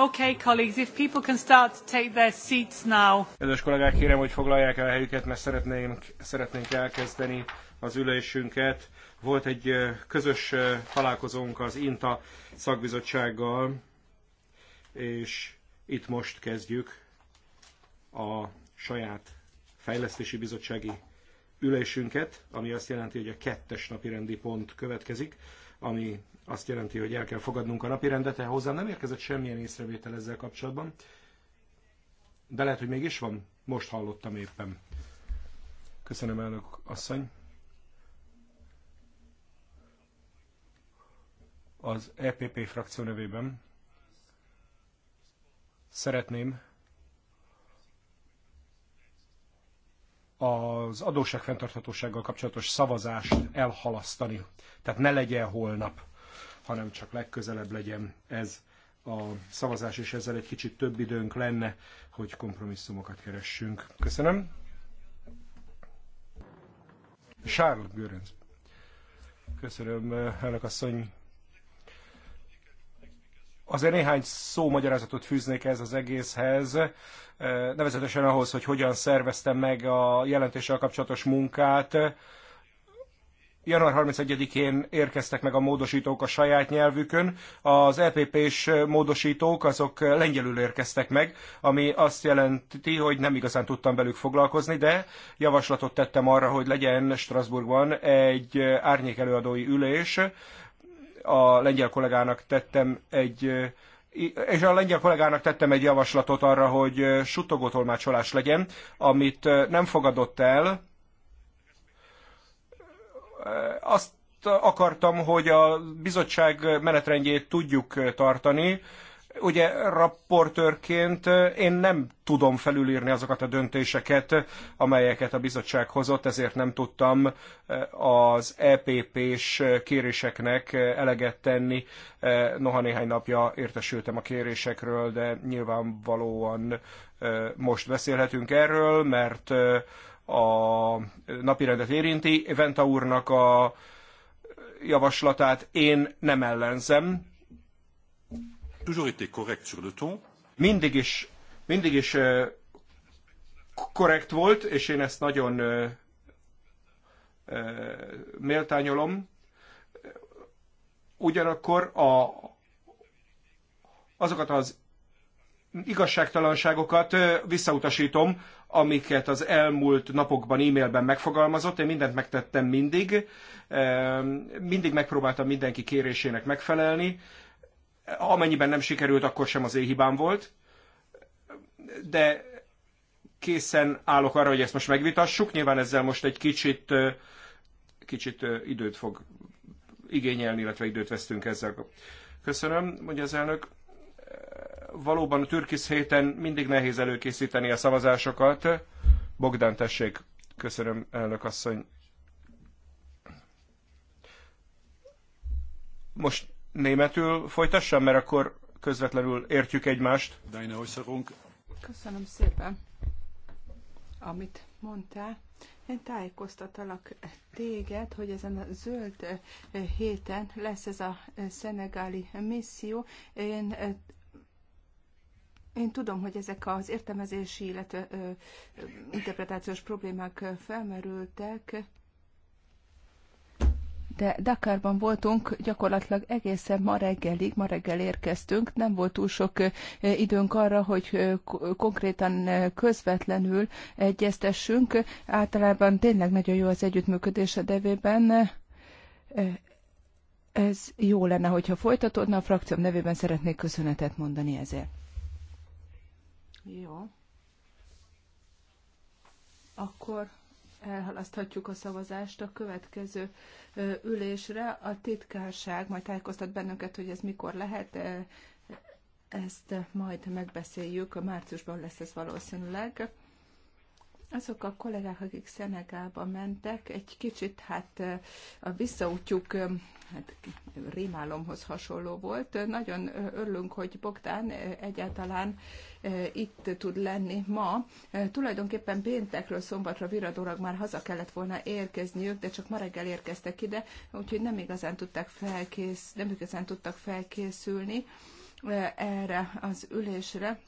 Okay, colleagues, if people can start to take their seats now. Kedves kollégák, kérem, hogy foglalják el a helyüket, mert szeretnénk, szeretnénk elkezdeni az ülésünket. Volt egy közös találkozónk az INTA szakbizottsággal, és itt most kezdjük a saját fejlesztési bizottsági ülésünket, ami azt jelenti, hogy a kettes napi rendi pont következik ami azt jelenti, hogy el kell fogadnunk a napirendet, hozzám nem érkezett semmilyen észrevétel ezzel kapcsolatban, de lehet, hogy mégis van. Most hallottam éppen. Köszönöm, elnök asszony. Az EPP frakció nevében szeretném az adósság fenntarthatósággal kapcsolatos szavazást elhalasztani. Tehát ne legyen holnap, hanem csak legközelebb legyen ez a szavazás, és ezzel egy kicsit több időnk lenne, hogy kompromisszumokat keressünk. Köszönöm. Charles Görönc. Köszönöm, elnök asszony. Azért néhány szó magyarázatot fűznék ez az egészhez, eh, nevezetesen ahhoz, hogy hogyan szerveztem meg a jelentéssel kapcsolatos munkát. Január 31-én érkeztek meg a módosítók a saját nyelvükön. Az EPP-s módosítók azok lengyelül érkeztek meg, ami azt jelenti, hogy nem igazán tudtam velük foglalkozni, de javaslatot tettem arra, hogy legyen Strasbourgban egy árnyékelőadói ülés, a lengyel kollégának tettem egy és a lengyel kollégának tettem egy javaslatot arra, hogy suttogó tolmácsolás legyen, amit nem fogadott el. Azt akartam, hogy a bizottság menetrendjét tudjuk tartani, ugye rapportőrként én nem tudom felülírni azokat a döntéseket, amelyeket a bizottság hozott, ezért nem tudtam az EPP-s kéréseknek eleget tenni. Noha néhány napja értesültem a kérésekről, de nyilvánvalóan most beszélhetünk erről, mert a napirendet érinti. Venta úrnak a javaslatát én nem ellenzem, toujours été correct sur le ton. Mindig is, mindig is korrekt volt, és én ezt nagyon méltányolom. Ugyanakkor a, azokat az igazságtalanságokat visszautasítom, amiket az elmúlt napokban e-mailben megfogalmazott. Én mindent megtettem mindig. Mindig megpróbáltam mindenki kérésének megfelelni. Amennyiben nem sikerült, akkor sem az én hibám volt. De készen állok arra, hogy ezt most megvitassuk. Nyilván ezzel most egy kicsit, kicsit időt fog igényelni, illetve időt vesztünk ezzel. Köszönöm, mondja az elnök. Valóban a türkisz héten mindig nehéz előkészíteni a szavazásokat. Bogdán, tessék. Köszönöm, elnök asszony. Most németül folytassam, mert akkor közvetlenül értjük egymást. Köszönöm szépen, amit mondtál. Én tájékoztatalak téged, hogy ezen a zöld eh, héten lesz ez a eh, szenegáli misszió. Én eh, én tudom, hogy ezek az értelmezési, illetve interpretációs problémák felmerültek de Dakarban voltunk gyakorlatilag egészen ma reggelig, ma reggel érkeztünk, nem volt túl sok időnk arra, hogy konkrétan közvetlenül egyeztessünk. Általában tényleg nagyon jó az együttműködés a devében. Ez jó lenne, hogyha folytatódna. A frakcióm nevében szeretnék köszönetet mondani ezért. Jó. Akkor elhalaszthatjuk a szavazást a következő ülésre. A titkárság majd tájékoztat bennünket, hogy ez mikor lehet. Ezt majd megbeszéljük, márciusban lesz ez valószínűleg azok a kollégák, akik Szenegába mentek, egy kicsit hát a visszaútjuk hát, rémálomhoz hasonló volt. Nagyon örülünk, hogy Bogdán egyáltalán itt tud lenni ma. Tulajdonképpen péntekről szombatra viradólag már haza kellett volna érkezniük, de csak ma reggel érkeztek ide, úgyhogy nem igazán tudtak felkész, nem igazán tudtak felkészülni erre az ülésre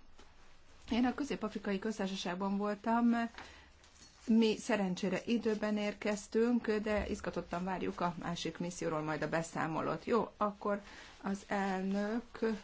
én a közép-afrikai köztársaságban voltam, mi szerencsére időben érkeztünk, de izgatottan várjuk a másik misszióról majd a beszámolót. Jó, akkor az elnök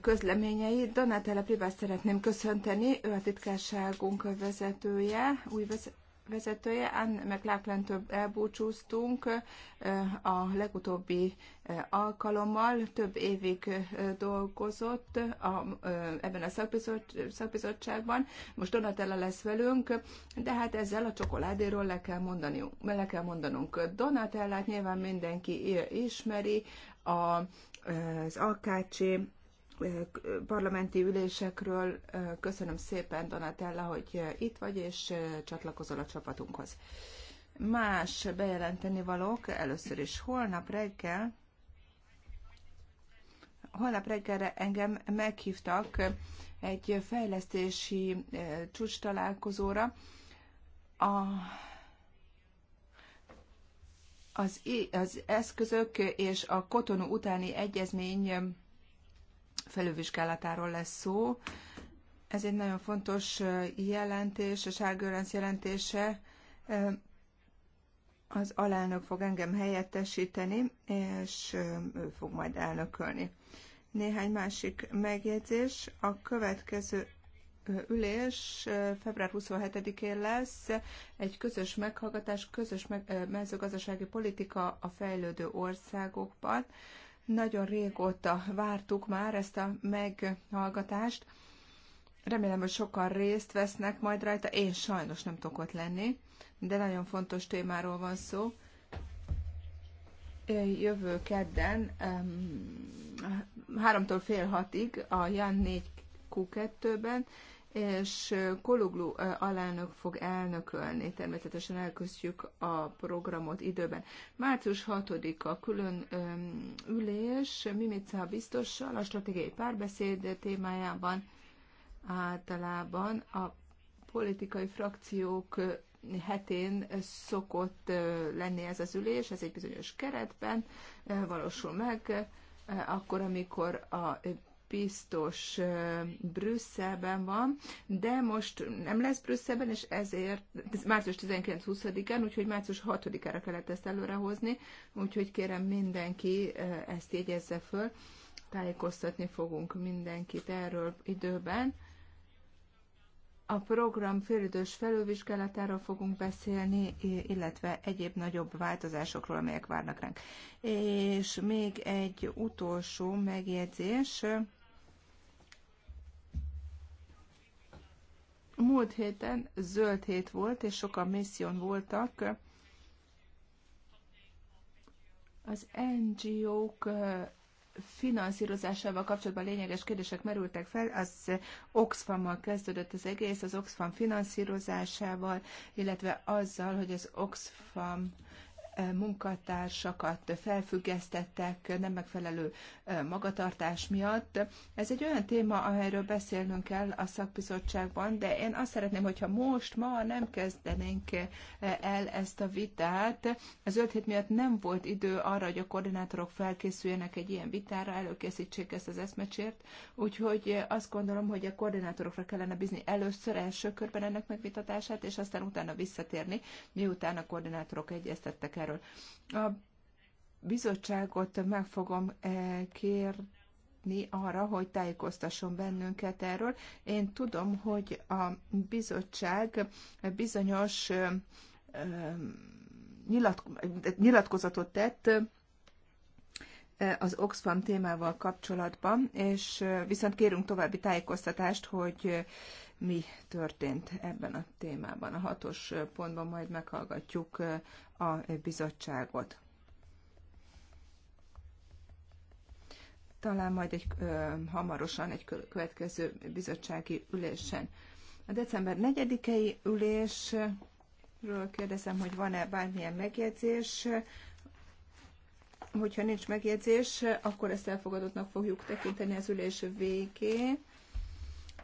közleményeit. Donatella Privát szeretném köszönteni, ő a titkárságunk vezetője, új vezetője vezetője, Anne mclaughlin elbúcsúztunk eh, a legutóbbi eh, alkalommal, több évig eh, dolgozott a, ebben a szakbizot, szakbizottságban, most Donatella lesz velünk, de hát ezzel a csokoládéról le kell, mondani, le kell mondanunk. Donatellát nyilván mindenki ismeri, a, az Alkácsi parlamenti ülésekről. Köszönöm szépen, Donatella, hogy itt vagy, és csatlakozol a csapatunkhoz. Más bejelenteni valók először is holnap reggel, holnap reggelre engem meghívtak egy fejlesztési csúcs találkozóra. A, az, az eszközök és a kotonu utáni egyezmény felülvizsgálatáról lesz szó. Ez egy nagyon fontos jelentés, a Sárgőrenc jelentése. Az alelnök fog engem helyettesíteni, és ő fog majd elnökölni. Néhány másik megjegyzés. A következő ülés február 27-én lesz egy közös meghallgatás, közös mezőgazdasági politika a fejlődő országokban. Nagyon régóta vártuk már ezt a meghallgatást. Remélem, hogy sokan részt vesznek majd rajta. Én sajnos nem tudok ott lenni, de nagyon fontos témáról van szó. Jövő kedden um, 3 fél hatig a Jan 4 Q2-ben és Kologlu alelnök fog elnökölni. Természetesen elköztjük a programot időben. Március 6-a külön ülés Mimica biztossal a stratégiai párbeszéd témájában általában a politikai frakciók hetén szokott lenni ez az ülés, ez egy bizonyos keretben valósul meg, akkor, amikor a biztos Brüsszelben van, de most nem lesz Brüsszelben, és ezért március 19-20-án, úgyhogy március 6-ára kellett ezt előrehozni, úgyhogy kérem mindenki ezt jegyezze föl, tájékoztatni fogunk mindenkit erről időben. A program félidős felülvizsgálatáról fogunk beszélni, illetve egyéb nagyobb változásokról, amelyek várnak ránk. És még egy utolsó megjegyzés. Múlt héten zöld hét volt, és sokan misszión voltak. Az NGO-k finanszírozásával kapcsolatban lényeges kérdések merültek fel, az Oxfam-mal kezdődött az egész, az Oxfam finanszírozásával, illetve azzal, hogy az Oxfam munkatársakat felfüggesztettek nem megfelelő magatartás miatt. Ez egy olyan téma, amelyről beszélnünk kell a szakbizottságban, de én azt szeretném, hogyha most, ma nem kezdenénk el ezt a vitát. Az zöld hét miatt nem volt idő arra, hogy a koordinátorok felkészüljenek egy ilyen vitára, előkészítsék ezt az eszmecsért, úgyhogy azt gondolom, hogy a koordinátorokra kellene bízni először első körben ennek megvitatását, és aztán utána visszatérni, miután a koordinátorok egyeztettek el erről. A bizottságot meg fogom kérni, eh, kérni arra, hogy tájékoztasson bennünket erről. Én tudom, hogy a bizottság bizonyos eh, eh, nyilatkozatot tett az Oxfam témával kapcsolatban, és viszont kérünk további tájékoztatást, hogy mi történt ebben a témában. A hatos pontban majd meghallgatjuk a bizottságot. Talán majd egy, ö, hamarosan egy következő bizottsági ülésen. A december 4-i ülésről kérdezem, hogy van-e bármilyen megjegyzés. Hogyha nincs megjegyzés, akkor ezt elfogadottnak fogjuk tekinteni az ülés végén.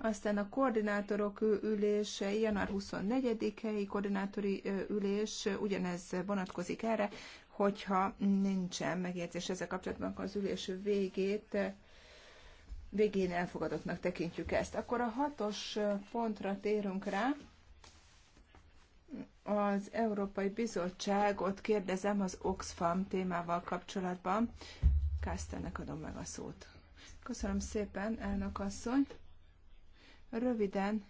Aztán a koordinátorok ülés január 24-i koordinátori ülés ugyanez vonatkozik erre, hogyha nincsen megjegyzés ezzel kapcsolatban, az ülés végét végén elfogadottnak tekintjük ezt. Akkor a hatos pontra térünk rá. Az Európai Bizottságot kérdezem az Oxfam témával kapcsolatban. Kásztennek adom meg a szót. Köszönöm szépen, elnök asszony. Röviden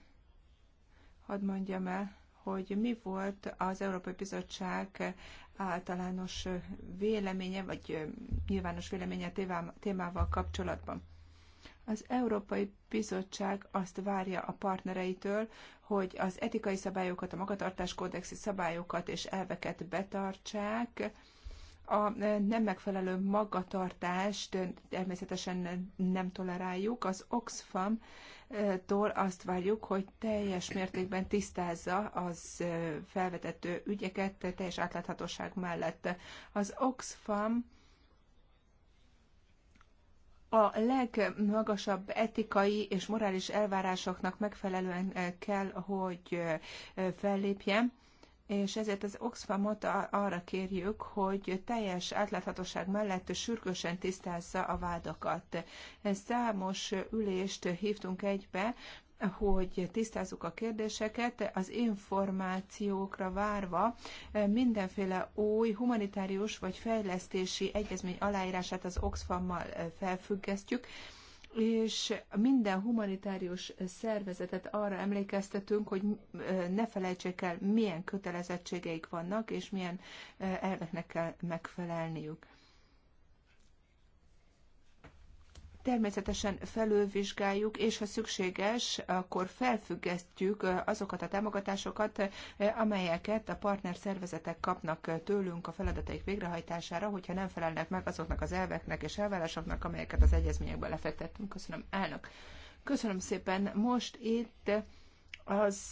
hadd mondjam el, hogy mi volt az Európai Bizottság általános véleménye, vagy nyilvános véleménye témával kapcsolatban. Az Európai Bizottság azt várja a partnereitől, hogy az etikai szabályokat, a magatartás kódexi szabályokat és elveket betartsák, a nem megfelelő magatartást természetesen nem toleráljuk. Az Oxfam tól azt várjuk, hogy teljes mértékben tisztázza az felvetető ügyeket teljes átláthatóság mellett. Az Oxfam a legmagasabb etikai és morális elvárásoknak megfelelően kell, hogy fellépjen és ezért az Oxfamot arra kérjük, hogy teljes átláthatóság mellett sürgősen tisztázza a vádakat. Számos ülést hívtunk egybe, hogy tisztázzuk a kérdéseket, az információkra várva mindenféle új humanitárius vagy fejlesztési egyezmény aláírását az Oxfammal felfüggesztjük, és minden humanitárius szervezetet arra emlékeztetünk, hogy ne felejtsék el, milyen kötelezettségeik vannak, és milyen elveknek kell megfelelniük. Természetesen felülvizsgáljuk, és ha szükséges, akkor felfüggesztjük azokat a támogatásokat, amelyeket a partner szervezetek kapnak tőlünk a feladataik végrehajtására, hogyha nem felelnek meg azoknak az elveknek és elvárásoknak, amelyeket az egyezményekben lefektettünk. Köszönöm, elnök. Köszönöm szépen. Most itt az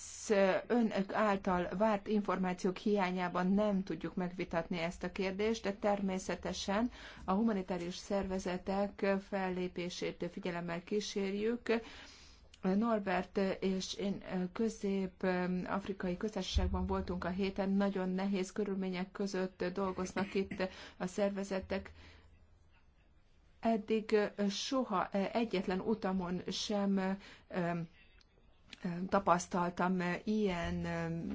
önök által várt információk hiányában nem tudjuk megvitatni ezt a kérdést, de természetesen a humanitárius szervezetek fellépését figyelemmel kísérjük. Norbert és én közép-afrikai köztársaságban voltunk a héten, nagyon nehéz körülmények között dolgoznak itt a szervezetek. Eddig soha egyetlen utamon sem tapasztaltam ilyen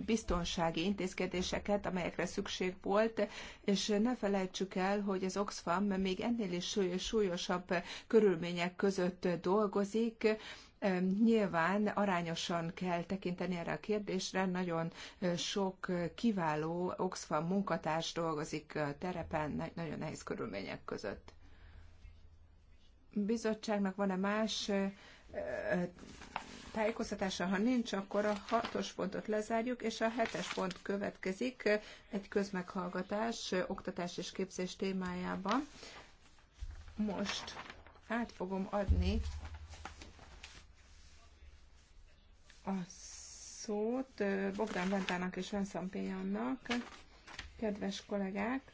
biztonsági intézkedéseket, amelyekre szükség volt, és ne felejtsük el, hogy az Oxfam még ennél is súlyosabb körülmények között dolgozik, Nyilván arányosan kell tekinteni erre a kérdésre, nagyon sok kiváló Oxfam munkatárs dolgozik terepen, nagyon nehéz körülmények között. Bizottságnak van-e más tájékoztatása, ha nincs, akkor a hatos pontot lezárjuk, és a hetes pont következik egy közmeghallgatás oktatás és képzés témájában. Most át fogom adni a szót Bogdán Bentának és Venszan Péjannak. Kedves kollégák,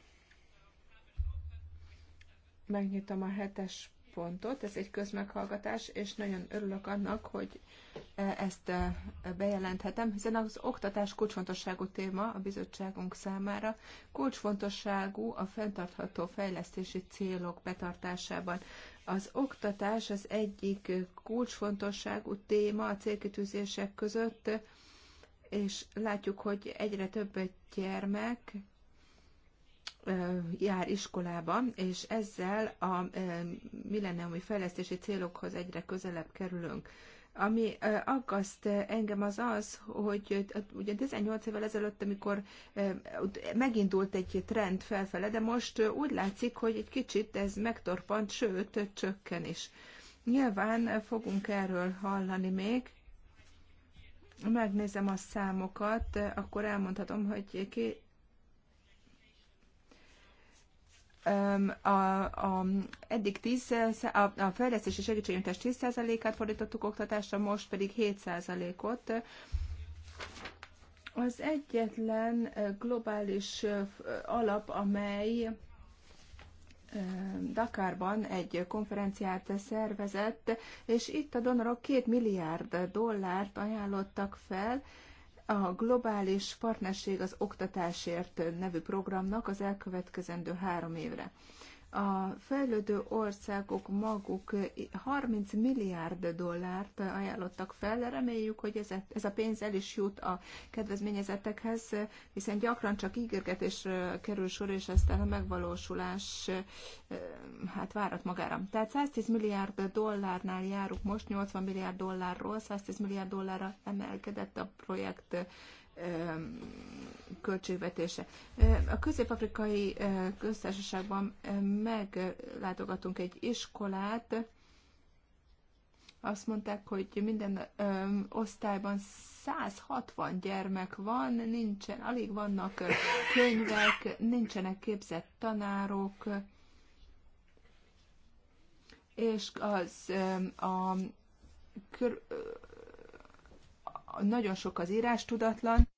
megnyitom a hetes pontot, ez egy közmeghallgatás, és nagyon örülök annak, hogy e, ezt e, bejelenthetem, hiszen az oktatás kulcsfontosságú téma a bizottságunk számára, kulcsfontosságú a fenntartható fejlesztési célok betartásában. Az oktatás az egyik kulcsfontosságú téma a célkitűzések között, és látjuk, hogy egyre több gyermek jár iskolába, és ezzel a milleniumi fejlesztési célokhoz egyre közelebb kerülünk. Ami aggaszt engem az az, hogy ugye 18 évvel ezelőtt, amikor megindult egy trend felfele, de most úgy látszik, hogy egy kicsit ez megtorpant, sőt, csökken is. Nyilván fogunk erről hallani még. Megnézem a számokat, akkor elmondhatom, hogy a, a, eddig 10, a, a fejlesztési segítségnyújtás 10%-át fordítottuk oktatásra, most pedig 7%-ot. Az egyetlen globális alap, amely Dakarban egy konferenciát szervezett, és itt a donorok két milliárd dollárt ajánlottak fel, a Globális Partnerség az Oktatásért nevű programnak az elkövetkezendő három évre a fejlődő országok maguk 30 milliárd dollárt ajánlottak fel, reméljük, hogy ez, ez a pénz el is jut a kedvezményezettekhez, hiszen gyakran csak ígérgetésre kerül sor, és aztán a megvalósulás eh, hát várat magára. Tehát 110 milliárd dollárnál járunk most, 80 milliárd dollárról, 110 milliárd dollárra emelkedett a projekt költségvetése. A közép-afrikai köztársaságban meglátogatunk egy iskolát, azt mondták, hogy minden osztályban 160 gyermek van, nincsen, alig vannak könyvek, nincsenek képzett tanárok, és az a, a, a, a nagyon sok az írás tudatlan,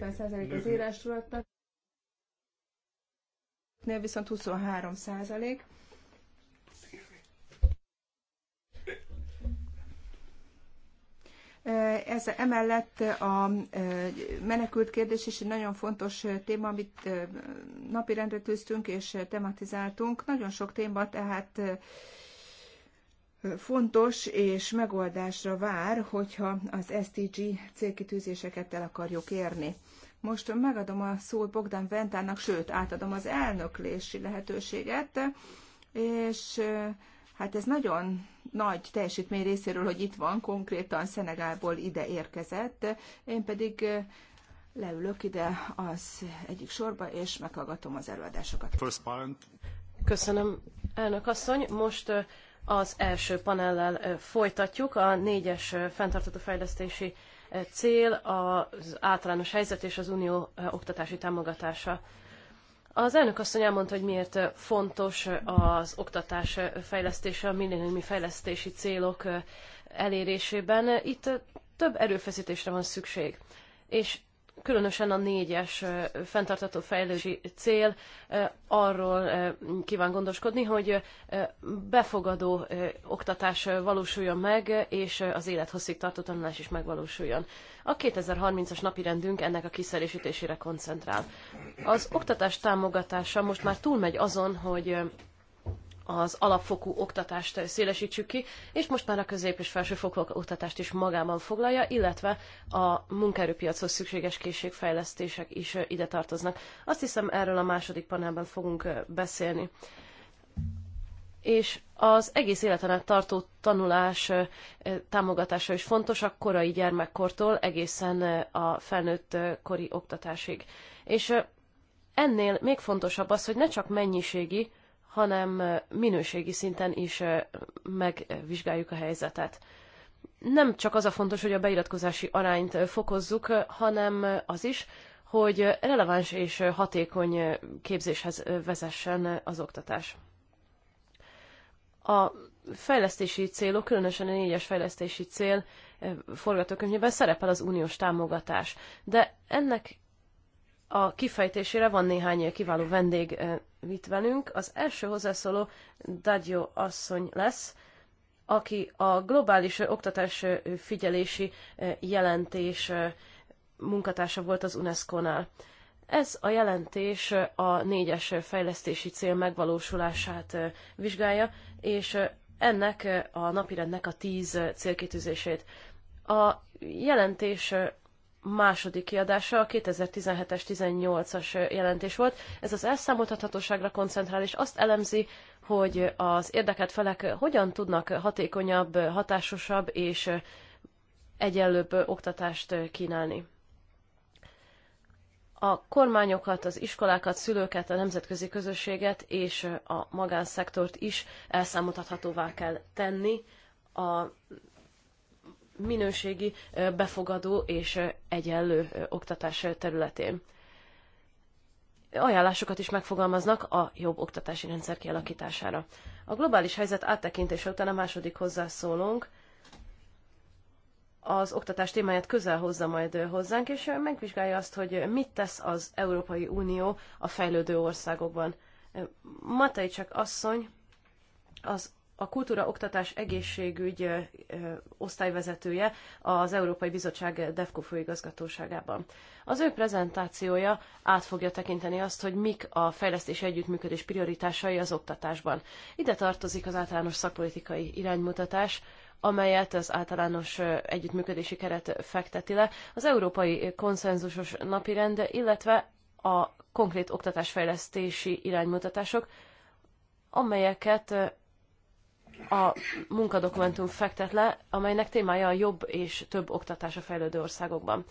50% az írás tudatnak, viszont 23%. Ez emellett a menekült kérdés is egy nagyon fontos téma, amit napirendre tűztünk és tematizáltunk. Nagyon sok téma, tehát fontos és megoldásra vár, hogyha az SDG célkitűzéseket el akarjuk érni. Most megadom a szót Bogdan Ventának, sőt, átadom az elnöklési lehetőséget, és eh, hát ez nagyon nagy teljesítmény részéről, hogy itt van, konkrétan Szenegálból ide érkezett, én pedig eh, leülök ide az egyik sorba, és meghallgatom az előadásokat. Köszönöm, elnök asszony. Most eh, az első panellel folytatjuk. A négyes fenntartató fejlesztési cél az általános helyzet és az unió oktatási támogatása. Az elnök asszony elmondta, hogy miért fontos az oktatás fejlesztése, a millenniumi fejlesztési célok elérésében. Itt több erőfeszítésre van szükség. És különösen a négyes fenntartató fejlődési cél arról kíván gondoskodni, hogy befogadó oktatás valósuljon meg, és az élethosszig tartó tanulás is megvalósuljon. A 2030-as napirendünk ennek a kiszerésítésére koncentrál. Az oktatás támogatása most már túlmegy azon, hogy az alapfokú oktatást szélesítsük ki, és most már a közép- és felsőfokú oktatást is magában foglalja, illetve a munkaerőpiachoz szükséges készségfejlesztések is ide tartoznak. Azt hiszem, erről a második panelben fogunk beszélni. És az egész életen át tartó tanulás támogatása is fontos a korai gyermekkortól egészen a felnőtt kori oktatásig. És ennél még fontosabb az, hogy ne csak mennyiségi, hanem minőségi szinten is megvizsgáljuk a helyzetet. Nem csak az a fontos, hogy a beiratkozási arányt fokozzuk, hanem az is, hogy releváns és hatékony képzéshez vezessen az oktatás. A fejlesztési célok, különösen a négyes fejlesztési cél forgatókönyvében szerepel az uniós támogatás, de ennek a kifejtésére van néhány kiváló vendég eh, itt velünk. Az első hozzászóló Dagyó asszony lesz, aki a globális oktatás eh, figyelési eh, jelentés munkatársa volt az UNESCO-nál. Ez a jelentés a négyes fejlesztési cél megvalósulását vizsgálja, és ennek a napirendnek a tíz célkitűzését. A jelentés második kiadása a 2017-es 18-as jelentés volt. Ez az elszámoltathatóságra koncentrál, és azt elemzi, hogy az érdekelt felek hogyan tudnak hatékonyabb, hatásosabb és egyenlőbb oktatást kínálni. A kormányokat, az iskolákat, szülőket, a nemzetközi közösséget és a magánszektort is elszámoltathatóvá kell tenni a minőségi, befogadó és egyenlő oktatás területén. Ajánlásokat is megfogalmaznak a jobb oktatási rendszer kialakítására. A globális helyzet áttekintése után a második hozzászólónk az oktatás témáját közel hozza majd hozzánk, és megvizsgálja azt, hogy mit tesz az Európai Unió a fejlődő országokban. Matei csak asszony, az a kultúra, oktatás, egészségügy osztályvezetője az Európai Bizottság DEFCO főigazgatóságában. Az ő prezentációja át fogja tekinteni azt, hogy mik a fejlesztési együttműködés prioritásai az oktatásban. Ide tartozik az általános szakpolitikai iránymutatás, amelyet az általános együttműködési keret fekteti le, az európai konszenzusos napirend, illetve a konkrét oktatásfejlesztési iránymutatások, amelyeket a munkadokumentum fektet le, amelynek témája a jobb és több oktatás a fejlődő országokban.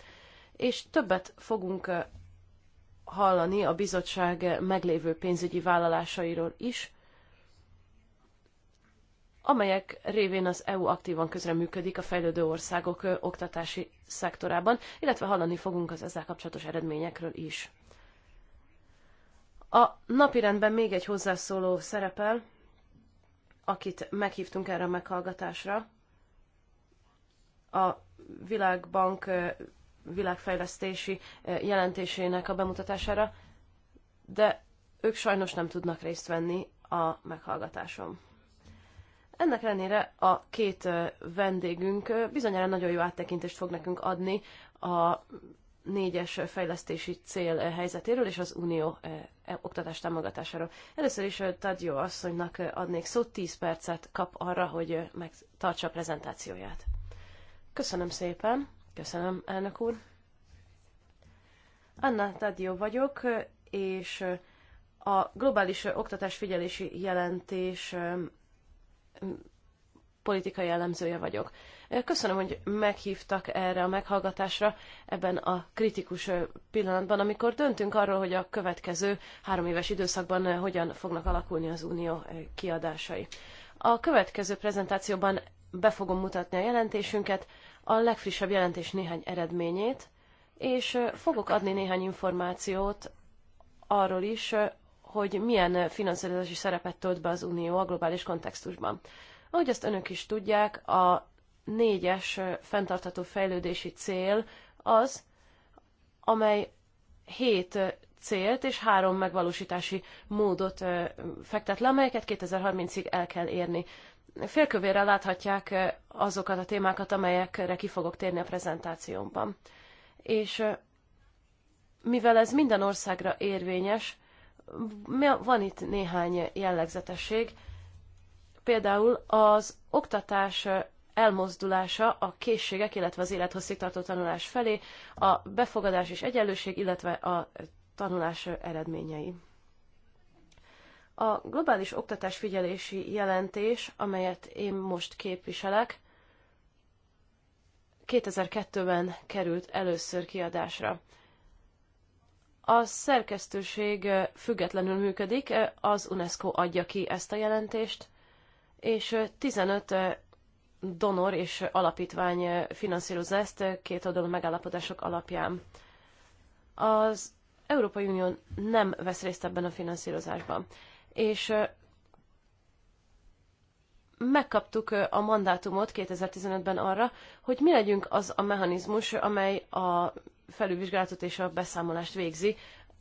És többet fogunk hallani a bizottság meglévő pénzügyi vállalásairól is, amelyek révén az EU aktívan közreműködik a fejlődő országok oktatási szektorában, illetve hallani fogunk az ezzel kapcsolatos eredményekről is. A napirendben még egy hozzászóló szerepel, akit meghívtunk erre a meghallgatásra. A Világbank világfejlesztési jelentésének a bemutatására, de ők sajnos nem tudnak részt venni a meghallgatáson. Ennek ellenére a két vendégünk bizonyára nagyon jó áttekintést fog nekünk adni a négyes fejlesztési cél eh, helyzetéről és az unió eh, e, oktatás támogatásáról. Először is eh, Tadjó asszonynak adnék szót, 10 percet kap arra, hogy megtartsa a prezentációját. Köszönöm szépen, köszönöm elnök úr. Anna Tadjó vagyok, és a globális oktatás figyelési jelentés politikai jellemzője vagyok. Köszönöm, hogy meghívtak erre a meghallgatásra ebben a kritikus pillanatban, amikor döntünk arról, hogy a következő három éves időszakban hogyan fognak alakulni az unió kiadásai. A következő prezentációban be fogom mutatni a jelentésünket, a legfrissebb jelentés néhány eredményét, és fogok adni néhány információt arról is, hogy milyen finanszírozási szerepet tölt be az Unió a globális kontextusban. Ahogy azt önök is tudják, a négyes fenntartható fejlődési cél az, amely hét célt és három megvalósítási módot fektet le, amelyeket 2030-ig el kell érni. Félkövérre láthatják azokat a témákat, amelyekre ki fogok térni a prezentációmban. És mivel ez minden országra érvényes, van itt néhány jellegzetesség. Például az oktatás elmozdulása a készségek, illetve az élethosszígtartó tanulás felé, a befogadás és egyenlőség, illetve a tanulás eredményei. A globális oktatás figyelési jelentés, amelyet én most képviselek, 2002-ben került először kiadásra. A szerkesztőség függetlenül működik, az UNESCO adja ki ezt a jelentést, és 15 donor és alapítvány finanszírozza ezt két oldalú megállapodások alapján. Az Európai Unió nem vesz részt ebben a finanszírozásban. És megkaptuk a mandátumot 2015-ben arra, hogy mi legyünk az a mechanizmus, amely a felülvizsgálatot és a beszámolást végzi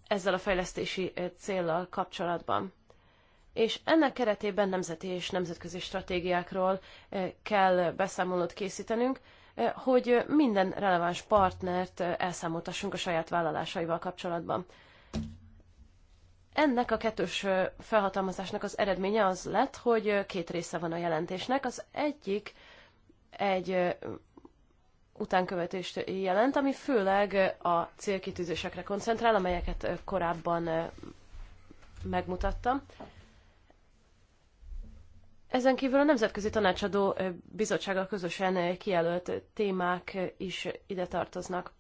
ezzel a fejlesztési céllal kapcsolatban és ennek keretében nemzeti és nemzetközi stratégiákról eh, kell beszámolót készítenünk, eh, hogy minden releváns partnert eh, elszámoltassunk a saját vállalásaival kapcsolatban. Ennek a kettős felhatalmazásnak az eredménye az lett, hogy két része van a jelentésnek. Az egyik egy utánkövetést jelent, ami főleg a célkitűzésekre koncentrál, amelyeket korábban megmutattam. Ezen kívül a Nemzetközi Tanácsadó Bizottsága közösen kijelölt témák is ide tartoznak.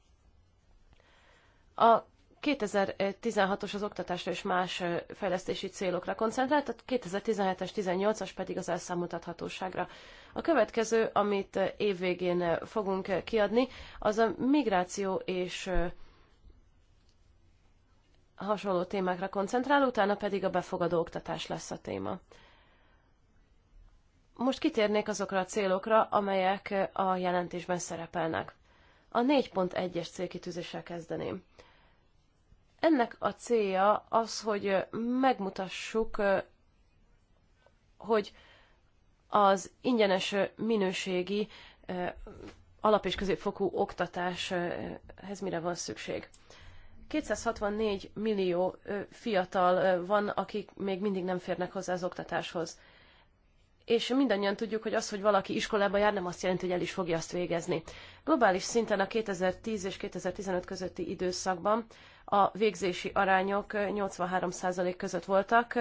A 2016-os az oktatásra és más fejlesztési célokra koncentrált, a 2017-es, 18-as pedig az elszámoltathatóságra. A következő, amit évvégén fogunk kiadni, az a migráció és hasonló témákra koncentrál, utána pedig a befogadó oktatás lesz a téma. Most kitérnék azokra a célokra, amelyek a jelentésben szerepelnek. A 4.1-es célkitűzéssel kezdeném. Ennek a célja az, hogy megmutassuk, hogy az ingyenes minőségi alap- és középfokú oktatáshez mire van szükség. 264 millió fiatal van, akik még mindig nem férnek hozzá az oktatáshoz és mindannyian tudjuk, hogy az, hogy valaki iskolába jár, nem azt jelenti, hogy el is fogja azt végezni. Globális szinten a 2010 és 2015 közötti időszakban a végzési arányok 83% között voltak,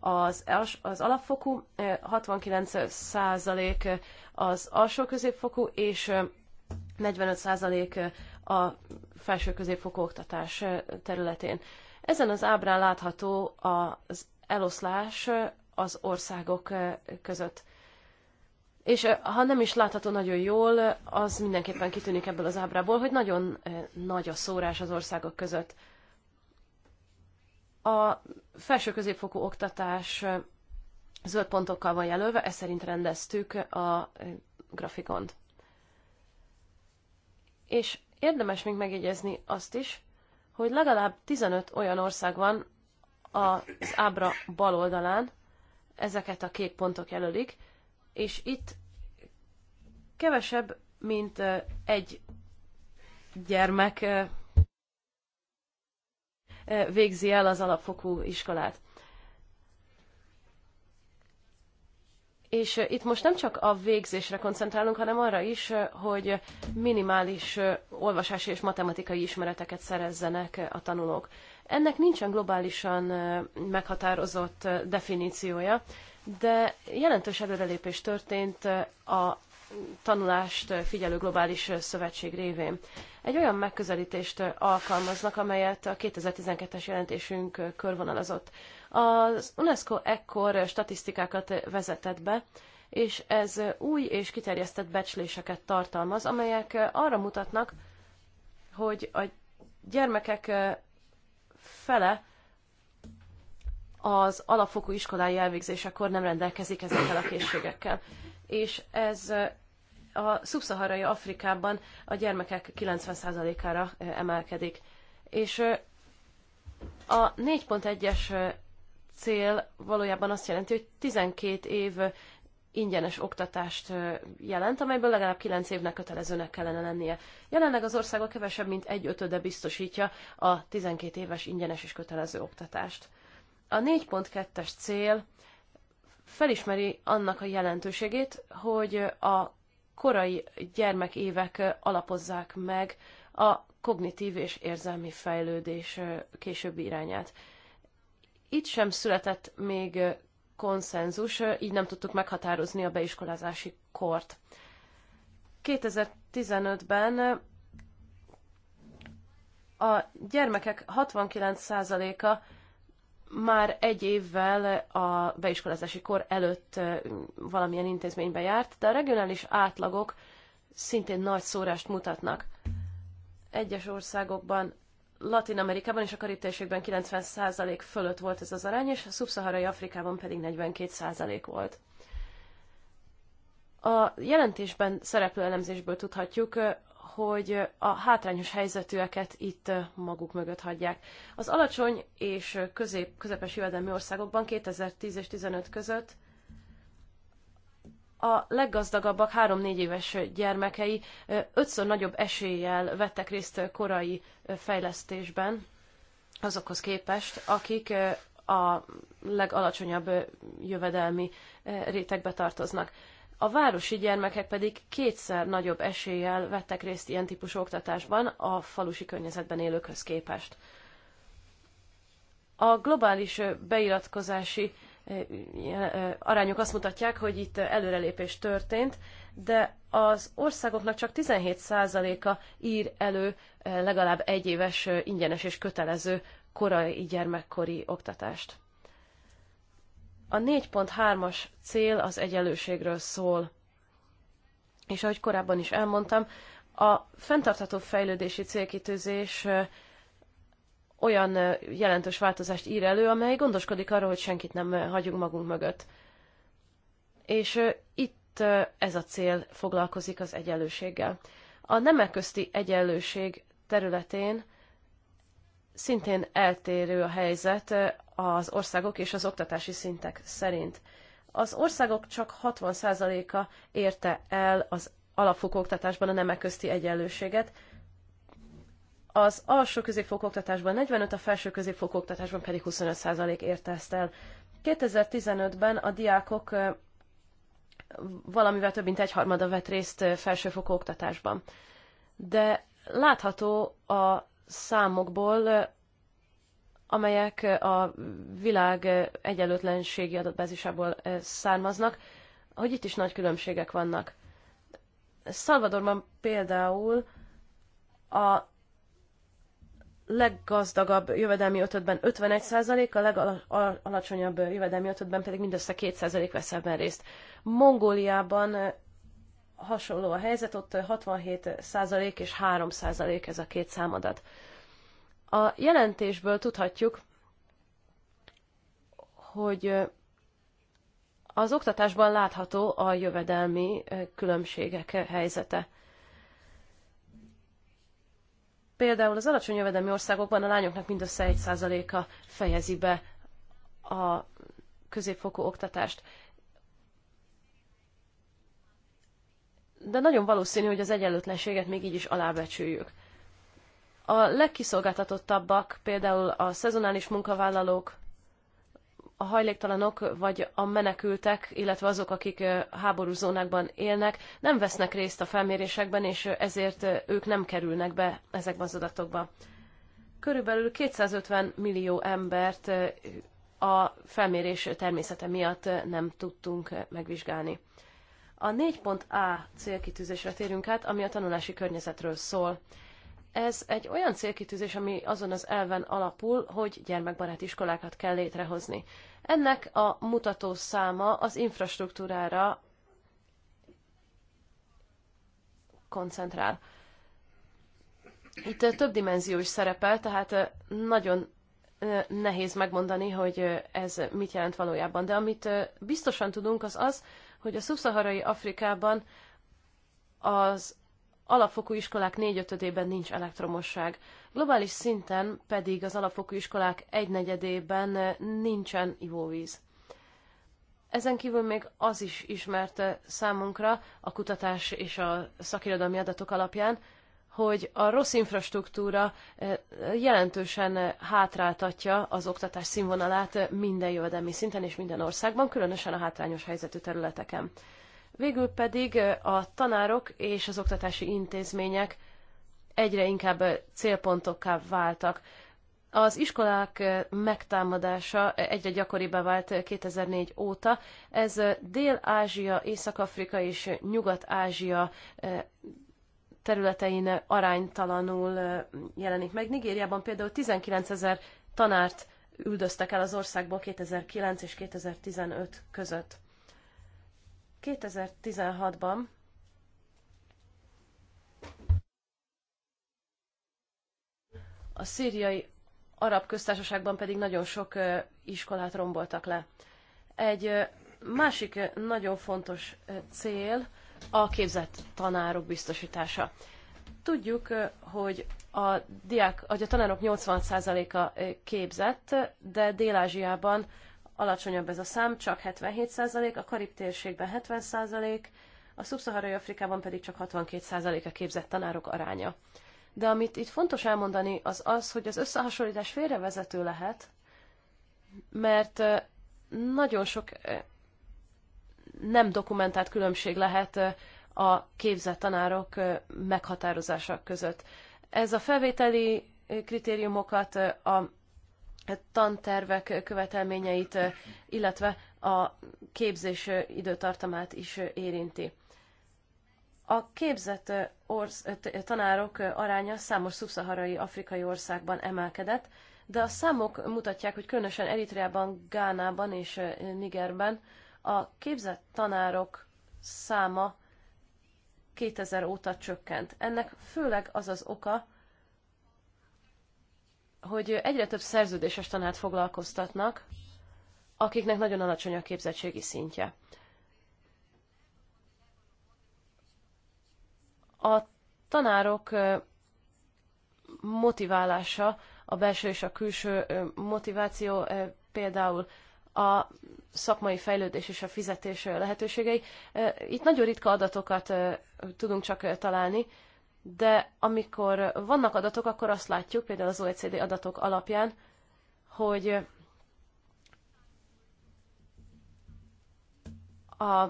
az, az alapfokú 69% eh, az alsó középfokú, és 45% eh, eh, a felső középfokú oktatás területén. Ezen az ábrán látható az eloszlás az országok között. És ha nem is látható nagyon jól, az mindenképpen kitűnik ebből az ábrából, hogy nagyon nagy a szórás az országok között. A felső középfokú oktatás zöld pontokkal van jelölve, ezt szerint rendeztük a grafikont. És érdemes még megjegyezni azt is, hogy legalább 15 olyan ország van az ábra bal oldalán, ezeket a kék pontok jelölik, és itt kevesebb, mint egy gyermek végzi el az alapfokú iskolát. És itt most nem csak a végzésre koncentrálunk, hanem arra is, hogy minimális olvasási és matematikai ismereteket szerezzenek a tanulók. Ennek nincsen globálisan meghatározott definíciója, de jelentős előrelépés történt a tanulást figyelő globális szövetség révén. Egy olyan megközelítést alkalmaznak, amelyet a 2012-es jelentésünk körvonalazott. Az UNESCO ekkor statisztikákat vezetett be, és ez új és kiterjesztett becsléseket tartalmaz, amelyek arra mutatnak, hogy a gyermekek fele az alapfokú iskolai elvégzésekor nem rendelkezik ezekkel a készségekkel. És ez a szubszaharai Afrikában a gyermekek 90%-ára emelkedik. És a 4.1-es cél valójában azt jelenti, hogy 12 év ingyenes oktatást jelent, amelyből legalább 9 évnek kötelezőnek kellene lennie. Jelenleg az országok kevesebb, mint egy ötöde biztosítja a 12 éves ingyenes és kötelező oktatást. A 4.2-es cél felismeri annak a jelentőségét, hogy a korai gyermekévek alapozzák meg a kognitív és érzelmi fejlődés későbbi irányát. Itt sem született még konszenzus, így nem tudtuk meghatározni a beiskolázási kort. 2015-ben a gyermekek 69%-a már egy évvel a beiskolázási kor előtt valamilyen intézménybe járt, de a regionális átlagok szintén nagy szórást mutatnak. Egyes országokban Latin Amerikában és a karib 90% fölött volt ez az arány, és a szubszaharai Afrikában pedig 42% volt. A jelentésben szereplő elemzésből tudhatjuk, hogy a hátrányos helyzetűeket itt maguk mögött hagyják. Az alacsony és közép, közepes jövedelmi országokban 2010 és 15 között a leggazdagabbak három-négy éves gyermekei ötször nagyobb eséllyel vettek részt korai fejlesztésben azokhoz képest, akik a legalacsonyabb jövedelmi rétegbe tartoznak. A városi gyermekek pedig kétszer nagyobb eséllyel vettek részt ilyen típusú oktatásban a falusi környezetben élőkhöz képest. A globális beiratkozási arányok azt mutatják, hogy itt előrelépés történt, de az országoknak csak 17%-a ír elő eh, legalább egy éves eh, ingyenes és kötelező korai gyermekkori oktatást. A 4.3-as cél az egyenlőségről szól. És ahogy korábban is elmondtam, a fenntartható fejlődési célkitűzés eh, olyan jelentős változást ír elő, amely gondoskodik arról, hogy senkit nem hagyunk magunk mögött. És itt ez a cél foglalkozik az egyenlőséggel. A nemek közti egyenlőség területén szintén eltérő a helyzet az országok és az oktatási szintek szerint. Az országok csak 60%-a érte el az alapfokú oktatásban a nemek közti egyenlőséget, az alsó középfokoktatásban oktatásban 45, a felső középfokoktatásban oktatásban pedig 25 százalék érte ezt el. 2015-ben a diákok valamivel több mint egyharmada vett részt felsőfokú oktatásban. De látható a számokból, amelyek a világ egyenlőtlenségi adatbázisából származnak, hogy itt is nagy különbségek vannak. Salvadorban például a leggazdagabb jövedelmi ötödben 51%, a legalacsonyabb jövedelmi ötödben pedig mindössze 2% vesz ebben részt. Mongóliában eh, hasonló a helyzet, ott 67% eh, és 3% ez a két számadat. A jelentésből tudhatjuk, hogy eh, az oktatásban látható a jövedelmi különbségek helyzete. Például az alacsony jövedelmi országokban a lányoknak mindössze 1%-a fejezi be a középfokú oktatást. De nagyon valószínű, hogy az egyenlőtlenséget még így is alábecsüljük. A legkiszolgáltatottabbak, például a szezonális munkavállalók, a hajléktalanok vagy a menekültek, illetve azok, akik háborús zónákban élnek, nem vesznek részt a felmérésekben, és ezért ők nem kerülnek be ezekbe az adatokba. Körülbelül 250 millió embert a felmérés természete miatt nem tudtunk megvizsgálni. A 4.A célkitűzésre térünk át, ami a tanulási környezetről szól. Ez egy olyan célkitűzés, ami azon az elven alapul, hogy gyermekbarát iskolákat kell létrehozni. Ennek a mutató száma az infrastruktúrára koncentrál. Itt több dimenzió is szerepel, tehát nagyon nehéz megmondani, hogy ez mit jelent valójában. De amit biztosan tudunk, az az, hogy a szubszaharai Afrikában az alapfokú iskolák négyötödében nincs elektromosság. Globális szinten pedig az alapfokú iskolák egynegyedében nincsen ivóvíz. Ezen kívül még az is ismert számunkra a kutatás és a szakirodalmi adatok alapján, hogy a rossz infrastruktúra eh, jelentősen hátráltatja az oktatás színvonalát minden jövedelmi szinten és minden országban, különösen a hátrányos helyzetű területeken. Végül pedig a tanárok és az oktatási intézmények egyre inkább célpontokká váltak. Az iskolák megtámadása egyre gyakoribbá vált 2004 óta. Ez Dél-Ázsia, Észak-Afrika és Nyugat-Ázsia területein aránytalanul jelenik meg. Nigériában például 19 ezer tanárt üldöztek el az országból 2009 és 2015 között. 2016-ban a szíriai arab köztársaságban pedig nagyon sok iskolát romboltak le. Egy másik nagyon fontos cél a képzett tanárok biztosítása. Tudjuk, hogy a, diák, hogy a tanárok 80%-a képzett, de Dél-Ázsiában alacsonyabb ez a szám, csak 77%, a Karib térségben 70%, a szubszaharai Afrikában pedig csak 62%-a képzett tanárok aránya. De amit itt fontos elmondani, az az, hogy az összehasonlítás félrevezető lehet, mert nagyon sok nem dokumentált különbség lehet a képzett tanárok meghatározása között. Ez a felvételi kritériumokat, a tantervek követelményeit, illetve a képzés időtartamát is érinti. A képzett orsz, tanárok aránya számos szubszaharai afrikai országban emelkedett, de a számok mutatják, hogy különösen Eritreában, Gánában és Nigerben a képzett tanárok száma 2000 óta csökkent. Ennek főleg az az oka, hogy egyre több szerződéses tanát foglalkoztatnak, akiknek nagyon alacsony a képzettségi szintje. A tanárok motiválása, a belső és a külső motiváció például a szakmai fejlődés és a fizetés lehetőségei. Itt nagyon ritka adatokat tudunk csak találni, de amikor vannak adatok, akkor azt látjuk, például az OECD adatok alapján, hogy a,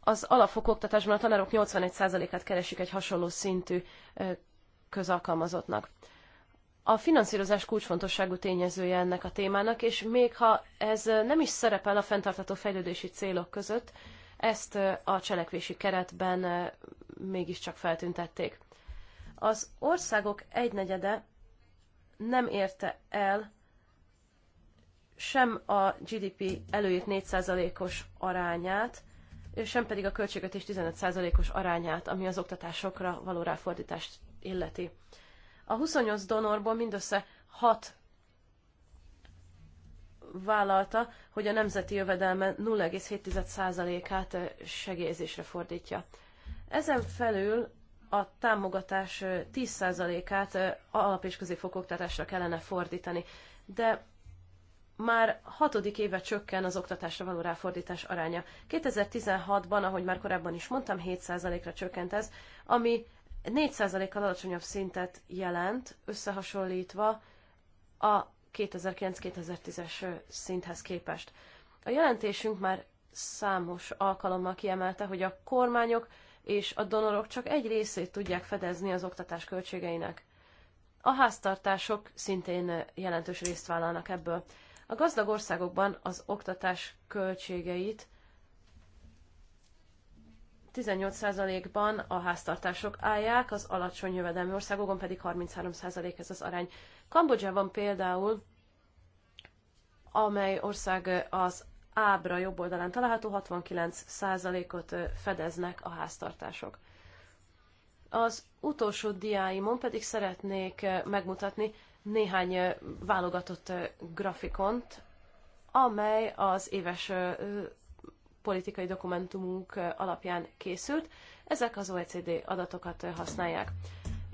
az alapfokú oktatásban a tanárok 81%-át keresik egy hasonló szintű közalkalmazottnak. A finanszírozás kulcsfontosságú tényezője ennek a témának, és még ha ez nem is szerepel a fenntartató fejlődési célok között, ezt a cselekvési keretben mégiscsak feltüntették. Az országok egynegyede nem érte el sem a GDP előírt 4%-os arányát, sem pedig a költségvetés 15%-os arányát, ami az oktatásokra való ráfordítást illeti. A 28 donorból mindössze 6 vállalta, hogy a nemzeti jövedelme 0,7%-át segélyezésre fordítja. Ezen felül a támogatás 10%-át alap- és középfokoktatásra kellene fordítani, de már hatodik éve csökken az oktatásra való ráfordítás aránya. 2016-ban, ahogy már korábban is mondtam, 7%-ra csökkent ez, ami 4%-kal alacsonyabb szintet jelent, összehasonlítva a 2009-2010-es szinthez képest. A jelentésünk már számos alkalommal kiemelte, hogy a kormányok és a donorok csak egy részét tudják fedezni az oktatás költségeinek. A háztartások szintén jelentős részt vállalnak ebből. A gazdag országokban az oktatás költségeit 18%-ban a háztartások állják, az alacsony jövedelmi országokon pedig 33% ez az arány. Kambodzsában például, amely ország az ábra jobb oldalán található, 69%-ot fedeznek a háztartások. Az utolsó diáimon pedig szeretnék megmutatni néhány válogatott grafikont, amely az éves politikai dokumentumunk alapján készült. Ezek az OECD adatokat használják.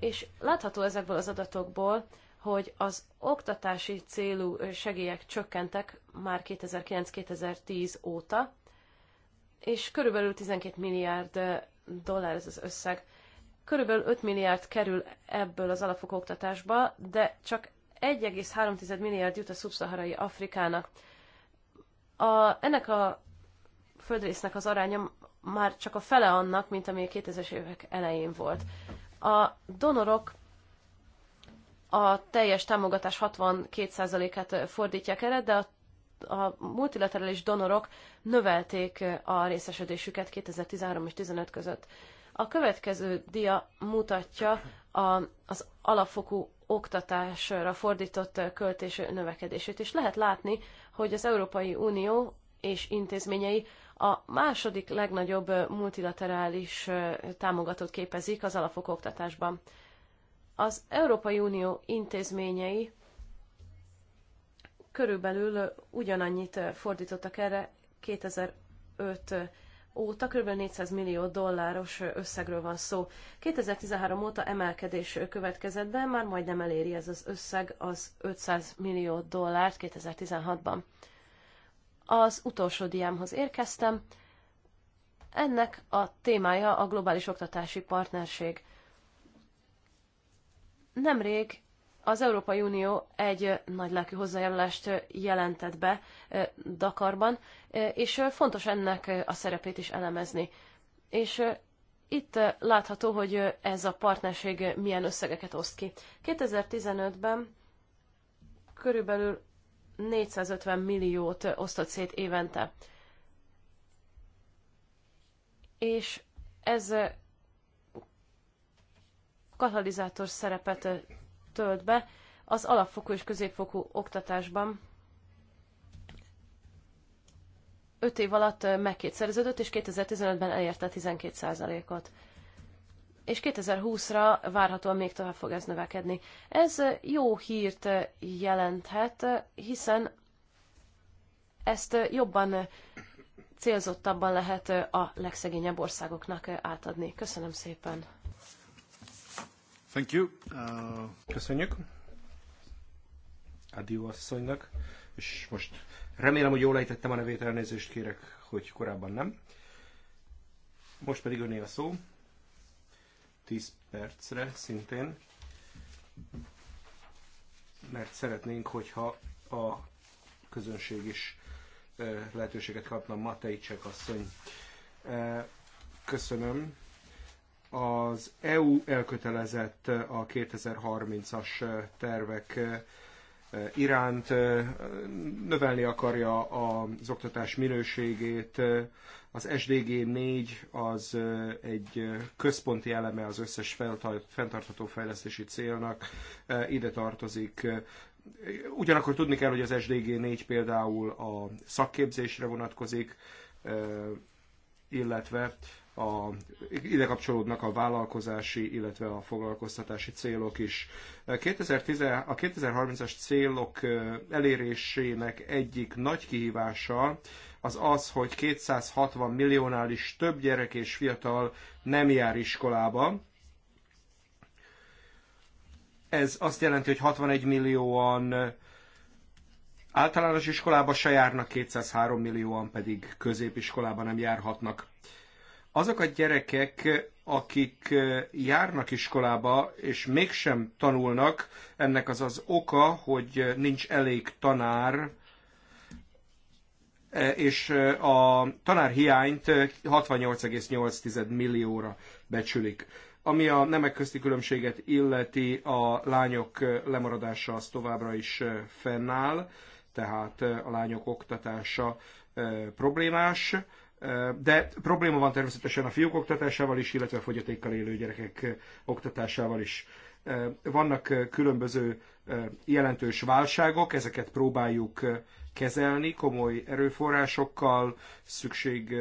És látható ezekből az adatokból, hogy az oktatási célú segélyek csökkentek már 2009-2010 óta, és körülbelül 12 milliárd dollár ez az összeg. Körülbelül 5 milliárd kerül ebből az alapfokú oktatásba, de csak 1,3 milliárd jut a szubszaharai Afrikának. A, ennek a földrésznek az aránya már csak a fele annak, mint ami a 2000-es évek elején volt. A donorok a teljes támogatás 62%-át fordítják erre, de a a multilaterális donorok növelték a részesedésüket 2013 és 2015 között. A következő dia mutatja a, az alapfokú oktatásra fordított költés növekedését, és lehet látni, hogy az Európai Unió és intézményei a második legnagyobb multilaterális támogatót képezik az alapfokú oktatásban. Az Európai Unió intézményei körülbelül ugyanannyit fordítottak erre 2005 óta, kb. 400 millió dolláros összegről van szó. 2013 óta emelkedés következett be, már majdnem eléri ez az összeg az 500 millió dollárt 2016-ban. Az utolsó diámhoz érkeztem. Ennek a témája a globális oktatási partnerség. Nemrég az Európai Unió egy nagy lelkű hozzájárulást jelentett be Dakarban, és fontos ennek a szerepét is elemezni. És itt látható, hogy ez a partnerség milyen összegeket oszt ki. 2015-ben körülbelül 450 milliót osztott szét évente. És ez katalizátor szerepet tölt be az alapfokú és középfokú oktatásban. Öt év alatt megkétszerződött, és 2015-ben elérte 12%-ot. És 2020-ra várhatóan még tovább fog ez növekedni. Ez jó hírt jelenthet, hiszen ezt jobban célzottabban lehet a legszegényebb országoknak átadni. Köszönöm szépen! Thank you. Uh, Köszönjük. Adió asszonynak. És most remélem, hogy jól ejtettem a nevét, elnézést kérek, hogy korábban nem. Most pedig öné a szó. 10 percre szintén. Mert szeretnénk, hogyha a közönség is lehetőséget kapna. Matejcsek asszony. Köszönöm az EU elkötelezett a 2030-as tervek eh, iránt, eh, növelni akarja az oktatás minőségét. Az SDG 4 az eh, egy központi eleme az összes fenntartható fejlesztési célnak, ide tartozik Ugyanakkor tudni kell, hogy az SDG 4 például a szakképzésre vonatkozik, illetve a, ide kapcsolódnak a vállalkozási, illetve a foglalkoztatási célok is. 2010, a 2030-as célok elérésének egyik nagy kihívása az az, hogy 260 milliónál is több gyerek és fiatal nem jár iskolába. Ez azt jelenti, hogy 61 millióan általános iskolába se járnak, 203 millióan pedig középiskolába nem járhatnak azok a gyerekek, akik járnak iskolába, és mégsem tanulnak, ennek az az oka, hogy nincs elég tanár, és a tanárhiányt 68,8 millióra becsülik. Ami a nemek közti különbséget illeti, a lányok lemaradása az továbbra is fennáll, tehát a lányok oktatása problémás. De probléma van természetesen a fiúk oktatásával is, illetve a fogyatékkal élő gyerekek oktatásával is. Vannak különböző jelentős válságok, ezeket próbáljuk kezelni komoly erőforrásokkal, szükség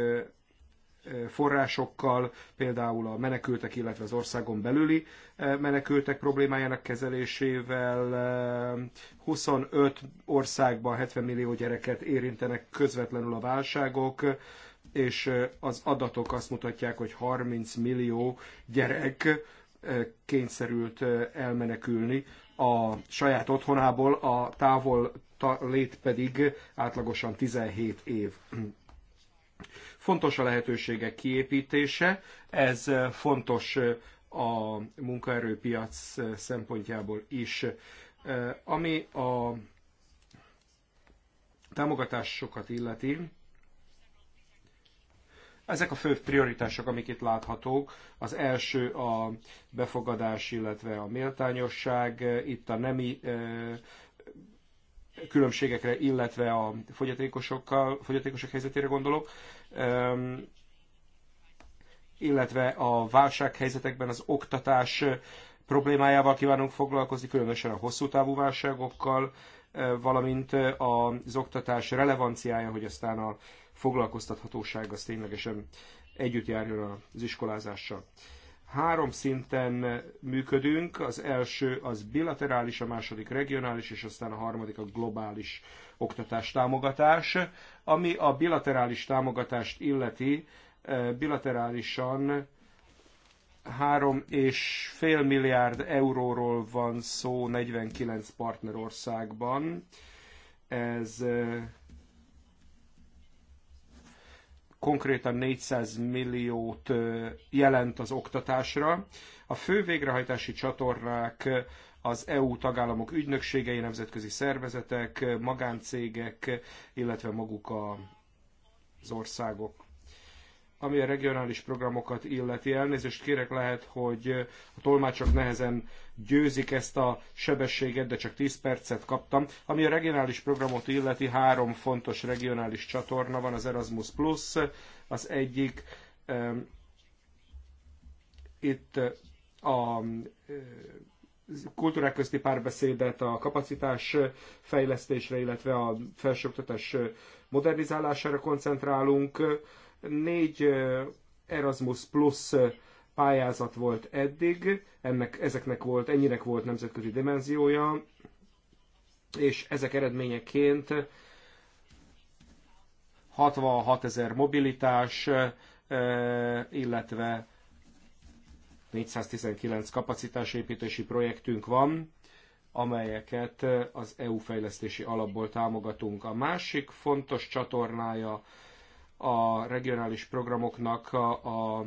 forrásokkal, például a menekültek, illetve az országon belüli menekültek problémájának kezelésével. 25 országban 70 millió gyereket érintenek közvetlenül a válságok, és az adatok azt mutatják, hogy 30 millió gyerek kényszerült elmenekülni a saját otthonából, a távol lét pedig átlagosan 17 év. Fontos a lehetőségek kiépítése, ez fontos a munkaerőpiac szempontjából is. Ami a támogatásokat illeti, ezek a fő prioritások, amik itt láthatók. Az első a befogadás, illetve a méltányosság, itt a nemi különbségekre, illetve a fogyatékosokkal, fogyatékosok helyzetére gondolok, illetve a válsághelyzetekben az oktatás problémájával kívánunk foglalkozni, különösen a hosszú távú válságokkal, valamint az oktatás relevanciája, hogy aztán a foglalkoztathatóság az ténylegesen együtt járjon az iskolázással. Három szinten működünk, az első az bilaterális, a második regionális, és aztán a harmadik a globális oktatás támogatás. Ami a bilaterális támogatást illeti, eh, bilaterálisan 3,5 milliárd euróról van szó 49 partnerországban. Ez eh, konkrétan 400 milliót jelent az oktatásra. A fő végrehajtási csatornák az EU tagállamok ügynökségei, nemzetközi szervezetek, magáncégek, illetve maguk az országok ami a regionális programokat illeti. Elnézést kérek, lehet, hogy a tolmácsok nehezen győzik ezt a sebességet, de csak 10 percet kaptam. Ami a regionális programot illeti, három fontos regionális csatorna van, az Erasmus Plus, az egyik itt eh, a eh, kultúrák közti párbeszédet, a kapacitás fejlesztésre, illetve a felsőoktatás eh, modernizálására koncentrálunk Négy Erasmus Plus pályázat volt eddig, ennek, ezeknek volt, ennyinek volt nemzetközi dimenziója, és ezek eredményeként 66 ezer mobilitás, illetve 419 kapacitásépítési projektünk van, amelyeket az EU fejlesztési alapból támogatunk. A másik fontos csatornája a regionális programoknak a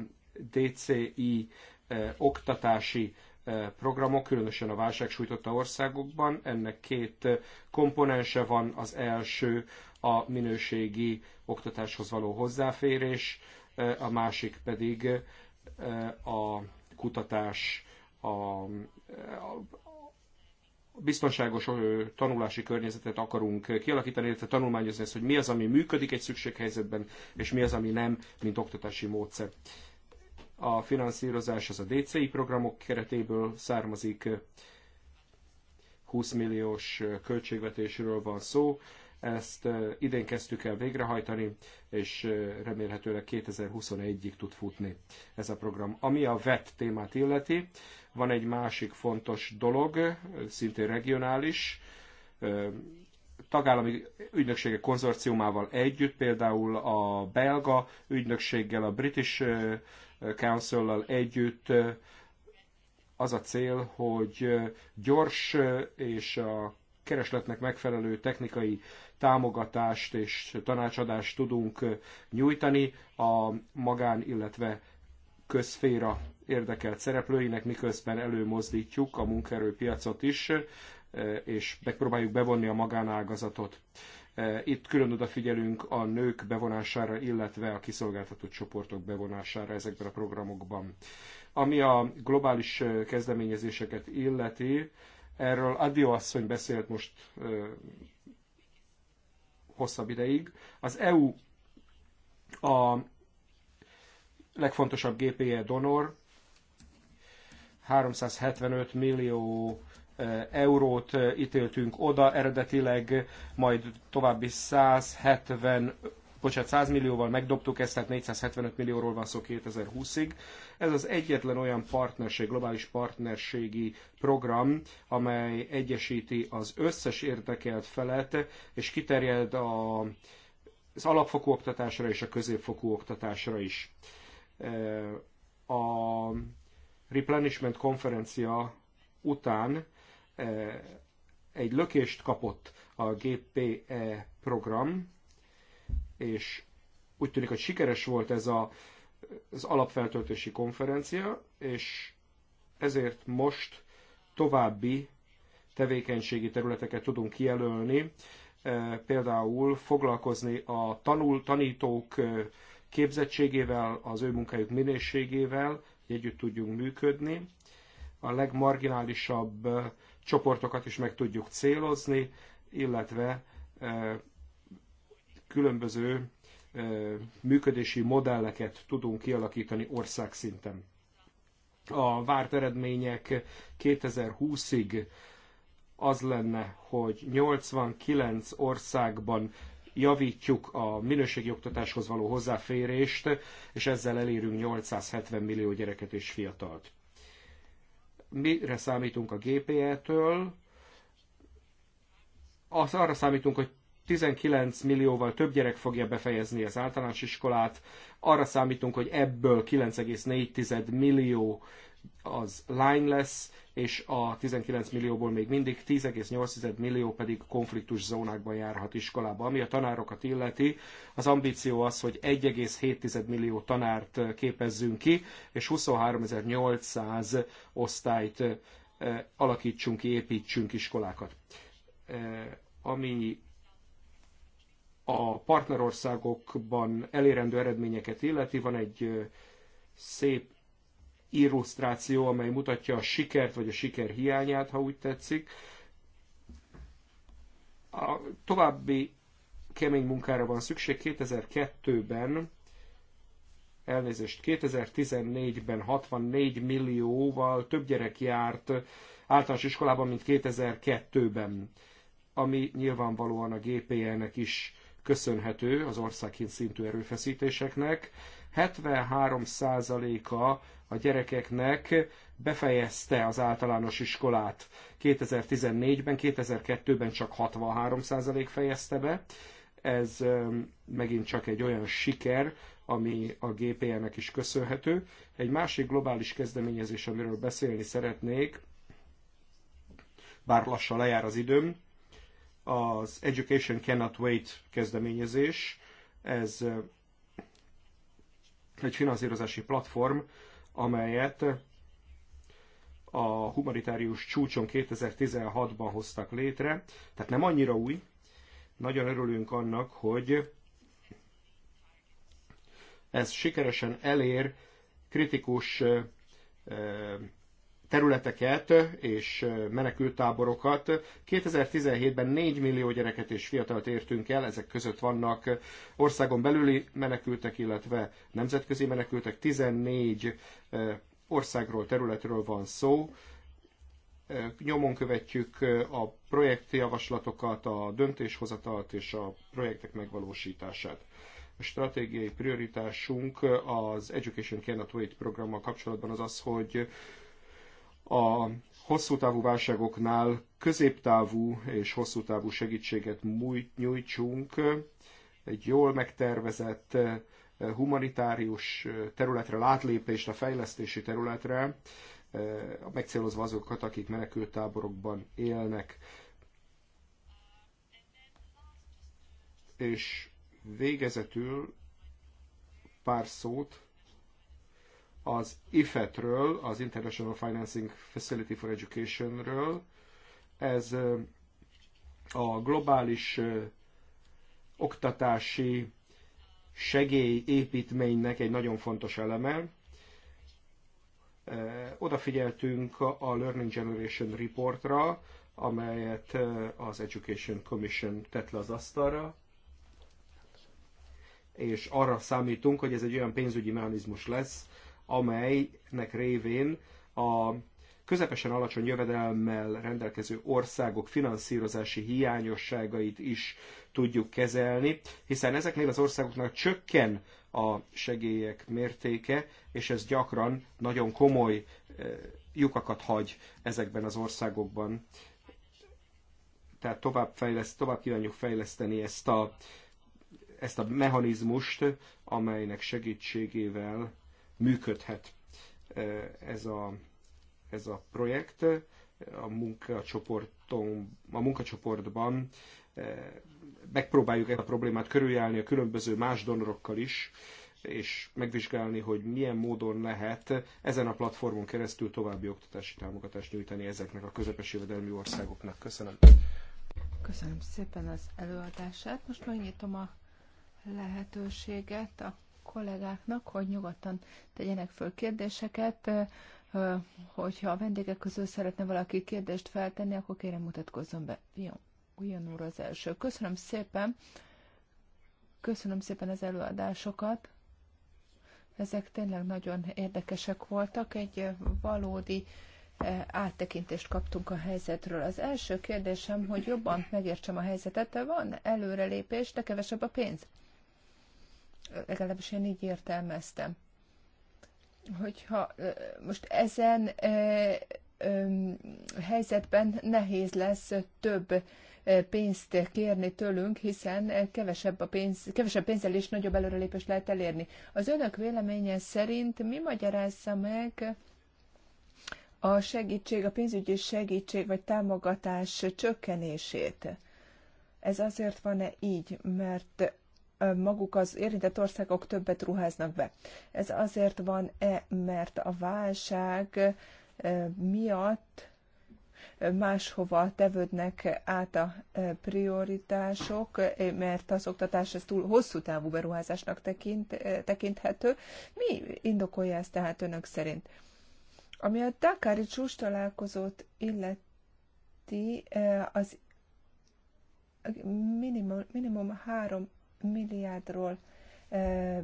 DCI e, oktatási e, programok, különösen a válság sújtotta országokban. Ennek két komponense van. Az első a minőségi oktatáshoz való hozzáférés, e, a másik pedig a kutatás, a, biztonságos tanulási környezetet akarunk kialakítani, illetve tanulmányozni ezt, hogy mi az, ami működik egy szükséghelyzetben, és mi az, ami nem, mint oktatási módszer. A finanszírozás az a DCI programok keretéből származik, 20 milliós költségvetésről van szó, ezt idén kezdtük el végrehajtani, és remélhetőleg 2021-ig tud futni ez a program. Ami a VET témát illeti, van egy másik fontos dolog, szintén regionális, tagállami ügynökségek konzorciumával együtt, például a belga ügynökséggel, a British Council-lal együtt az a cél, hogy gyors és a keresletnek megfelelő technikai támogatást és tanácsadást tudunk nyújtani a magán, illetve közféra érdekelt szereplőinek, miközben előmozdítjuk a munkaerőpiacot is, e, és megpróbáljuk bevonni a magánágazatot. E, itt külön odafigyelünk a nők bevonására, illetve a kiszolgáltatott csoportok bevonására ezekben a programokban. Ami a globális e, kezdeményezéseket illeti, erről Adio asszony beszélt most hosszabb ideig. Az EU a legfontosabb GPE donor 375 millió eurót ítéltünk oda eredetileg, majd további 170 bocsánat, 100 millióval megdobtuk ezt, tehát 475 millióról van szó 2020-ig. Ez az egyetlen olyan partnerség, globális partnerségi program, amely egyesíti az összes érdekelt felet, és kiterjed a, az alapfokú oktatásra és a középfokú oktatásra is. A replenishment konferencia után egy lökést kapott a GPE program, és úgy tűnik, hogy sikeres volt ez a, az alapfeltöltési konferencia, és ezért most további tevékenységi területeket tudunk kijelölni, például foglalkozni a tanul, tanítók képzettségével, az ő munkájuk minőségével, hogy együtt tudjunk működni. A legmarginálisabb csoportokat is meg tudjuk célozni, illetve különböző működési modelleket tudunk kialakítani országszinten. A várt eredmények 2020-ig az lenne, hogy 89 országban javítjuk a minőségi oktatáshoz való hozzáférést, és ezzel elérünk 870 millió gyereket és fiatalt. Mire számítunk a GPE-től? Az, arra számítunk, hogy 19 millióval több gyerek fogja befejezni az általános iskolát, arra számítunk, hogy ebből 9,4 millió az lány lesz, és a 19 millióból még mindig 10,8 millió pedig konfliktus zónákban járhat iskolába. Ami a tanárokat illeti, az ambíció az, hogy 1,7 millió tanárt képezzünk ki, és 23.800 osztályt alakítsunk ki, építsünk iskolákat. Ami a partnerországokban elérendő eredményeket illeti, van egy szép illusztráció, amely mutatja a sikert vagy a siker hiányát, ha úgy tetszik. A további kemény munkára van szükség. 2002-ben, elnézést, 2014-ben 64 millióval több gyerek járt általános iskolában, mint 2002-ben, ami nyilvánvalóan a GPL-nek is köszönhető az országként szintű erőfeszítéseknek. 73%-a a gyerekeknek befejezte az általános iskolát 2014-ben, 2002-ben csak 63% fejezte be. Ez megint csak egy olyan siker, ami a GPM-nek is köszönhető. Egy másik globális kezdeményezés, amiről beszélni szeretnék, bár lassan lejár az időm, az Education Cannot Wait kezdeményezés. Ez egy finanszírozási platform, amelyet a humanitárius csúcson 2016-ban hoztak létre, tehát nem annyira új. Nagyon örülünk annak, hogy ez sikeresen elér kritikus területeket és menekültáborokat. 2017-ben 4 millió gyereket és fiatalt értünk el, ezek között vannak országon belüli menekültek, illetve nemzetközi menekültek, 14 országról, területről van szó. Nyomon követjük a projektjavaslatokat, a döntéshozatalt és a projektek megvalósítását a stratégiai prioritásunk az Education Canada Wait programmal kapcsolatban az az, hogy a hosszú távú válságoknál középtávú és hosszú távú segítséget nyújtsunk, egy jól megtervezett eh, humanitárius eh, területre, látlépést a fejlesztési területre, eh, megcélozva azokat, akik menekültáborokban élnek. És végezetül pár szót az IFET-ről, az International Financing Facility for Education-ről. Ez a globális oktatási segélyépítménynek egy nagyon fontos eleme. Odafigyeltünk a Learning Generation Reportra, amelyet az Education Commission tett le az asztalra, és arra számítunk, hogy ez egy olyan pénzügyi mechanizmus lesz, amelynek révén a közepesen alacsony jövedelmmel rendelkező országok finanszírozási hiányosságait is tudjuk kezelni, hiszen ezeknél az országoknak csökken a segélyek mértéke, és ez gyakran nagyon komoly eh, lyukakat hagy ezekben az országokban. Tehát tovább, fejleszt, tovább kívánjuk fejleszteni ezt a, ezt a mechanizmust, amelynek segítségével működhet ez a, ez a projekt. A, munkacsoporton, a munkacsoportban megpróbáljuk ezt a problémát körüljárni a különböző más donorokkal is, és megvizsgálni, hogy milyen módon lehet ezen a platformon keresztül további oktatási támogatást nyújtani ezeknek a közepes jövedelmi országoknak. Köszönöm. Köszönöm szépen az előadását. Most megnyitom a lehetőséget a kollégáknak, hogy nyugodtan tegyenek föl kérdéseket. Hogyha a vendégek közül szeretne valaki kérdést feltenni, akkor kérem mutatkozzon be. Ugyan úr az első. Köszönöm szépen. Köszönöm szépen az előadásokat. Ezek tényleg nagyon érdekesek voltak. Egy valódi e, áttekintést kaptunk a helyzetről. Az első kérdésem, hogy jobban megértsem a helyzetet, de van előrelépés, de kevesebb a pénz legalábbis én így értelmeztem. Hogyha most ezen helyzetben nehéz lesz több pénzt kérni tőlünk, hiszen kevesebb, a pénz, kevesebb pénzzel is nagyobb előrelépést lehet elérni. Az önök véleménye szerint mi magyarázza meg a segítség, a pénzügyi segítség vagy támogatás csökkenését? Ez azért van-e így, mert maguk az érintett országok többet ruháznak be. Ez azért van-e, mert a válság miatt máshova tevődnek át a prioritások, mert az oktatás ez túl hosszú távú beruházásnak tekint, tekinthető. Mi indokolja ezt tehát önök szerint? Ami a Dakari csúcs találkozót illeti, az minimum, minimum három milliárdról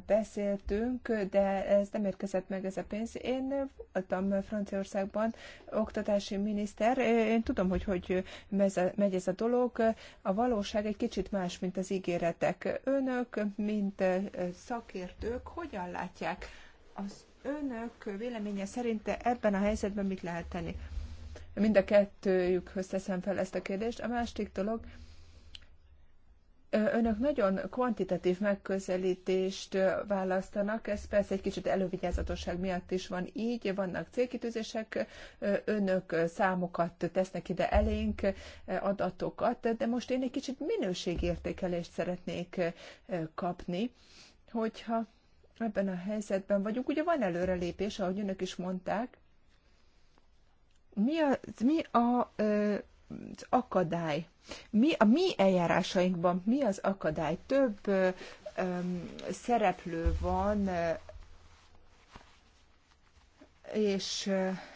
beszéltünk, de ez nem érkezett meg ez a pénz. Én voltam Franciaországban oktatási miniszter, én tudom, hogy hogy megy ez a dolog. A valóság egy kicsit más, mint az ígéretek. Önök, mint szakértők, hogyan látják az önök véleménye szerint ebben a helyzetben mit lehet tenni? Mind a kettőjükhöz teszem fel ezt a kérdést. A másik dolog, Önök nagyon kvantitatív megközelítést választanak, ez persze egy kicsit elővigyázatosság miatt is van így, vannak célkitűzések, önök számokat tesznek ide elénk, adatokat, de most én egy kicsit minőségértékelést szeretnék kapni, hogyha ebben a helyzetben vagyunk. Ugye van előrelépés, ahogy önök is mondták, mi a, mi a akadály? Mi a mi eljárásainkban mi az akadály? Több ö, ö, szereplő van, és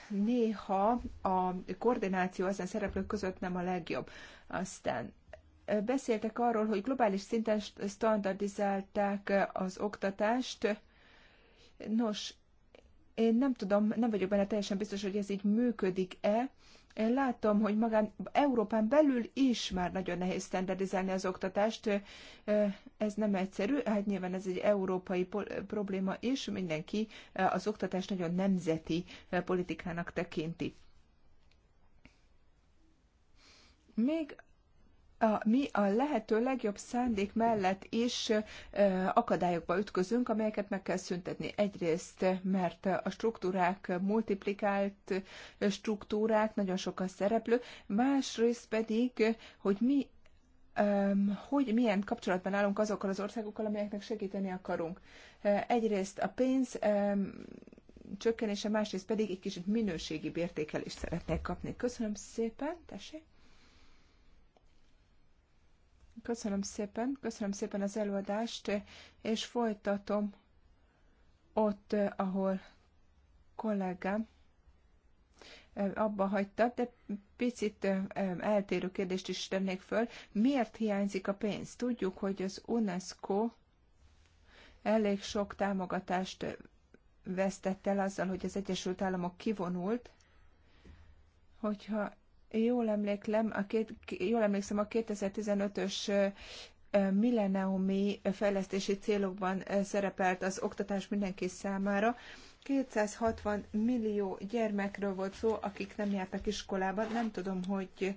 néha a koordináció ezen szereplők között nem a legjobb. Aztán beszéltek arról, hogy globális szinten standardizálták az oktatást. Nos, én nem tudom, nem vagyok benne teljesen biztos, hogy ez így működik-e, én látom, hogy magán Európán belül is már nagyon nehéz standardizálni az oktatást. Ez nem egyszerű, hát nyilván ez egy európai probléma, és mindenki az oktatást nagyon nemzeti politikának tekinti. Még a, mi a lehető legjobb szándék mellett is e, akadályokba ütközünk, amelyeket meg kell szüntetni. Egyrészt, mert a struktúrák multiplikált struktúrák, nagyon sok a szereplő, másrészt pedig, hogy mi hogy milyen kapcsolatban állunk azokkal az országokkal, amelyeknek segíteni akarunk. Egyrészt a pénz csökkenése, másrészt pedig egy kicsit minőségi értékelést szeretnék kapni. Köszönöm szépen, tessék! Köszönöm szépen, köszönöm szépen az előadást, és folytatom ott, ahol kollégám abba hagyta, de picit eltérő kérdést is tennék föl. Miért hiányzik a pénz? Tudjuk, hogy az UNESCO elég sok támogatást vesztett el azzal, hogy az Egyesült Államok kivonult, hogyha jól, emléklem, a két, jól emlékszem, a 2015-ös milleniumi fejlesztési célokban szerepelt az oktatás mindenki számára. 260 millió gyermekről volt szó, akik nem jártak iskolában. Nem tudom, hogy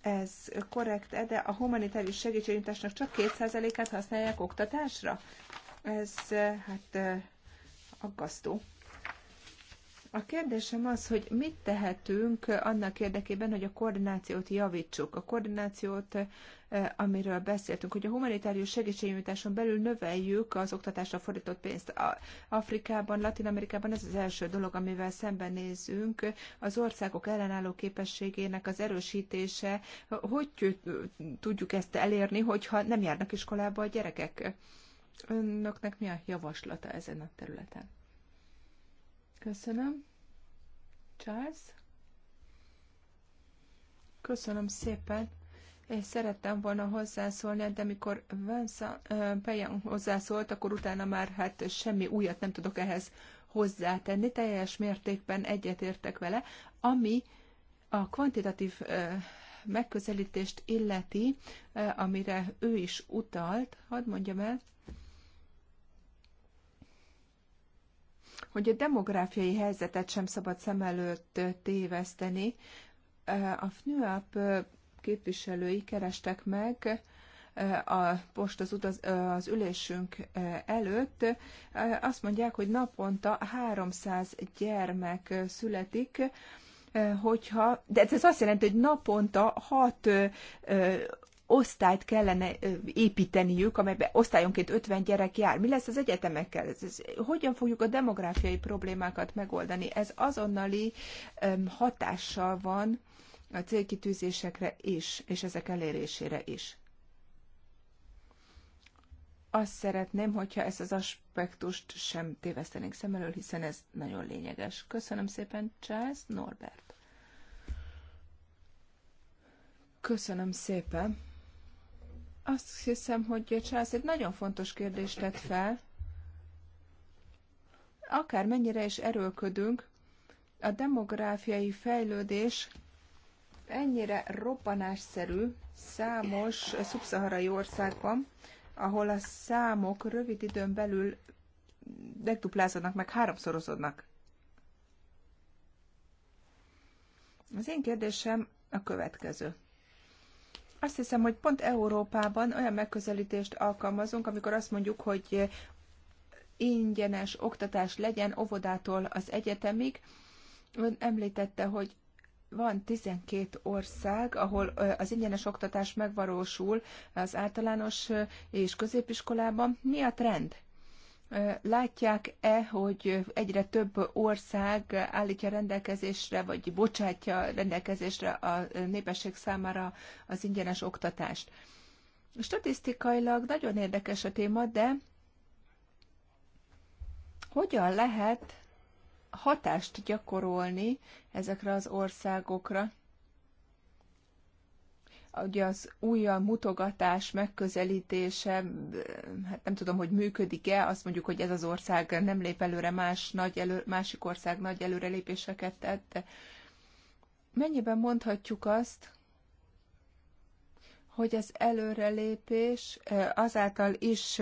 ez korrekt -e, de a humanitárius segítségnyújtásnak csak 2%-át használják oktatásra? Ez hát aggasztó. A kérdésem az, hogy mit tehetünk annak érdekében, hogy a koordinációt javítsuk. A koordinációt, eh, amiről beszéltünk, hogy a humanitárius segítségnyújtáson belül növeljük az oktatásra fordított pénzt. Afrikában, Latin Amerikában ez az első dolog, amivel szembenézünk. Az országok ellenálló képességének az erősítése, hogy tudjuk ezt elérni, hogyha nem járnak iskolába a gyerekek? Önöknek mi a javaslata ezen a területen? Köszönöm. Charles? Köszönöm szépen. Én szerettem volna hozzászólni, de mikor Vansa Pejan hozzászólt, akkor utána már hát semmi újat nem tudok ehhez hozzátenni. Teljes mértékben egyetértek vele, ami a kvantitatív megközelítést illeti, amire ő is utalt. Hadd mondjam el, hogy a demográfiai helyzetet sem szabad szem előtt téveszteni. Eh, a FNÜAP eh, képviselői kerestek meg eh, a, post az, utaz, az ülésünk előtt. Azt mondják, hogy naponta 300 gyermek születik, hogyha, de ez azt jelenti, hogy naponta 6 osztályt kellene építeniük, amelyben osztályonként 50 gyerek jár. Mi lesz az egyetemekkel? Ez, ez, hogyan fogjuk a demográfiai problémákat megoldani? Ez azonnali um, hatással van a célkitűzésekre is, és ezek elérésére is. Azt szeretném, hogyha ezt az aspektust sem tévesztenénk szem elől, hiszen ez nagyon lényeges. Köszönöm szépen, Charles Norbert. Köszönöm szépen. Azt hiszem, hogy Charles egy nagyon fontos kérdést tett fel. Akár mennyire is erőlködünk, a demográfiai fejlődés ennyire robbanásszerű számos szubszaharai országban, ahol a számok rövid időn belül megduplázódnak, meg háromszorozódnak. Az én kérdésem a következő. Azt hiszem, hogy pont Európában olyan megközelítést alkalmazunk, amikor azt mondjuk, hogy ingyenes oktatás legyen óvodától az egyetemig. Ön említette, hogy van 12 ország, ahol az ingyenes oktatás megvalósul az általános és középiskolában. Mi a trend? Látják-e, hogy egyre több ország állítja rendelkezésre, vagy bocsátja rendelkezésre a népesség számára az ingyenes oktatást? Statisztikailag nagyon érdekes a téma, de hogyan lehet hatást gyakorolni ezekre az országokra? ugye az újjal mutogatás megközelítése, hát nem tudom, hogy működik-e, azt mondjuk, hogy ez az ország nem lép előre, más nagy elő, másik ország nagy előrelépéseket tett, de mennyiben mondhatjuk azt, hogy az előrelépés azáltal is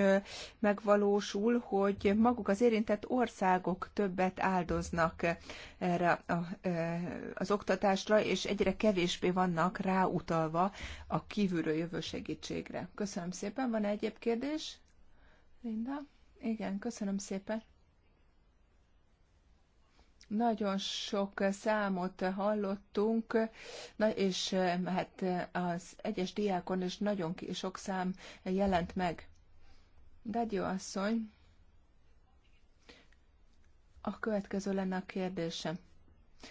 megvalósul, hogy maguk az érintett országok többet áldoznak erre az oktatásra, és egyre kevésbé vannak ráutalva a kívülről jövő segítségre. Köszönöm szépen. Van -e egyéb kérdés? Linda? Igen, köszönöm szépen. Nagyon sok számot hallottunk, na és eh, hát eh, az egyes diákon is nagyon sok szám jelent meg. Dagyó asszony, a következő lenne a kérdésem.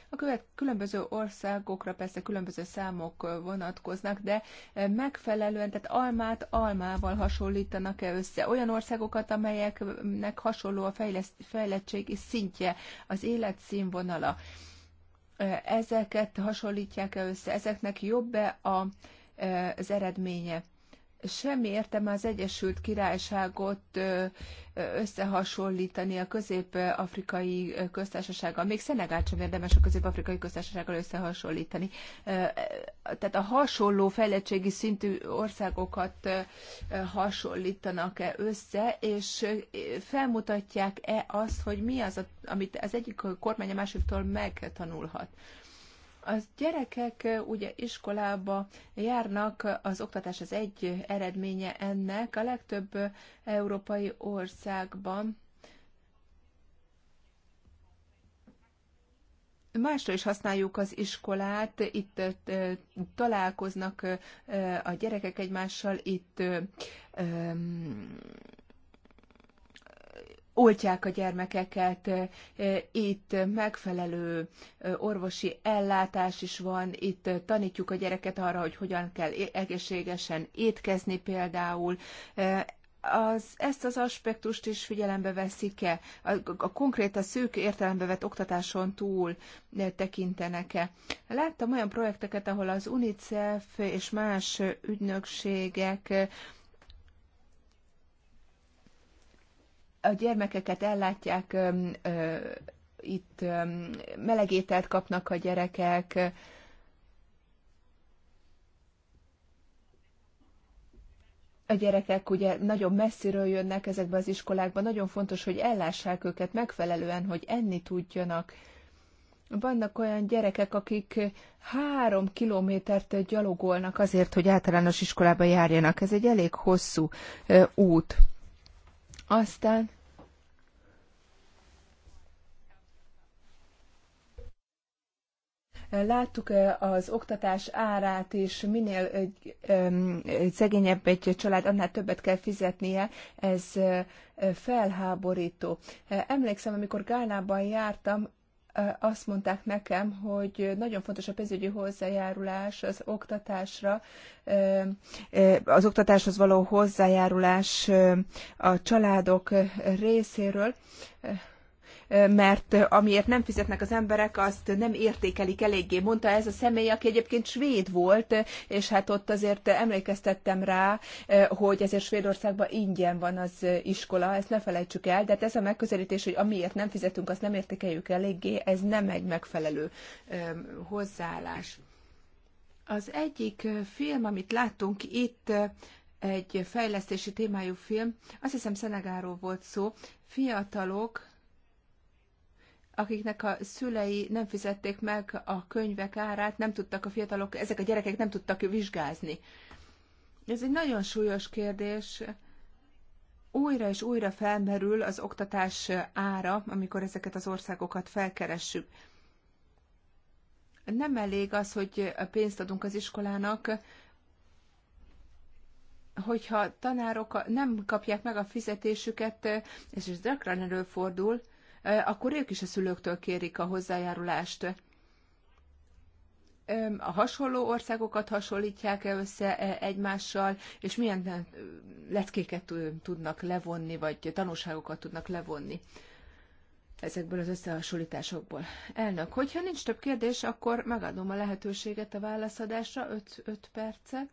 A különböző országokra persze különböző számok vonatkoznak, de megfelelően, tehát almát almával hasonlítanak-e össze? Olyan országokat, amelyeknek hasonló a fejlettségi szintje, az életszínvonala, ezeket hasonlítják-e össze? Ezeknek jobb-e a, az eredménye? semmi értem az Egyesült Királyságot összehasonlítani a közép-afrikai köztársasággal, még Szenegált sem érdemes a közép-afrikai köztársasággal összehasonlítani. Tehát a hasonló fejlettségi szintű országokat hasonlítanak-e össze, és felmutatják-e azt, hogy mi az, amit az egyik kormány a másiktól megtanulhat. Az gyerekek ugye iskolába járnak, az oktatás az egy eredménye ennek. A legtöbb európai országban Másra is használjuk az iskolát, itt találkoznak a gyerekek egymással, itt oltják a gyermekeket, itt megfelelő orvosi ellátás is van, itt tanítjuk a gyereket arra, hogy hogyan kell egészségesen étkezni például, az, ezt az aspektust is figyelembe veszik-e? A, a, a konkrét, a szűk értelembe vett oktatáson túl tekintenek-e? Láttam olyan projekteket, ahol az UNICEF és más ügynökségek a gyermekeket ellátják, itt melegételt kapnak a gyerekek, a gyerekek ugye nagyon messziről jönnek ezekbe az iskolákba, nagyon fontos, hogy ellássák őket megfelelően, hogy enni tudjanak. Vannak olyan gyerekek, akik három kilométert gyalogolnak azért, hogy általános iskolába járjanak. Ez egy elég hosszú út. Aztán Láttuk eh, az oktatás árát és minél egy, egy szegényebb egy család, annál többet kell fizetnie, ez eh, felháborító. Eh, emlékszem, amikor Gánában jártam, azt mondták nekem, hogy nagyon fontos a pénzügyi hozzájárulás az oktatásra, az oktatáshoz való hozzájárulás a családok részéről mert amiért nem fizetnek az emberek, azt nem értékelik eléggé. Mondta ez a személy, aki egyébként svéd volt, és hát ott azért emlékeztettem rá, hogy ezért Svédországban ingyen van az iskola, ezt ne felejtsük el, de hát ez a megközelítés, hogy amiért nem fizetünk, azt nem értékeljük eléggé, ez nem egy megfelelő hozzáállás. Az egyik film, amit láttunk itt, egy fejlesztési témájú film, azt hiszem Szenegáról volt szó, fiatalok akiknek a szülei nem fizették meg a könyvek árát, nem tudtak a fiatalok, ezek a gyerekek nem tudtak vizsgázni. Ez egy nagyon súlyos kérdés. Újra és újra felmerül az oktatás ára, amikor ezeket az országokat felkeressük. Nem elég az, hogy pénzt adunk az iskolának, hogyha tanárok nem kapják meg a fizetésüket, és ez gyakran előfordul, akkor ők is a szülőktől kérik a hozzájárulást. A hasonló országokat hasonlítják -e össze egymással, és milyen leckéket tudnak levonni, vagy tanulságokat tudnak levonni ezekből az összehasonlításokból. Elnök, hogyha nincs több kérdés, akkor megadom a lehetőséget a válaszadásra, 5 percet.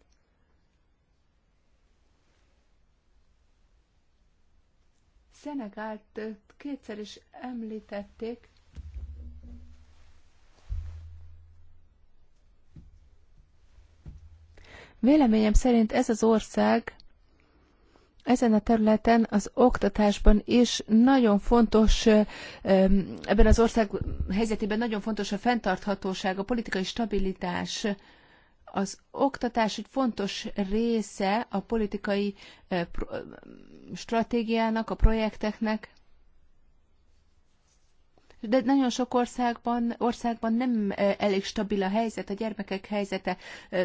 Szenegált kétszer is említették. Véleményem szerint ez az ország ezen a területen, az oktatásban is nagyon fontos, ebben az ország helyzetében nagyon fontos a fenntarthatóság, a politikai stabilitás, az oktatás egy fontos része a politikai stratégiának, a projekteknek, de nagyon sok országban, országban nem elég stabil a helyzet, a gyermekek helyzete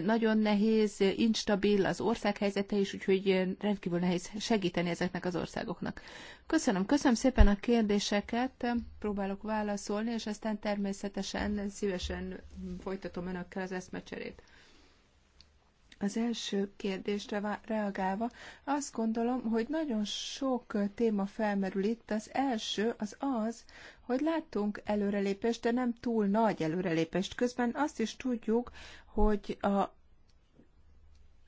nagyon nehéz, instabil az ország helyzete is, úgyhogy rendkívül nehéz segíteni ezeknek az országoknak. Köszönöm, köszönöm szépen a kérdéseket, próbálok válaszolni, és aztán természetesen szívesen folytatom önökkel az eszmecserét. Az első kérdésre reagálva azt gondolom, hogy nagyon sok téma felmerül itt. Az első az az, hogy láttunk előrelépést, de nem túl nagy előrelépést. Közben azt is tudjuk, hogy a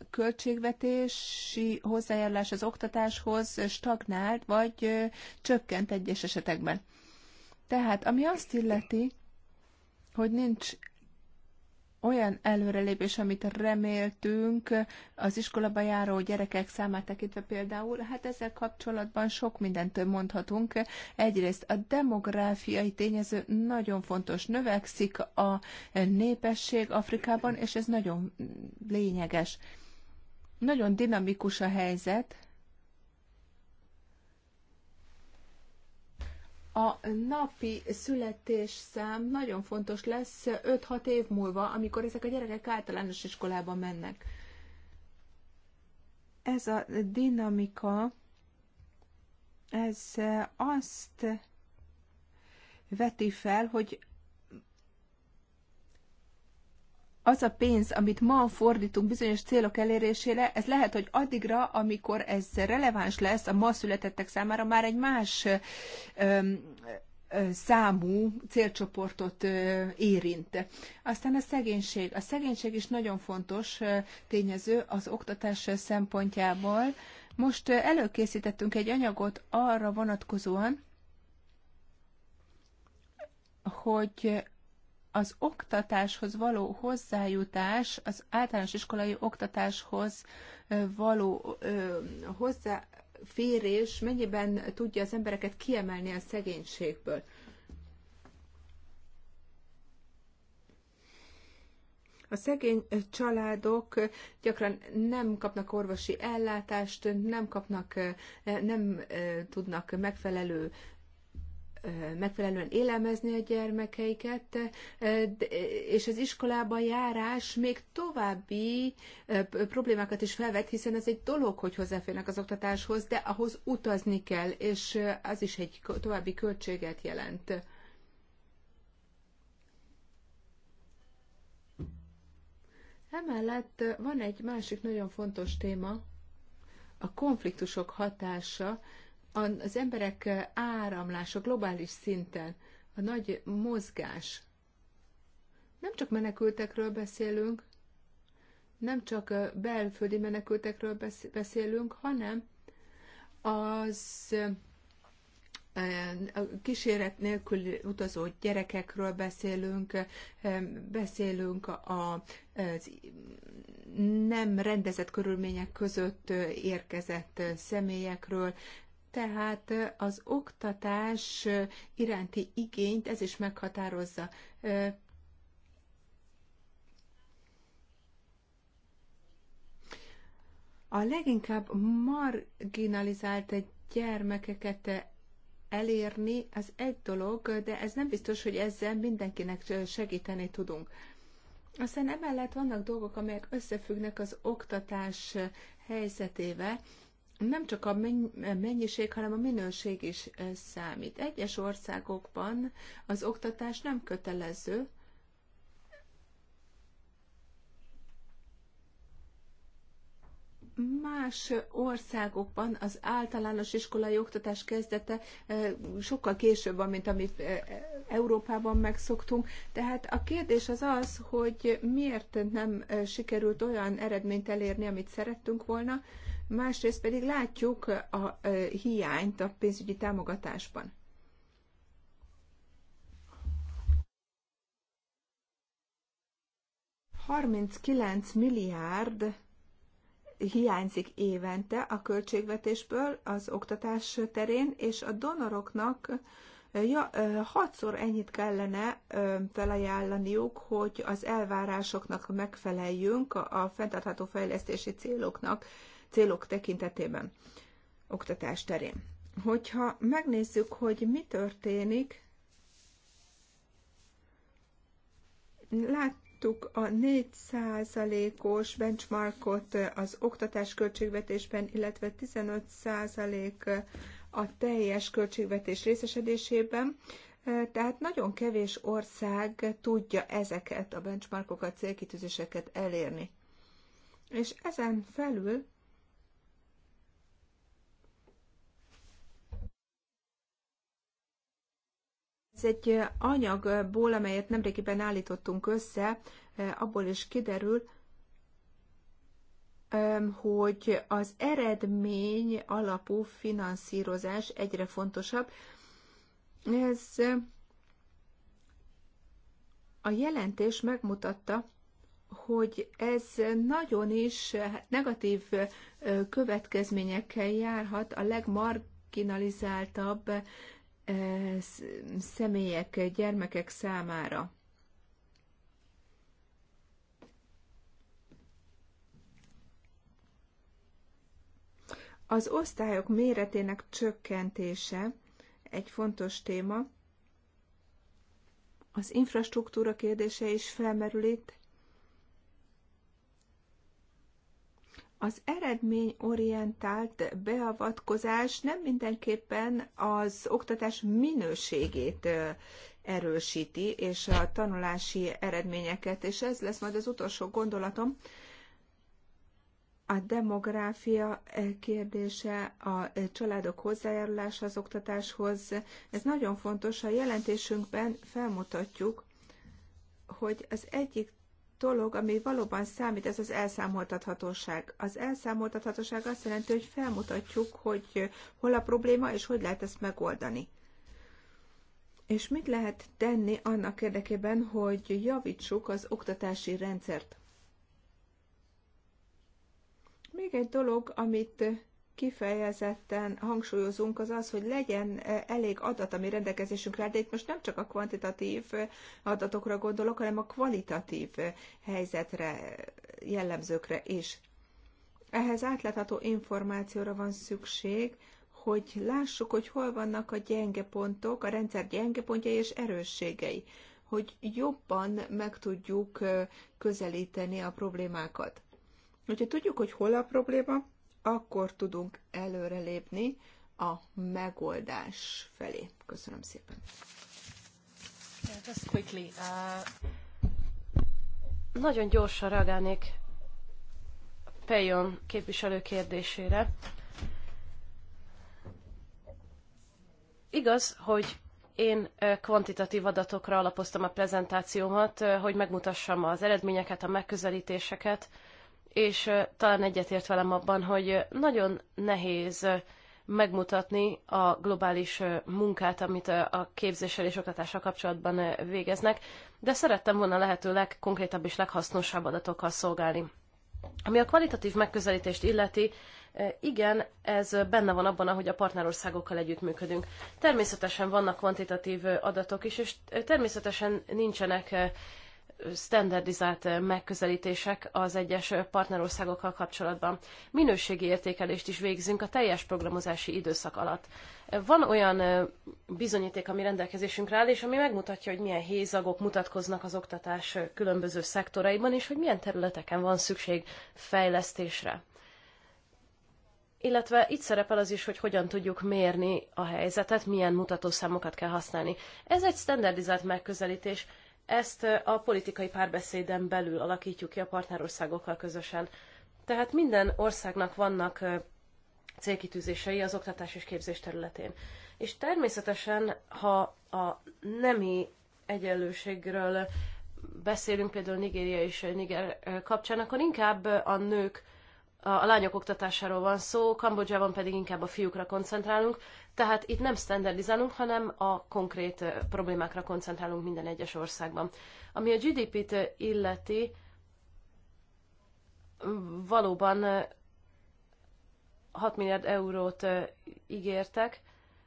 költségvetési hozzájárulás az oktatáshoz stagnált, vagy csökkent egyes esetekben. Tehát, ami azt illeti, hogy nincs olyan előrelépés, amit reméltünk az iskolaba járó gyerekek számát tekintve például, hát ezzel kapcsolatban sok mindent mondhatunk. Egyrészt a demográfiai tényező nagyon fontos, növekszik a népesség Afrikában, és ez nagyon lényeges. Nagyon dinamikus a helyzet, a napi születésszám nagyon fontos lesz 5-6 év múlva, amikor ezek a gyerekek általános iskolába mennek. Ez a dinamika, ez azt veti fel, hogy az a pénz, amit ma fordítunk bizonyos célok elérésére, ez lehet, hogy addigra, amikor ez releváns lesz a ma születettek számára, már egy más öm, számú célcsoportot érint. Aztán a szegénység. A szegénység is nagyon fontos tényező az oktatás szempontjából. Most előkészítettünk egy anyagot arra vonatkozóan, hogy az oktatáshoz való hozzájutás, az általános iskolai oktatáshoz való hozzáférés mennyiben tudja az embereket kiemelni a szegénységből. A szegény családok gyakran nem kapnak orvosi ellátást, nem kapnak, nem tudnak megfelelő megfelelően élelmezni a gyermekeiket, és az iskolába járás még további problémákat is felvet, hiszen ez egy dolog, hogy hozzáférnek az oktatáshoz, de ahhoz utazni kell, és az is egy további költséget jelent. Emellett van egy másik nagyon fontos téma, a konfliktusok hatása az emberek áramlása globális szinten, a nagy mozgás. Nem csak menekültekről beszélünk, nem csak belföldi menekültekről beszélünk, hanem az a kíséret nélkül utazó gyerekekről beszélünk, beszélünk a nem rendezett körülmények között érkezett személyekről, tehát az oktatás iránti igényt ez is meghatározza. A leginkább marginalizált gyermekeket elérni, az egy dolog, de ez nem biztos, hogy ezzel mindenkinek segíteni tudunk. Aztán emellett vannak dolgok, amelyek összefüggnek az oktatás helyzetével, nem csak a mennyiség, hanem a minőség is számít. Egyes országokban az oktatás nem kötelező, más országokban az általános iskolai oktatás kezdete sokkal később van, mint amit Európában megszoktunk. Tehát a kérdés az az, hogy miért nem sikerült olyan eredményt elérni, amit szerettünk volna, másrészt pedig látjuk a hiányt a pénzügyi támogatásban. ...39 milliárd hiányzik évente a költségvetésből az oktatás terén, és a donoroknak ja, hatszor ennyit kellene felajánlaniuk, hogy az elvárásoknak megfeleljünk, a fenntartható fejlesztési céloknak célok tekintetében oktatás terén. Hogyha megnézzük, hogy mi történik, láttuk a 4%-os benchmarkot az oktatás költségvetésben, illetve 15% a teljes költségvetés részesedésében. Tehát nagyon kevés ország tudja ezeket a benchmarkokat, célkitűzéseket elérni. És ezen felül Ez egy anyagból, amelyet nemrégiben állítottunk össze, abból is kiderül, hogy az eredmény alapú finanszírozás egyre fontosabb. Ez a jelentés megmutatta, hogy ez nagyon is negatív következményekkel járhat a legmarginalizáltabb személyek, gyermekek számára. Az osztályok méretének csökkentése egy fontos téma. Az infrastruktúra kérdése is felmerül itt. az eredményorientált beavatkozás nem mindenképpen az oktatás minőségét erősíti, és a tanulási eredményeket, és ez lesz majd az utolsó gondolatom. A demográfia kérdése, a családok hozzájárulása az oktatáshoz, ez nagyon fontos. A jelentésünkben felmutatjuk, hogy az egyik dolog, ami valóban számít, ez az elszámoltathatóság. Az elszámoltathatóság azt jelenti, hogy felmutatjuk, hogy hol a probléma, és hogy lehet ezt megoldani. És mit lehet tenni annak érdekében, hogy javítsuk az oktatási rendszert? Még egy dolog, amit kifejezetten hangsúlyozunk, az az, hogy legyen eh, elég adat, ami rendelkezésünkre áll, de itt most nem csak a kvantitatív eh, adatokra gondolok, hanem a kvalitatív eh, helyzetre, jellemzőkre is. Ehhez átlátható információra van szükség, hogy lássuk, hogy hol vannak a gyenge pontok, a rendszer gyenge pontjai és erősségei, hogy jobban meg tudjuk közelíteni a problémákat. Hogyha tudjuk, hogy hol a probléma, akkor tudunk előrelépni a megoldás felé. Köszönöm szépen. Yeah, just quickly, uh... Nagyon gyorsan reagálnék Pejon képviselő kérdésére. Igaz, hogy én uh, kvantitatív adatokra alapoztam a prezentációmat, uh, hogy megmutassam az eredményeket, a megközelítéseket, és talán egyetért velem abban, hogy nagyon nehéz megmutatni a globális munkát, amit a képzéssel és oktatással kapcsolatban végeznek, de szerettem volna lehető legkonkrétabb és leghasznosabb adatokkal szolgálni. Ami a kvalitatív megközelítést illeti, igen, ez benne van abban, ahogy a partnerországokkal együttműködünk. Természetesen vannak kvantitatív adatok is, és természetesen nincsenek standardizált megközelítések az egyes partnerországokkal kapcsolatban. Minőségi értékelést is végzünk a teljes programozási időszak alatt. Van olyan bizonyíték, ami rendelkezésünkre áll, és ami megmutatja, hogy milyen hézagok mutatkoznak az oktatás különböző szektoraiban, és hogy milyen területeken van szükség fejlesztésre. Illetve itt szerepel az is, hogy hogyan tudjuk mérni a helyzetet, milyen mutatószámokat kell használni. Ez egy standardizált megközelítés, ezt a politikai párbeszéden belül alakítjuk ki a partnerországokkal közösen. Tehát minden országnak vannak célkitűzései az oktatás és képzés területén. És természetesen, ha a nemi egyenlőségről beszélünk, például Nigéria és Niger kapcsán, akkor inkább a nők, a lányok oktatásáról van szó, Kambodzsában pedig inkább a fiúkra koncentrálunk, tehát itt nem standardizálunk, hanem a konkrét problémákra koncentrálunk minden egyes országban. Ami a GDP-t illeti, valóban 6 milliárd eurót ígértek,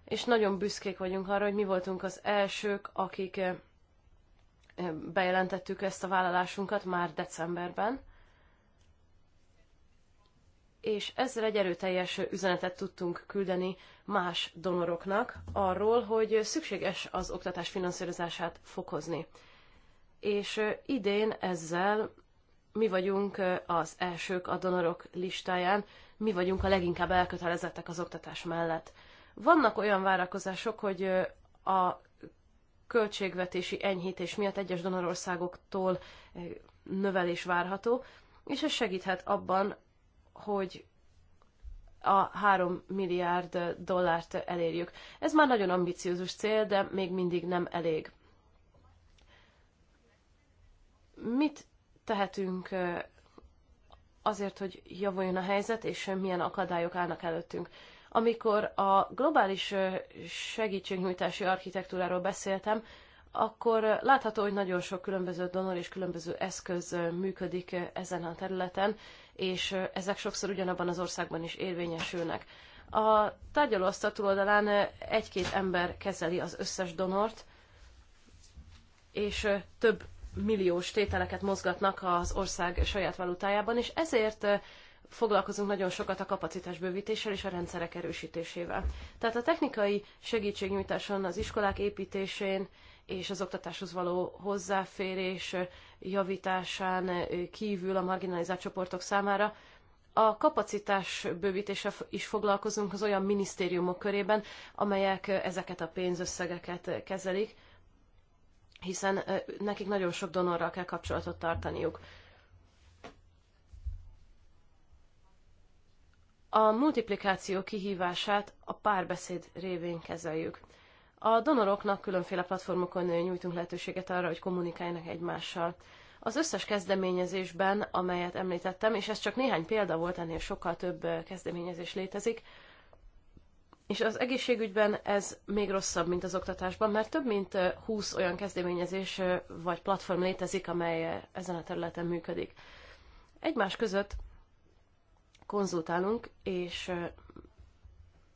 és nagyon büszkék vagyunk arra, hogy mi voltunk az elsők, akik bejelentettük ezt a vállalásunkat már decemberben és ezzel egy erőteljes üzenetet tudtunk küldeni más donoroknak arról, hogy szükséges az oktatás finanszírozását fokozni. És idén ezzel mi vagyunk az elsők a donorok listáján, mi vagyunk a leginkább elkötelezettek az oktatás mellett. Vannak olyan várakozások, hogy a költségvetési enyhítés miatt egyes donorországoktól növelés várható, és ez segíthet abban, hogy a 3 milliárd dollárt elérjük. Ez már nagyon ambiciózus cél, de még mindig nem elég. Mit tehetünk azért, hogy javuljon a helyzet, és milyen akadályok állnak előttünk? Amikor a globális segítségnyújtási architektúráról beszéltem, akkor látható, hogy nagyon sok különböző donor és különböző eszköz működik ezen a területen, és ezek sokszor ugyanabban az országban is érvényesülnek. A tárgyalóasztal túloldalán egy-két ember kezeli az összes donort, és több milliós tételeket mozgatnak az ország saját valutájában, és ezért foglalkozunk nagyon sokat a kapacitásbővítéssel és a rendszerek erősítésével. Tehát a technikai segítségnyújtáson, az iskolák építésén, és az oktatáshoz való hozzáférés javításán kívül a marginalizált csoportok számára. A kapacitás bővítése is foglalkozunk az olyan minisztériumok körében, amelyek ezeket a pénzösszegeket kezelik, hiszen nekik nagyon sok donorral kell kapcsolatot tartaniuk. A multiplikáció kihívását a párbeszéd révén kezeljük. A donoroknak különféle platformokon nyújtunk lehetőséget arra, hogy kommunikáljanak egymással. Az összes kezdeményezésben, amelyet említettem, és ez csak néhány példa volt, ennél sokkal több kezdeményezés létezik, és az egészségügyben ez még rosszabb, mint az oktatásban, mert több mint 20 olyan kezdeményezés vagy platform létezik, amely ezen a területen működik. Egymás között konzultálunk, és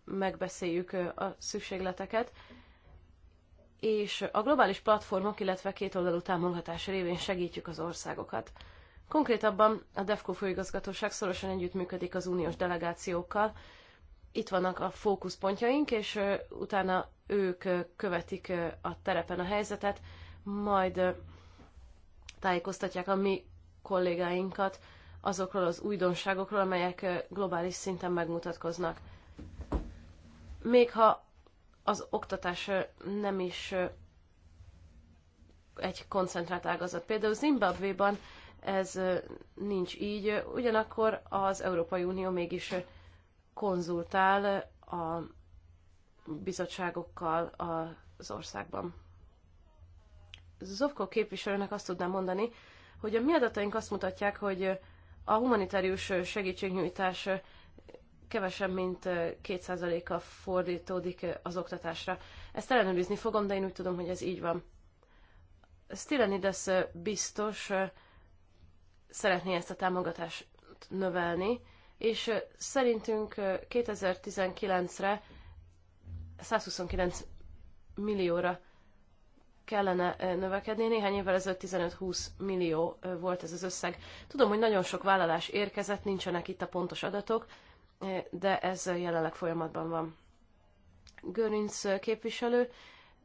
megbeszéljük a szükségleteket, és a globális platformok, illetve kétoldalú támogatás révén segítjük az országokat. Konkrétabban a DEFCO főigazgatóság szorosan együttműködik az uniós delegációkkal. Itt vannak a fókuszpontjaink, és utána ők követik a terepen a helyzetet, majd tájékoztatják a mi kollégáinkat azokról az újdonságokról, amelyek globális szinten megmutatkoznak. Még ha az oktatás nem is egy koncentrált ágazat. Például Zimbabvéban ez nincs így, ugyanakkor az Európai Unió mégis konzultál a bizottságokkal az országban. Zovko képviselőnek azt tudnám mondani, hogy a mi adataink azt mutatják, hogy a humanitárius segítségnyújtás kevesebb, mint 2 a fordítódik az oktatásra. Ezt ellenőrizni fogom, de én úgy tudom, hogy ez így van. Stylenides biztos szeretné ezt a támogatást növelni, és szerintünk 2019-re 129 millióra kellene növekedni. Néhány évvel ezelőtt 15-20 millió volt ez az összeg. Tudom, hogy nagyon sok vállalás érkezett, nincsenek itt a pontos adatok, de ez jelenleg folyamatban van. Görinc képviselő,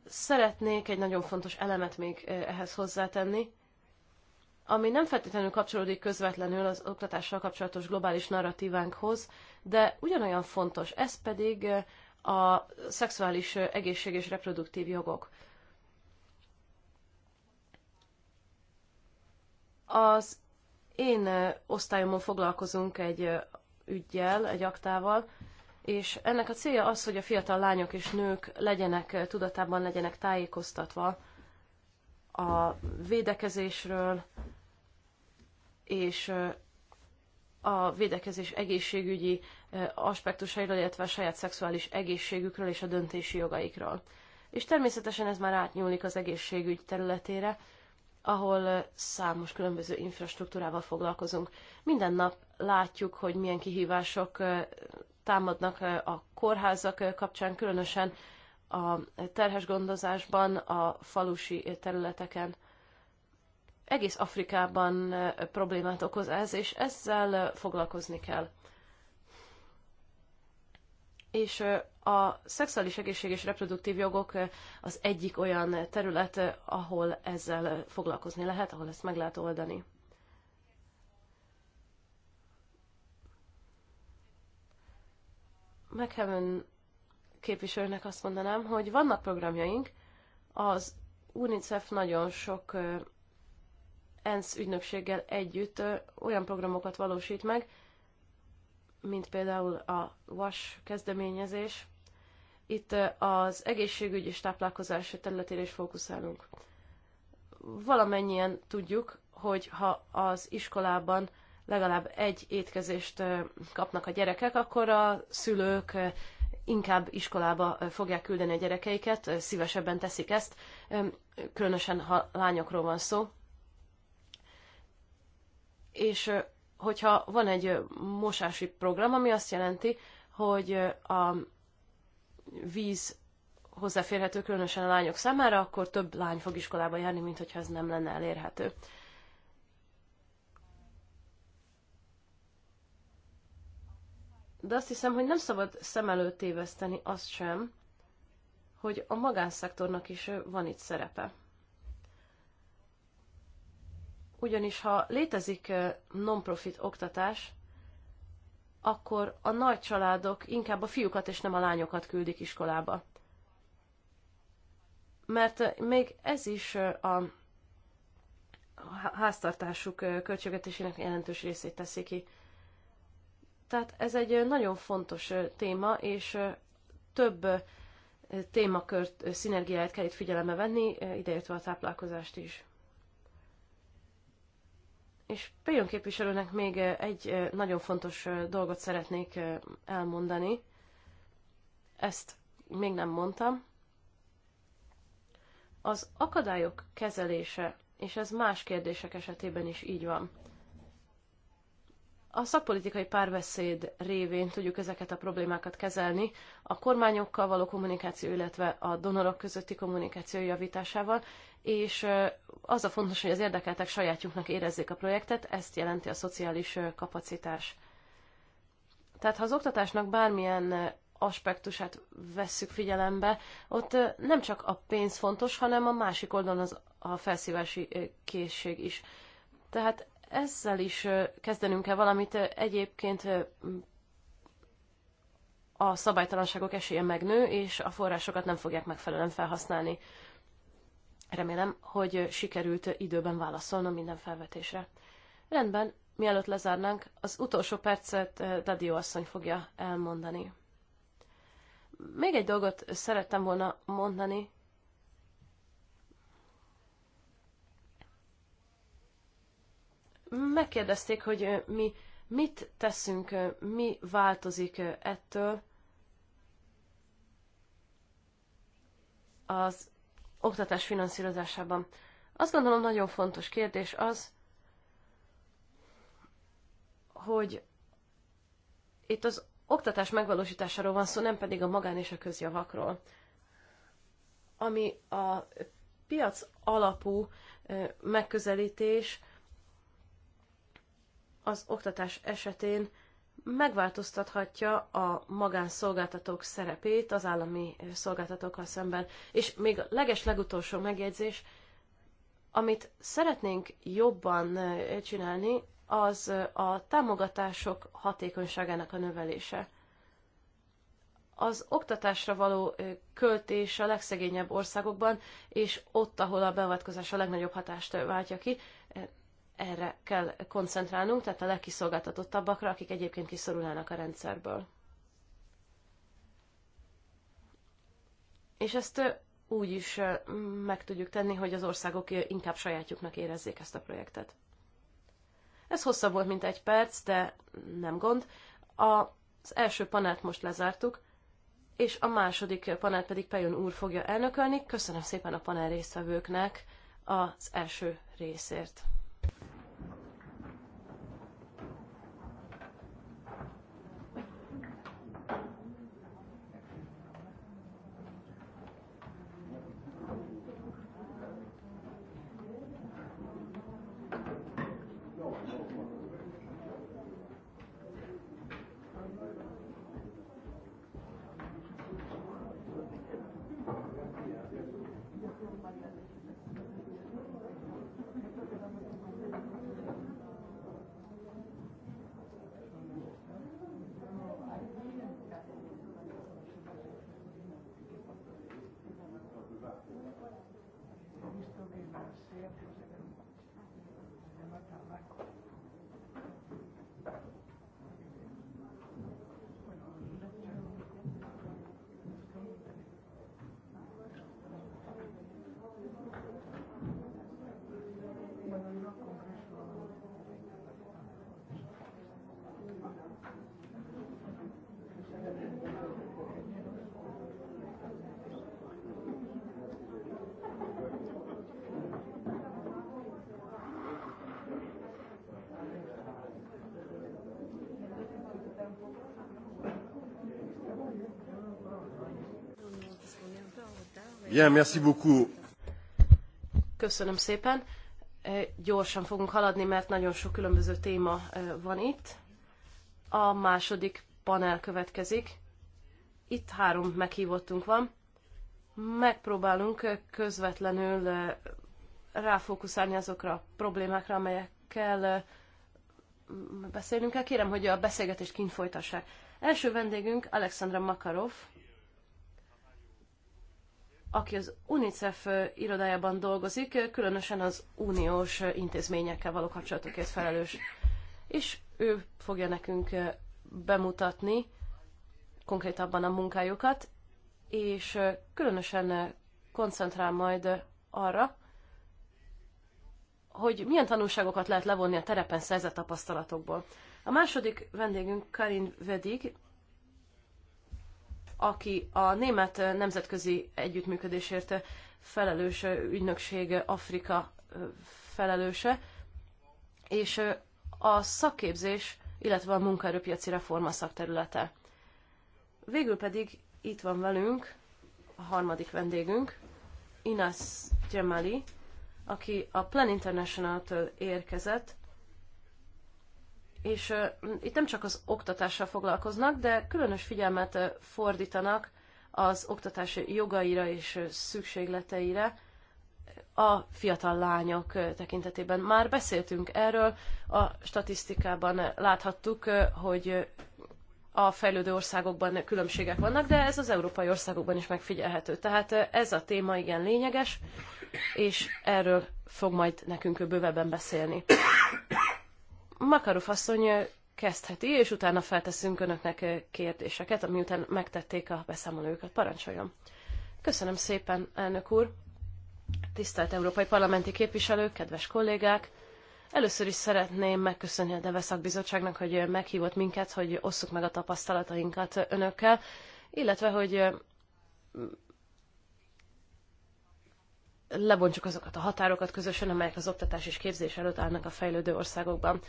szeretnék egy nagyon fontos elemet még eh, ehhez hozzátenni, ami nem feltétlenül kapcsolódik közvetlenül az oktatással kapcsolatos globális narratívánkhoz, de ugyanolyan fontos, ez pedig eh, a szexuális eh, egészség és reproduktív jogok. Az én osztályomon foglalkozunk egy ügyjel, egy aktával, és ennek a célja az, hogy a fiatal lányok és nők legyenek eh, tudatában, legyenek tájékoztatva a védekezésről, és eh, a védekezés egészségügyi eh, aspektusairól, illetve a saját szexuális egészségükről és a döntési jogaikról. És természetesen ez már átnyúlik az egészségügy területére, ahol számos különböző infrastruktúrával foglalkozunk. Minden nap látjuk, hogy milyen kihívások támadnak a kórházak kapcsán, különösen a terhes gondozásban, a falusi területeken. Egész Afrikában problémát okoz ez, és ezzel foglalkozni kell és a szexuális egészség és reproduktív jogok az egyik olyan terület, ahol ezzel foglalkozni lehet, ahol ezt meg lehet oldani. Meghevőn képviselőnek azt mondanám, hogy vannak programjaink, az UNICEF nagyon sok ENSZ ügynökséggel együtt olyan programokat valósít meg, mint például a VAS kezdeményezés. Itt az egészségügy és táplálkozás területére is fókuszálunk. Valamennyien tudjuk, hogy ha az iskolában legalább egy étkezést kapnak a gyerekek, akkor a szülők inkább iskolába fogják küldeni a gyerekeiket, szívesebben teszik ezt, különösen ha lányokról van szó. És hogyha van egy mosási program, ami azt jelenti, hogy a víz hozzáférhető különösen a lányok számára, akkor több lány fog iskolába járni, mint hogyha ez nem lenne elérhető. De azt hiszem, hogy nem szabad szem előtt téveszteni azt sem, hogy a magánszektornak is van itt szerepe. Ugyanis ha létezik non-profit oktatás, akkor a nagy családok inkább a fiúkat és nem a lányokat küldik iskolába. Mert még ez is a háztartásuk költségvetésének jelentős részét teszi ki. Tehát ez egy nagyon fontos téma, és több témakört, szinergiáját kell itt figyelembe venni, ideértve a táplálkozást is. És Péjon képviselőnek még eh, egy eh, nagyon fontos eh, dolgot szeretnék elmondani. Ezt még nem mondtam. Az akadályok kezelése, és ez más kérdések esetében is így van. A szakpolitikai párbeszéd révén tudjuk ezeket a problémákat kezelni, a kormányokkal való kommunikáció, illetve a donorok közötti kommunikáció javításával, és az a fontos, hogy az érdekeltek sajátjuknak érezzék a projektet, ezt jelenti a szociális kapacitás. Tehát ha az oktatásnak bármilyen aspektusát vesszük figyelembe, ott nem csak a pénz fontos, hanem a másik oldalon az a felszívási készség is. Tehát ezzel is kezdenünk kell valamit. Egyébként a szabálytalanságok esélye megnő, és a forrásokat nem fogják megfelelően felhasználni. Remélem, hogy sikerült időben válaszolnom minden felvetésre. Rendben, mielőtt lezárnánk, az utolsó percet eh, Dadio asszony fogja elmondani. Még egy dolgot szerettem volna mondani. Megkérdezték, hogy eh, mi mit teszünk, eh, mi változik ettől. Az oktatás finanszírozásában. Azt gondolom nagyon fontos kérdés az, hogy itt az oktatás megvalósításáról van szó, nem pedig a magán és a közjavakról. Ami a piac alapú megközelítés az oktatás esetén megváltoztathatja a magánszolgáltatók szerepét az állami szolgáltatókkal szemben. És még a leges legutolsó megjegyzés, amit szeretnénk jobban csinálni, az a támogatások hatékonyságának a növelése. Az oktatásra való költés a legszegényebb országokban, és ott, ahol a beavatkozás a legnagyobb hatást váltja ki, erre kell koncentrálnunk, tehát a legkiszolgáltatottabbakra, akik egyébként kiszorulnának a rendszerből. És ezt úgy is meg tudjuk tenni, hogy az országok inkább sajátjuknak érezzék ezt a projektet. Ez hosszabb volt, mint egy perc, de nem gond. Az első panelt most lezártuk, és a második panelt pedig Pejon úr fogja elnökölni. Köszönöm szépen a panel résztvevőknek az első részért. Bien, merci beaucoup. Köszönöm szépen. Gyorsan fogunk haladni, mert nagyon sok különböző téma van itt. A második panel következik. Itt három meghívottunk van. Megpróbálunk közvetlenül ráfókuszálni azokra a problémákra, amelyekkel beszélnünk kell. Kérem, hogy a beszélgetést kint folytassák. Első vendégünk Alexandra Makarov, aki az UNICEF irodájában dolgozik, különösen az uniós intézményekkel való kapcsolatokért felelős. És ő fogja nekünk bemutatni konkrétabban a munkájukat, és különösen koncentrál majd arra, hogy milyen tanulságokat lehet levonni a terepen szerzett tapasztalatokból. A második vendégünk Karin Vedig, aki a német nemzetközi együttműködésért felelős ügynökség Afrika felelőse, és a szakképzés, illetve a munkaerőpiaci reforma szakterülete. Végül pedig itt van velünk a harmadik vendégünk, Inas Gemali, aki a Plan International-től érkezett, és itt nem csak az oktatással foglalkoznak, de különös figyelmet fordítanak az oktatás jogaira és szükségleteire a fiatal lányok tekintetében. Már beszéltünk erről, a statisztikában láthattuk, hogy a fejlődő országokban különbségek vannak, de ez az európai országokban is megfigyelhető. Tehát ez a téma igen lényeges, és erről fog majd nekünk bővebben beszélni. Makarov asszony kezdheti, és utána felteszünk önöknek kérdéseket, ami után megtették a beszámolókat. Parancsoljon! Köszönöm szépen, elnök úr! Tisztelt Európai Parlamenti képviselők, kedves kollégák! Először is szeretném megköszönni a Deve Szakbizottságnak, hogy meghívott minket, hogy osszuk meg a tapasztalatainkat önökkel, illetve hogy lebontsuk azokat a határokat közösen, amelyek az oktatás és képzés előtt állnak a fejlődő országokban.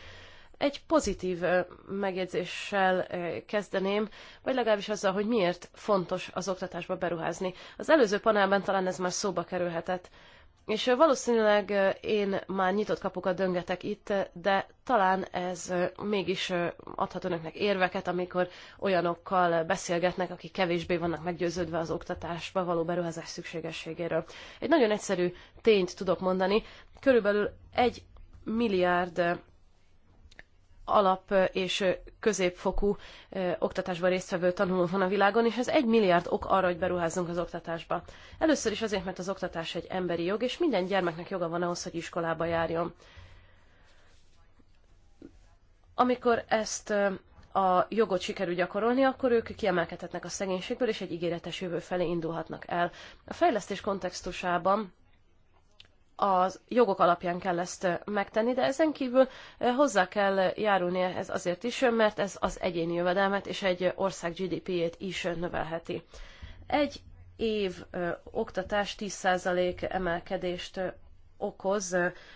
Egy pozitív megjegyzéssel kezdeném, vagy legalábbis azzal, hogy miért fontos az oktatásba beruházni. Az előző panelben talán ez már szóba kerülhetett. És valószínűleg én már nyitott kapukat döngetek itt, de talán ez mégis adhat önöknek érveket, amikor olyanokkal beszélgetnek, akik kevésbé vannak meggyőződve az oktatásba való beruházás szükségességéről. Egy nagyon egyszerű tényt tudok mondani. Körülbelül egy milliárd alap és középfokú oktatásban résztvevő tanuló van a világon, és ez egy milliárd ok arra, hogy beruházzunk az oktatásba. Először is azért, mert az oktatás egy emberi jog, és minden gyermeknek joga van ahhoz, hogy iskolába járjon. Amikor ezt a jogot sikerül gyakorolni, akkor ők kiemelkedhetnek a szegénységből, és egy ígéretes jövő felé indulhatnak el. A fejlesztés kontextusában az jogok alapján kell ezt megtenni, de ezen kívül hozzá kell járulni ehhez azért is, mert ez az egyéni jövedelmet és egy ország GDP-jét is növelheti. Egy év ö, oktatás 10% emelkedést okoz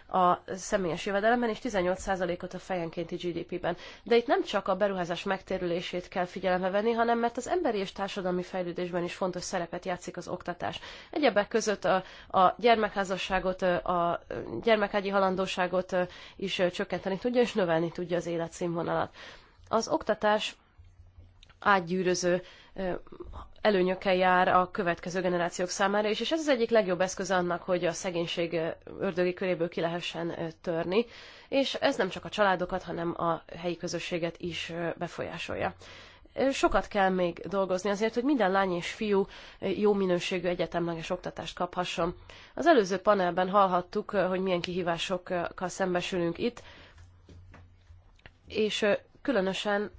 a személyes jövedelemben, és 18%-ot a fejenkénti GDP-ben. De itt nem csak a beruházás megtérülését kell figyelembe venni, hanem mert az emberi és társadalmi fejlődésben is fontos szerepet játszik az oktatás. Egyebek között a, a gyermekházasságot, a gyermekágyi halandóságot is csökkenteni tudja, és növelni tudja az életszínvonalat. Az oktatás átgyűröző előnyökkel jár a következő generációk számára is, és ez az egyik legjobb eszköz annak, hogy a szegénység ördögi köréből ki lehessen törni, és ez nem csak a családokat, hanem a helyi közösséget is befolyásolja. Sokat kell még dolgozni azért, hogy minden lány és fiú jó minőségű egyetemleges oktatást kaphasson. Az előző panelben hallhattuk, hogy milyen kihívásokkal szembesülünk itt, és különösen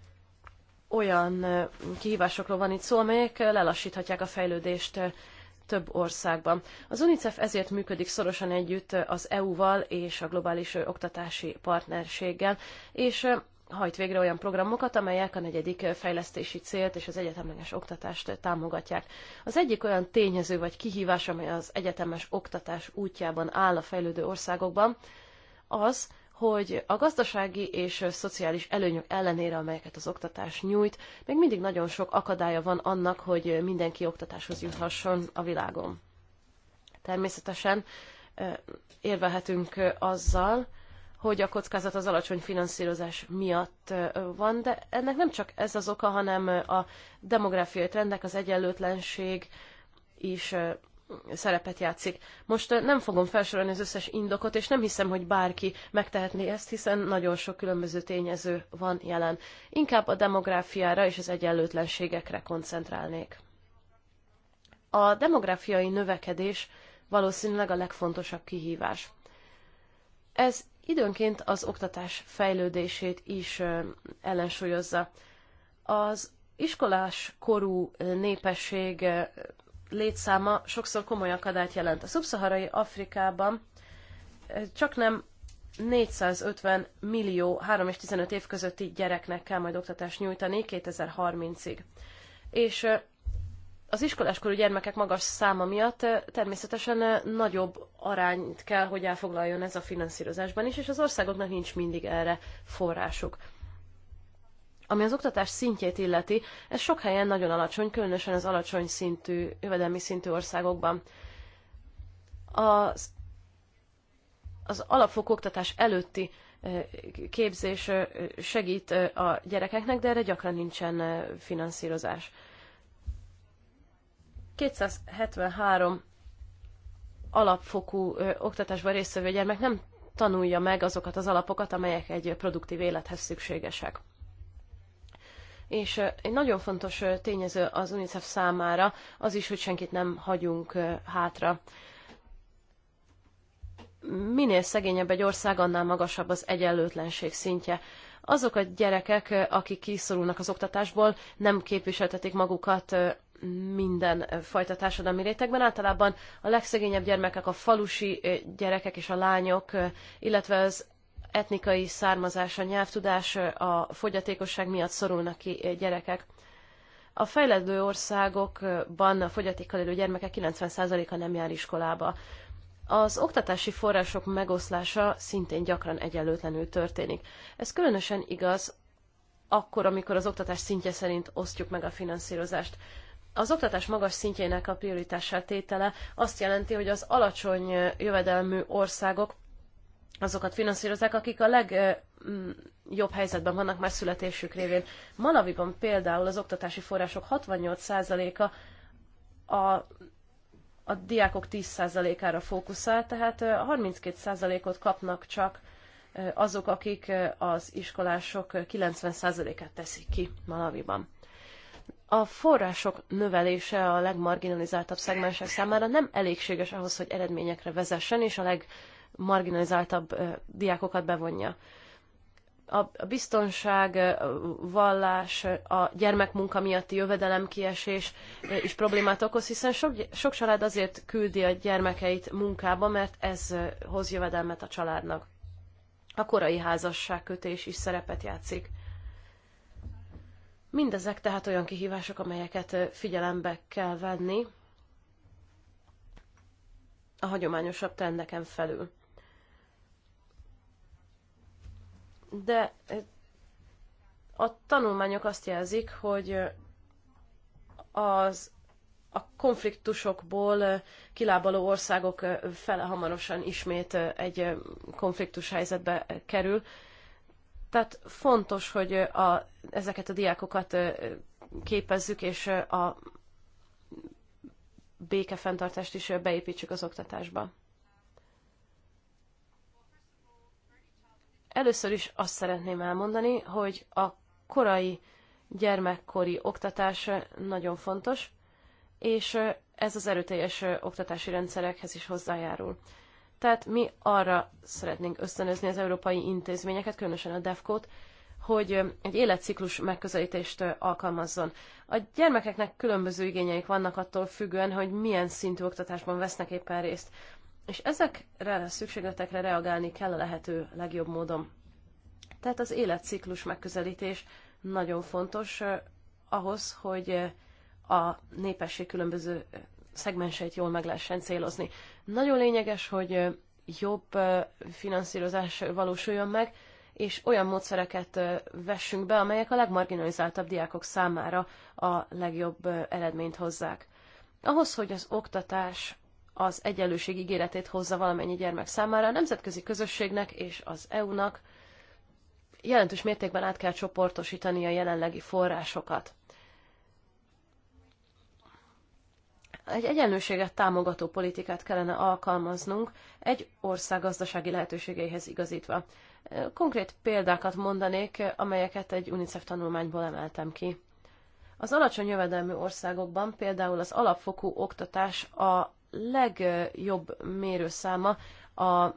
olyan kihívásokról van itt szó, amelyek lelassíthatják a fejlődést több országban. Az UNICEF ezért működik szorosan együtt az EU-val és a globális oktatási partnerséggel, és hajt végre olyan programokat, amelyek a negyedik fejlesztési célt és az egyetemleges oktatást támogatják. Az egyik olyan tényező vagy kihívás, amely az egyetemes oktatás útjában áll a fejlődő országokban, az, hogy a gazdasági és szociális előnyök ellenére, amelyeket az oktatás nyújt, még mindig nagyon sok akadálya van annak, hogy mindenki oktatáshoz juthasson a világon. Természetesen érvelhetünk azzal, hogy a kockázat az alacsony finanszírozás miatt van, de ennek nem csak ez az oka, hanem a demográfiai trendek, az egyenlőtlenség is szerepet játszik. Most nem fogom felsorolni az összes indokot, és nem hiszem, hogy bárki megtehetné ezt, hiszen nagyon sok különböző tényező van jelen. Inkább a demográfiára és az egyenlőtlenségekre koncentrálnék. A demográfiai növekedés valószínűleg a legfontosabb kihívás. Ez időnként az oktatás fejlődését is ellensúlyozza. Az iskolás korú népesség létszáma sokszor komoly akadályt jelent. A szubszaharai Afrikában csak nem 450 millió 3 és 15 év közötti gyereknek kell majd oktatást nyújtani 2030-ig. És az iskoláskorú gyermekek magas száma miatt természetesen nagyobb arányt kell, hogy elfoglaljon ez a finanszírozásban is, és az országoknak nincs mindig erre forrásuk. Ami az oktatás szintjét illeti, ez sok helyen nagyon alacsony, különösen az alacsony szintű, jövedelmi szintű országokban. Az, az alapfokú oktatás előtti képzés segít a gyerekeknek, de erre gyakran nincsen finanszírozás. 273 alapfokú oktatásban résztvevő gyermek nem tanulja meg azokat az alapokat, amelyek egy produktív élethez szükségesek és egy nagyon fontos tényező az UNICEF számára az is, hogy senkit nem hagyunk hátra. Minél szegényebb egy ország, annál magasabb az egyenlőtlenség szintje. Azok a gyerekek, akik kiszorulnak az oktatásból, nem képviseltetik magukat minden fajta társadalmi rétegben. Általában a legszegényebb gyermekek a falusi gyerekek és a lányok, illetve az etnikai származása, nyelvtudás, a fogyatékosság miatt szorulnak ki eh, gyerekek. A fejlődő országokban a fogyatékkal élő gyermekek 90%-a nem jár iskolába. Az oktatási források megoszlása szintén gyakran egyenlőtlenül történik. Ez különösen igaz akkor, amikor az oktatás szintje szerint osztjuk meg a finanszírozást. Az oktatás magas szintjének a prioritásá tétele azt jelenti, hogy az alacsony eh, jövedelmű országok azokat finanszírozzák, akik a legjobb helyzetben vannak már születésük révén. Malaviban például az oktatási források 68%-a a, a diákok 10%-ára fókuszál, tehát 32%-ot kapnak csak azok, akik az iskolások 90%-át teszik ki Malaviban. A források növelése a legmarginalizáltabb szegmensek számára nem elégséges ahhoz, hogy eredményekre vezessen, és a marginalizáltabb diákokat bevonja. A biztonság, a vallás, a gyermekmunka miatti jövedelemkiesés is problémát okoz, hiszen sok, sok család azért küldi a gyermekeit munkába, mert ez hoz jövedelmet a családnak. A korai házasságkötés is szerepet játszik. Mindezek tehát olyan kihívások, amelyeket figyelembe kell venni a hagyományosabb trendeken felül. de eh, a tanulmányok azt jelzik, hogy eh, az a konfliktusokból eh, kilábaló országok fele hamarosan ismét egy konfliktus helyzetbe kerül. Tehát fontos, hogy a, ezeket a diákokat képezzük, és a békefenntartást is beépítsük az oktatásba. Először is azt szeretném elmondani, hogy a korai gyermekkori oktatás nagyon fontos, és ez az erőteljes oktatási rendszerekhez is hozzájárul. Tehát mi arra szeretnénk ösztönözni az európai intézményeket, különösen a DEFCO-t, hogy egy életciklus megközelítést alkalmazzon. A gyermekeknek különböző igényeik vannak attól függően, hogy milyen szintű oktatásban vesznek éppen részt. És ezekre a szükségletekre reagálni kell a lehető legjobb módon. Tehát az életciklus megközelítés nagyon fontos eh, ahhoz, hogy eh, a népesség különböző eh, szegmenseit jól meg lehessen célozni. Nagyon lényeges, hogy jobb finanszírozás valósuljon meg, és olyan módszereket vessünk be, amelyek a legmarginalizáltabb diákok számára a legjobb eredményt hozzák. Ahhoz, hogy az oktatás az egyenlőség ígéretét hozza valamennyi gyermek számára, a nemzetközi közösségnek és az EU-nak jelentős mértékben át kell csoportosítani a jelenlegi forrásokat. Egy egyenlőséget támogató politikát kellene alkalmaznunk, egy ország gazdasági lehetőségeihez igazítva. Konkrét példákat mondanék, amelyeket egy UNICEF tanulmányból emeltem ki. Az alacsony jövedelmű országokban például az alapfokú oktatás a legjobb mérőszáma a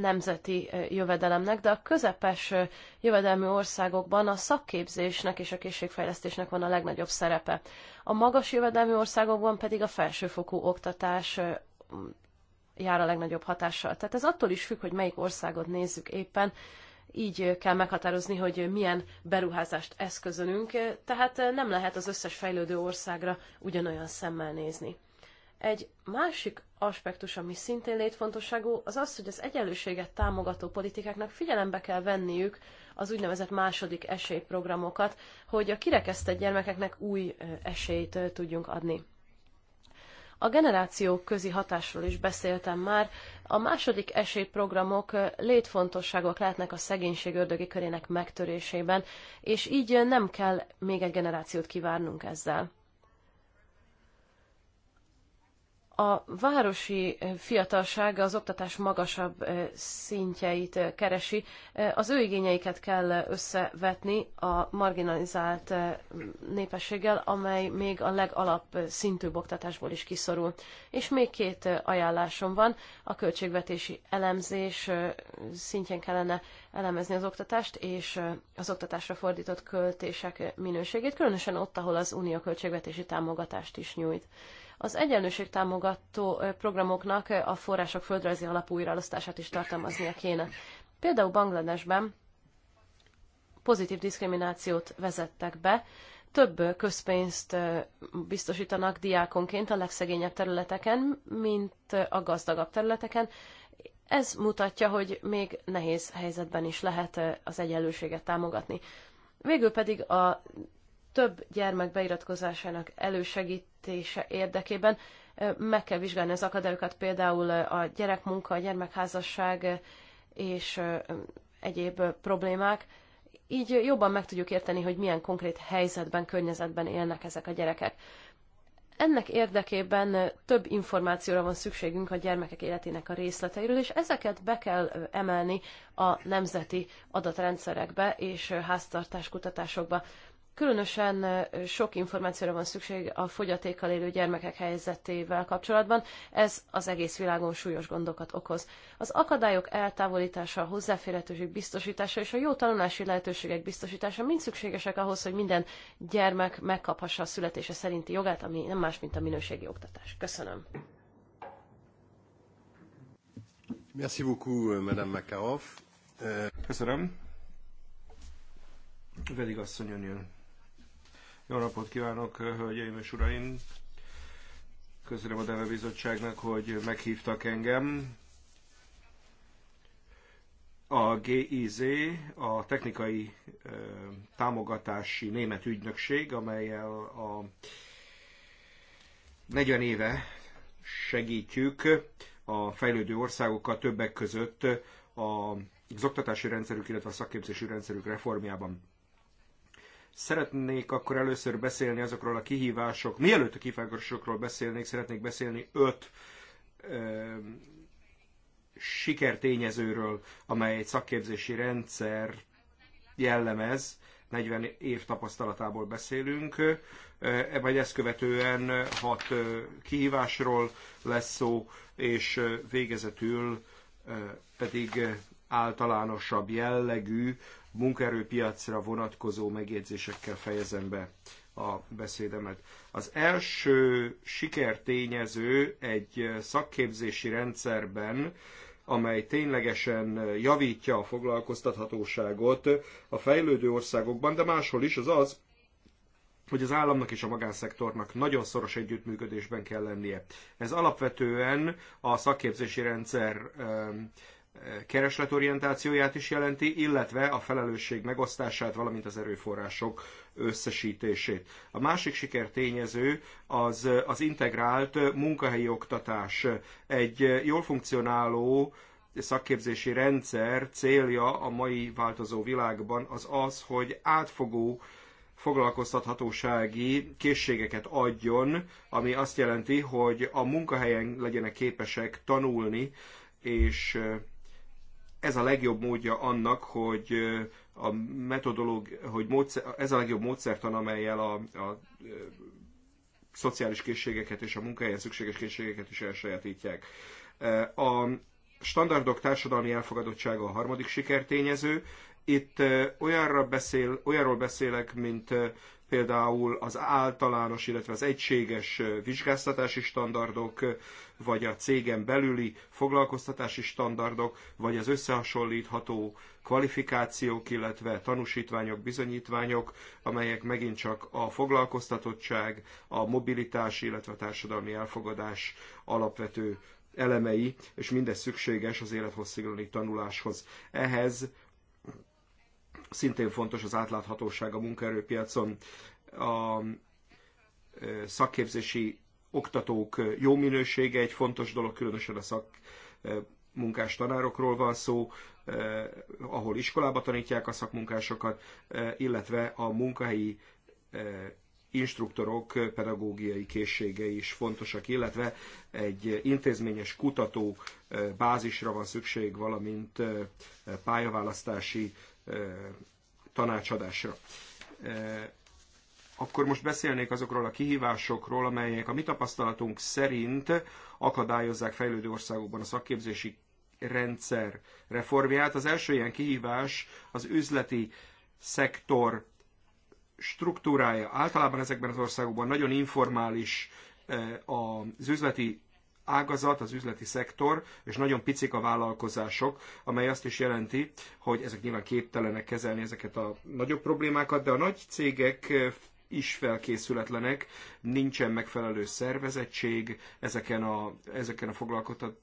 nemzeti jövedelemnek, de a közepes jövedelmi országokban a szakképzésnek és a készségfejlesztésnek van a legnagyobb szerepe. A magas jövedelmi országokban pedig a felsőfokú oktatás jár a legnagyobb hatással. Tehát ez attól is függ, hogy melyik országot nézzük éppen, így kell meghatározni, hogy milyen beruházást eszközölünk, tehát nem lehet az összes fejlődő országra ugyanolyan szemmel nézni. Egy másik aspektus, ami szintén létfontosságú, az az, hogy az egyenlőséget támogató politikáknak figyelembe kell venniük az úgynevezett második esélyprogramokat, hogy a kirekesztett gyermekeknek új esélyt tudjunk adni. A generációk közi hatásról is beszéltem már. A második esélyprogramok létfontosságok lehetnek a szegénység ördögi körének megtörésében, és így nem kell még egy generációt kivárnunk ezzel. a városi eh, fiatalság az oktatás magasabb eh, szintjeit eh, keresi. Az ő igényeiket kell összevetni a marginalizált népességgel, amely még a legalap szintűbb oktatásból is kiszorul. És még két ajánlásom van. A költségvetési elemzés szintjén kellene elemezni az oktatást, és az oktatásra fordított költések minőségét, különösen ott, ahol az unió költségvetési támogatást is nyújt. Az egyenlőség támogató programoknak a források földrajzi alapú újraelosztását is tartalmaznia kéne. Például Bangladesben pozitív diszkriminációt vezettek be, több közpénzt biztosítanak diákonként a legszegényebb területeken, mint a gazdagabb területeken. Ez mutatja, hogy még nehéz helyzetben is lehet az egyenlőséget támogatni. Végül pedig a több gyermek beiratkozásának elősegítése érdekében meg kell vizsgálni az akadályokat, például a gyerekmunka, a gyermekházasság és egyéb problémák. Így jobban meg tudjuk érteni, hogy milyen konkrét helyzetben, környezetben élnek ezek a gyerekek. Ennek érdekében több információra van szükségünk a gyermekek életének a részleteiről, és ezeket be kell emelni a nemzeti adatrendszerekbe és háztartáskutatásokba. Különösen sok információra van szükség a fogyatékkal élő gyermekek helyzetével kapcsolatban, ez az egész világon súlyos gondokat okoz. Az akadályok eltávolítása, a hozzáférhetőség biztosítása és a jó tanulási lehetőségek biztosítása mind szükségesek ahhoz, hogy minden gyermek megkaphassa a születése szerinti jogát, ami nem más, mint a minőségi oktatás. Köszönöm. Merci beaucoup, euh, Madame Makarov. Euh, Köszönöm. Vedig asszony jön. Jó napot kívánok, hölgyeim és uraim! Köszönöm a Deve Bizottságnak, hogy meghívtak engem. A GIZ, a technikai támogatási német ügynökség, amelyel a 40 éve segítjük a fejlődő országokat többek között az oktatási rendszerük, illetve a szakképzési rendszerük reformjában. Szeretnék akkor először beszélni azokról a kihívások, mielőtt a kihívásokról beszélnék, szeretnék beszélni öt ö, sikertényezőről, amely egy szakképzési rendszer jellemez, 40 év tapasztalatából beszélünk, vagy e, ezt követően hat kihívásról lesz szó, és végezetül pedig általánosabb jellegű munkaerőpiacra vonatkozó megjegyzésekkel fejezem be a beszédemet. Az első sikertényező egy szakképzési rendszerben, amely ténylegesen javítja a foglalkoztathatóságot a fejlődő országokban, de máshol is, az az, hogy az államnak és a magánszektornak nagyon szoros együttműködésben kell lennie. Ez alapvetően a szakképzési rendszer keresletorientációját is jelenti, illetve a felelősség megosztását, valamint az erőforrások összesítését. A másik sikertényező az, az integrált munkahelyi oktatás. Egy jól funkcionáló szakképzési rendszer célja a mai változó világban az az, hogy átfogó foglalkoztathatósági készségeket adjon, ami azt jelenti, hogy a munkahelyen legyenek képesek tanulni és ez a legjobb módja annak, hogy a metodológ, hogy módszer, ez a legjobb módszertan, amelyel a, a szociális készségeket és a munkahelyen szükséges készségeket is elsajátítják. A standardok társadalmi elfogadottsága a harmadik sikertényező. Itt olyanra beszél, olyanról beszélek, mint például az általános, illetve az egységes vizsgáztatási standardok, vagy a cégen belüli foglalkoztatási standardok, vagy az összehasonlítható kvalifikációk, illetve tanúsítványok, bizonyítványok, amelyek megint csak a foglalkoztatottság, a mobilitás, illetve a társadalmi elfogadás alapvető elemei, és mindez szükséges az élethosszígoni tanuláshoz. Ehhez Szintén fontos az átláthatóság a munkaerőpiacon. A szakképzési oktatók jó minősége egy fontos dolog, különösen a szak munkás tanárokról van szó, eh, ahol iskolába tanítják a szakmunkásokat, eh, illetve a munkahelyi eh, instruktorok pedagógiai készségei is fontosak, illetve egy intézményes kutató bázisra van szükség, valamint pályaválasztási tanácsadásra. Akkor most beszélnék azokról a kihívásokról, amelyek a mi tapasztalatunk szerint akadályozzák fejlődő országokban a szakképzési rendszer reformját. Az első ilyen kihívás az üzleti szektor struktúrája. Általában ezekben az országokban nagyon informális az üzleti ágazat, az üzleti szektor, és nagyon picik a vállalkozások, amely azt is jelenti, hogy ezek nyilván képtelenek kezelni ezeket a nagyobb problémákat, de a nagy cégek eh, is felkészületlenek, nincsen megfelelő szervezettség ezeken a, ezeken a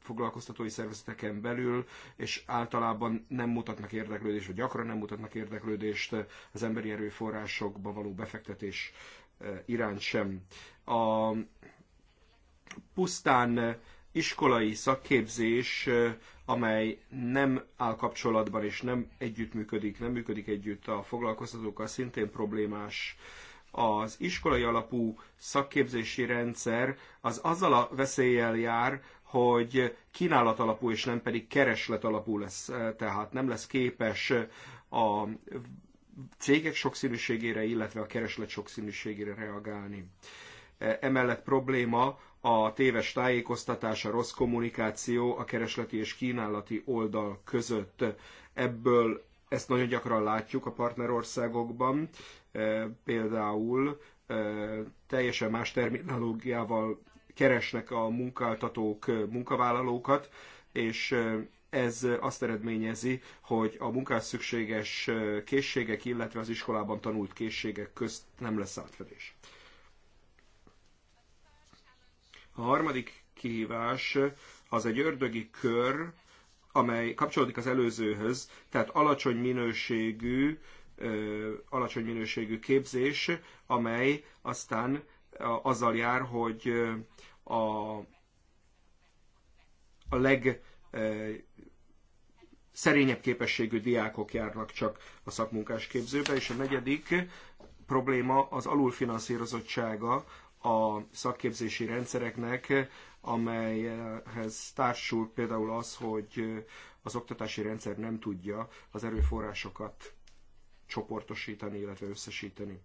foglalkoztatói szervezeteken belül, és általában nem mutatnak érdeklődést, vagy gyakran nem mutatnak érdeklődést az emberi erőforrásokba való befektetés eh, iránt sem. A pusztán eh, iskolai szakképzés, eh, amely nem áll kapcsolatban és nem együttműködik, nem működik együtt a foglalkoztatókkal, szintén problémás. Az iskolai alapú szakképzési rendszer az azzal a veszéllyel jár, hogy kínálat alapú és nem pedig kereslet alapú lesz, eh, tehát nem lesz képes a cégek sokszínűségére, illetve a kereslet sokszínűségére reagálni. Emellett probléma a téves tájékoztatás, a rossz kommunikáció a keresleti és kínálati oldal között. Ebből ezt nagyon gyakran látjuk a partnerországokban, e, például e, teljesen más terminológiával keresnek a munkáltatók e, munkavállalókat, és ez azt eredményezi, hogy a munkás szükséges készségek, illetve az iskolában tanult készségek közt nem lesz átfedés. A harmadik kihívás az egy ördögi kör, amely kapcsolódik az előzőhöz, tehát alacsony minőségű, alacsony minőségű képzés, amely aztán azzal jár, hogy a, a leg szerényebb képességű diákok járnak csak a szakmunkás képzőbe, és a negyedik probléma az alulfinanszírozottsága a szakképzési rendszereknek, amelyhez társul például az, hogy az oktatási rendszer nem tudja az erőforrásokat csoportosítani, illetve összesíteni.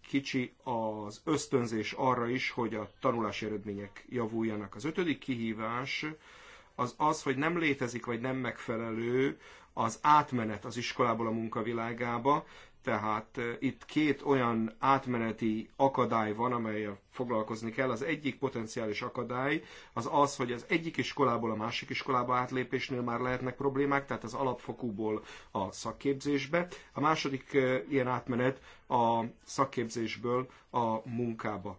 Kicsi az ösztönzés arra is, hogy a tanulási eredmények javuljanak. Az ötödik kihívás az az, hogy nem létezik vagy nem megfelelő az átmenet az iskolából a munkavilágába, tehát itt két olyan átmeneti akadály van, amelyel foglalkozni kell. Az egyik potenciális akadály az az, hogy az egyik iskolából a másik iskolába átlépésnél már lehetnek problémák, tehát az alapfokúból a szakképzésbe. A második ilyen átmenet a szakképzésből a munkába.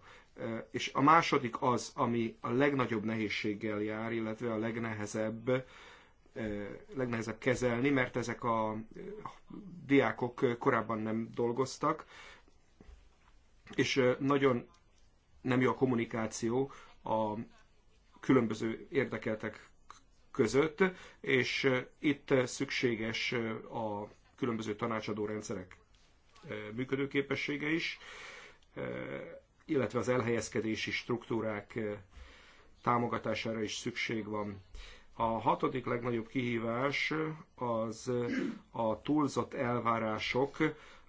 És a második az, ami a legnagyobb nehézséggel jár, illetve a legnehezebb, legnehezebb kezelni, mert ezek a diákok korábban nem dolgoztak, és nagyon nem jó a kommunikáció a különböző érdekeltek között, és itt szükséges a különböző tanácsadó rendszerek működőképessége is, illetve az elhelyezkedési struktúrák támogatására is szükség van. A hatodik legnagyobb kihívás az a túlzott elvárások,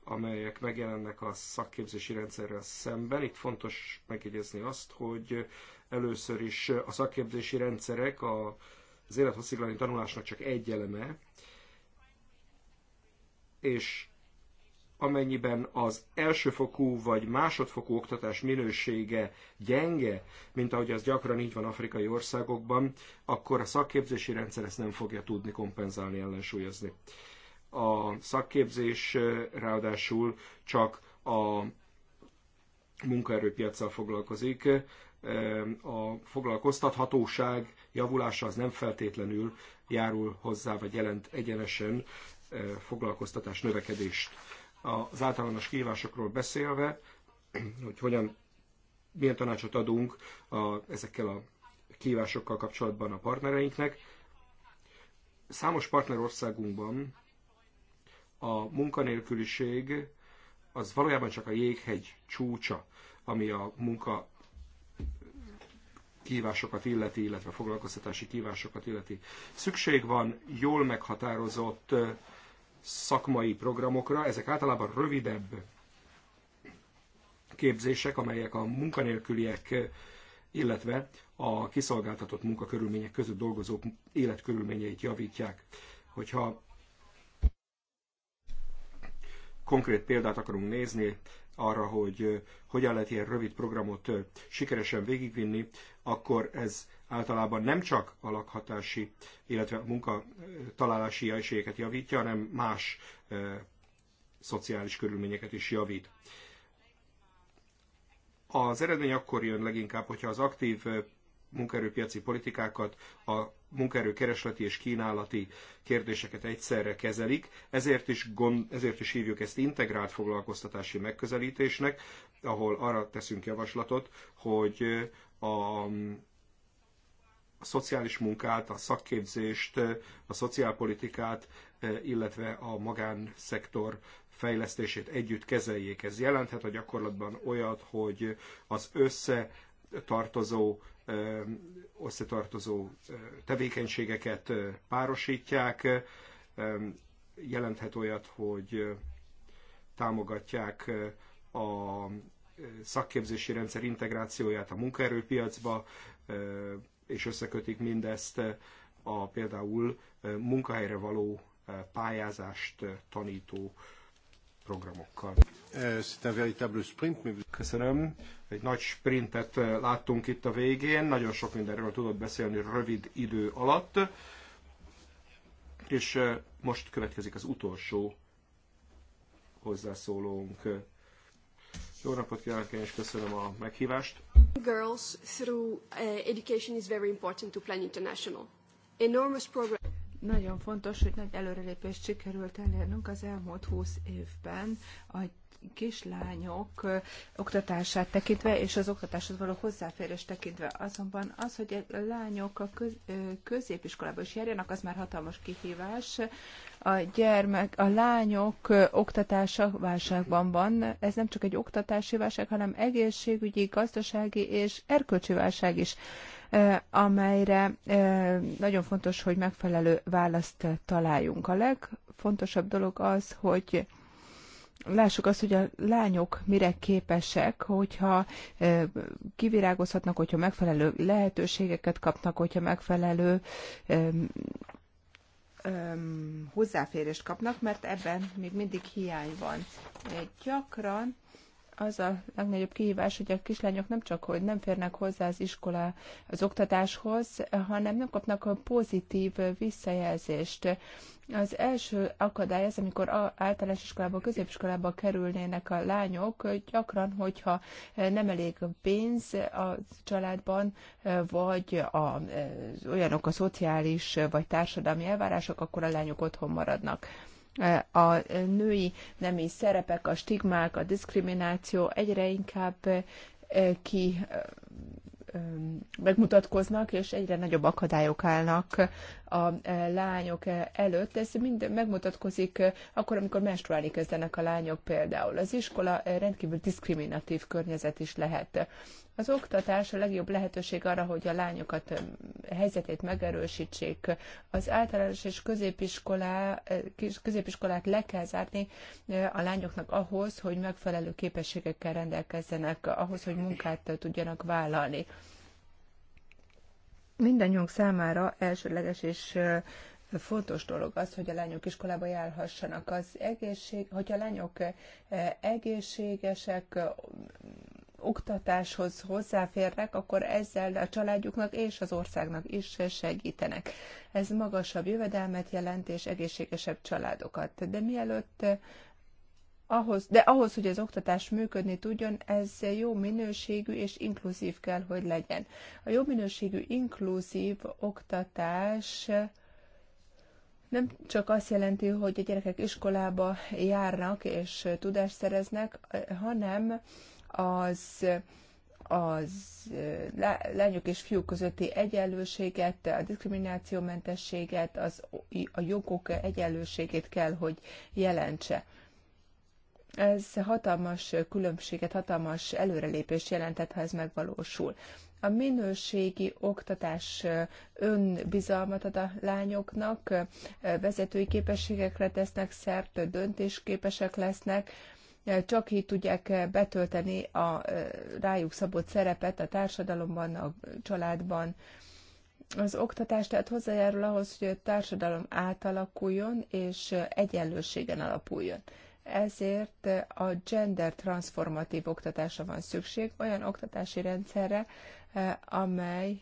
amelyek megjelennek a szakképzési rendszerrel szemben. Itt fontos megjegyezni azt, hogy először is a szakképzési rendszerek a, az élethosszíglani tanulásnak csak egy eleme, és amennyiben az elsőfokú vagy másodfokú oktatás minősége gyenge, mint ahogy az gyakran így van afrikai országokban, akkor a szakképzési rendszer ezt nem fogja tudni kompenzálni, ellensúlyozni. A szakképzés ráadásul csak a munkaerőpiacsal foglalkozik, a foglalkoztathatóság javulása az nem feltétlenül járul hozzá, vagy jelent egyenesen foglalkoztatás növekedést az általános kívásokról beszélve, hogy hogyan, milyen tanácsot adunk a, ezekkel a kívásokkal kapcsolatban a partnereinknek. Számos partnerországunkban a munkanélküliség az valójában csak a jéghegy csúcsa, ami a munka kívásokat illeti, illetve foglalkoztatási kívásokat illeti. Szükség van jól meghatározott szakmai programokra. Ezek általában rövidebb képzések, amelyek a munkanélküliek, illetve a kiszolgáltatott munkakörülmények között dolgozók életkörülményeit javítják. Hogyha konkrét példát akarunk nézni arra, hogy hogyan lehet ilyen rövid programot sikeresen végigvinni, akkor ez általában nem csak a lakhatási, illetve a munkatalálási jelenségeket javítja, hanem más szociális körülményeket is javít. Az eredmény akkor jön leginkább, hogyha az aktív munkaerőpiaci politikákat, a munkaerő keresleti és kínálati kérdéseket egyszerre kezelik, ezért is, gond, ezért is hívjuk ezt integrált foglalkoztatási megközelítésnek, ahol arra teszünk javaslatot, hogy a szociális munkát, a szakképzést, a szociálpolitikát, eh, illetve a magánszektor fejlesztését együtt kezeljék. Ez jelenthet a gyakorlatban olyat, hogy az összetartozó eh, összetartozó eh, tevékenységeket párosítják, jelenthet olyat, hogy támogatják a szakképzési rendszer integrációját a munkaerőpiacba, és összekötik mindezt eh, a például eh, munkahelyre való eh, pályázást tanító programokkal. Köszönöm. Egy nagy sprintet láttunk itt a végén. Nagyon sok mindenről tudott beszélni rövid idő alatt. És most következik az utolsó hozzászólónk. Jó napot kívánok, én is köszönöm a meghívást. Girls through eh, education is very important to Plan International. Enormous progress. Nagyon fontos, hogy nagy előrelépést sikerült elérnünk az elmúlt 20 évben a kislányok oktatását tekintve, és az oktatáshoz való hozzáférés tekintve. Azonban az, hogy a lányok a köz, középiskolába is járjanak, az már hatalmas kihívás. A gyermek, a lányok oktatása válságban van. Ez nem csak egy oktatási válság, hanem egészségügyi, gazdasági és erkölcsi válság is amelyre nagyon fontos, hogy megfelelő választ találjunk. A legfontosabb dolog az, hogy lássuk azt, hogy a lányok mire képesek, hogyha kivirágozhatnak, hogyha megfelelő lehetőségeket kapnak, hogyha megfelelő hozzáférést kapnak, mert ebben még mindig hiány van. Gyakran az a legnagyobb kihívás, hogy a kislányok nem csak, hogy nem férnek hozzá az iskola az oktatáshoz, hanem nem kapnak pozitív visszajelzést. Az első akadály az, amikor általános iskolába, középiskolába kerülnének a lányok, gyakran, hogyha nem elég pénz a családban, vagy a, olyanok a szociális vagy társadalmi elvárások, akkor a lányok otthon maradnak a női nemi szerepek, a stigmák, a diszkrimináció egyre inkább ki megmutatkoznak, és egyre nagyobb akadályok állnak a e, lányok e, előtt. Ez mind megmutatkozik e, akkor, amikor menstruálni kezdenek a lányok például. Az iskola rendkívül diszkriminatív környezet is lehet. Az oktatás a legjobb lehetőség arra, hogy a lányokat helyzetét megerősítsék. Az általános és középiskolá, középiskolát le kell zárni a lányoknak ahhoz, hogy megfelelő képességekkel rendelkezzenek, ahhoz, hogy munkát tudjanak vállalni mindannyiunk számára elsődleges és fontos dolog az, hogy a lányok iskolába járhassanak. Az egészség, hogy a lányok egészségesek, oktatáshoz hozzáférnek, akkor ezzel a családjuknak és az országnak is segítenek. Ez magasabb jövedelmet jelent és egészségesebb családokat. De mielőtt ahhoz, de ahhoz, hogy az oktatás működni tudjon, ez jó minőségű és inkluzív kell, hogy legyen. A jó minőségű inkluzív oktatás nem csak azt jelenti, hogy a gyerekek iskolába járnak és tudást szereznek, hanem az az lányok és fiúk közötti egyenlőséget, a diszkriminációmentességet, az, a jogok egyenlőségét kell, hogy jelentse. Ez hatalmas különbséget, hatalmas előrelépést jelentett, ha ez megvalósul. A minőségi oktatás önbizalmat ad a lányoknak, vezetői képességekre tesznek szert, döntésképesek lesznek, csak így tudják betölteni a rájuk szabott szerepet a társadalomban, a családban. Az oktatás tehát hozzájárul ahhoz, hogy a társadalom átalakuljon és egyenlőségen alapuljon ezért a gender transformatív oktatásra van szükség, olyan oktatási rendszerre, eh, amely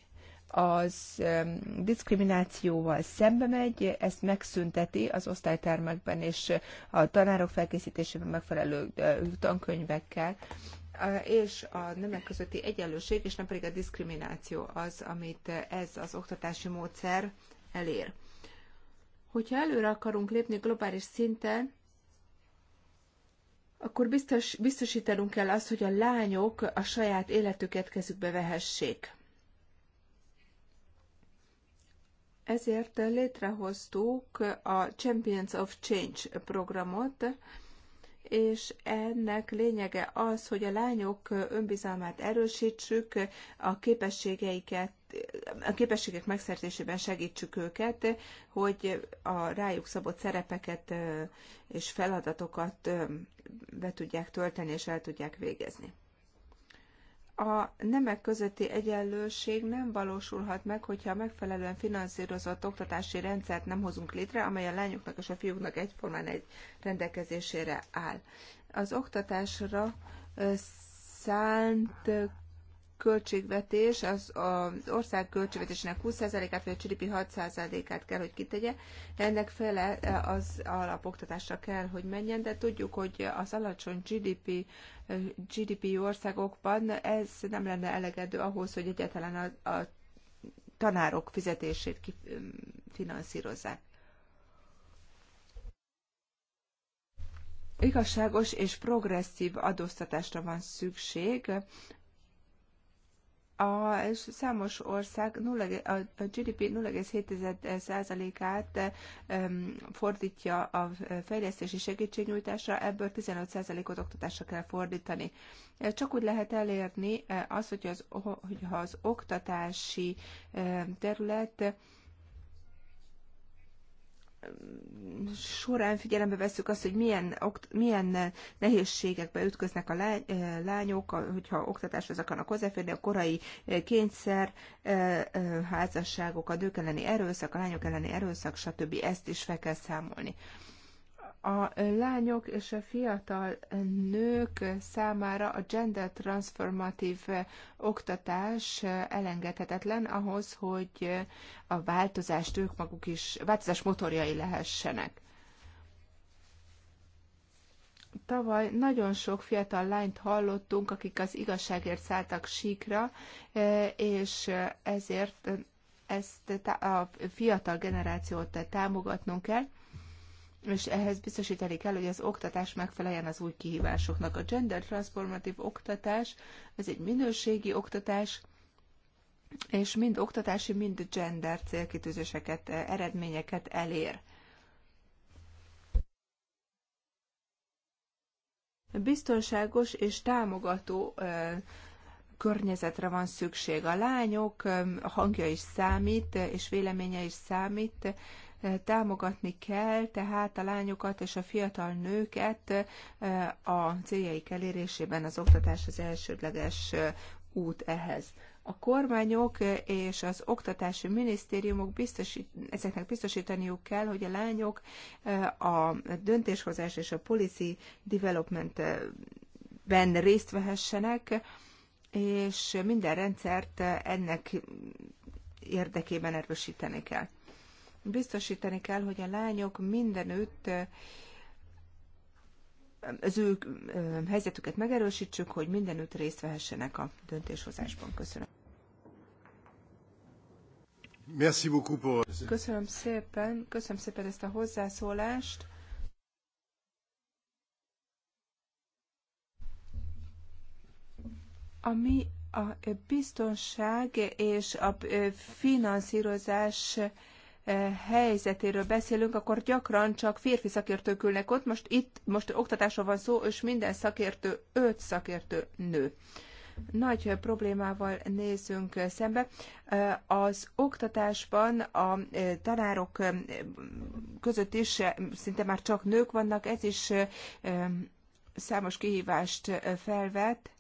az diszkriminációval szembe megy, ezt megszünteti az osztálytermekben és a tanárok felkészítésében megfelelő eh, tankönyvekkel, eh, és a nemek közötti egyenlőség, és nem pedig a diszkrimináció az, amit ez az oktatási módszer elér. Hogyha előre akarunk lépni globális szinten, akkor biztos, biztosítanunk kell azt, hogy a lányok a saját életüket kezükbe vehessék. Ezért létrehoztuk a Champions of Change programot, és ennek lényege az, hogy a lányok önbizalmát erősítsük, a képességeiket, a képességek megszerzésében segítsük őket, hogy a rájuk szabott szerepeket és feladatokat be tudják tölteni és el tudják végezni a nemek közötti egyenlőség nem valósulhat meg, hogyha megfelelően finanszírozott oktatási rendszert nem hozunk létre, amely a lányoknak és a fiúknak egyformán egy rendelkezésére áll. Az oktatásra szánt költségvetés az, az ország költségvetésének 20%-át, vagy a GDP 6%-át kell, hogy kitegye. Ennek fele e, az alapoktatásra kell, hogy menjen, de tudjuk, hogy az alacsony GDP, e, GDP országokban ez nem lenne elegedő ahhoz, hogy egyáltalán a, a tanárok fizetését e, finanszírozzák. igazságos és progresszív adóztatásra van szükség a számos ország 0, a GDP 0,7%-át fordítja a e, fejlesztési segítségnyújtásra, ebből 15%-ot oktatásra kell fordítani. E, csak úgy lehet elérni azt, e, hogy az, hogyha az oktatási terület során figyelembe veszük azt, hogy milyen, milyen nehézségekbe ütköznek a lányok, hogyha oktatáshoz akarnak hozzáférni, a korai kényszer, házasságok, a dők elleni erőszak, a lányok elleni erőszak, stb. Ezt is fel kell számolni a lányok és a fiatal nők számára a gender transformatív oktatás elengedhetetlen ahhoz, hogy a változást ők maguk is, változás motorjai lehessenek. Tavaly nagyon sok fiatal lányt hallottunk, akik az igazságért szálltak síkra, és ezért ezt a fiatal generációt támogatnunk kell és ehhez biztosítani kell, hogy az oktatás megfeleljen az új kihívásoknak. A gender transformative oktatás, ez egy minőségi oktatás, és mind oktatási, mind gender célkitűzéseket, eh, eredményeket elér. Biztonságos és támogató eh, környezetre van szükség. A lányok eh, hangja is számít, és véleménye is számít, támogatni kell tehát a lányokat és a fiatal nőket a céljaik elérésében az oktatás az elsődleges út ehhez. A kormányok és az oktatási minisztériumok biztosít, ezeknek biztosítaniuk kell, hogy a lányok a döntéshozás és a policy ben részt vehessenek, és minden rendszert ennek érdekében erősíteni kell. Biztosítani kell, hogy a lányok mindenütt az ő helyzetüket megerősítsük, hogy mindenütt részt vehessenek a döntéshozásban. Köszönöm. Merci beaucoup pour... Köszönöm szépen, köszönöm szépen ezt a hozzászólást. Ami a biztonság és a finanszírozás Eh, helyzetéről beszélünk, akkor gyakran csak férfi szakértők ülnek ott. Most itt most oktatásról van szó, és minden szakértő, öt szakértő nő nagy problémával nézünk szembe. Eh, az oktatásban a eh, tanárok között is szinte már csak nők vannak, ez is számos kihívást felvet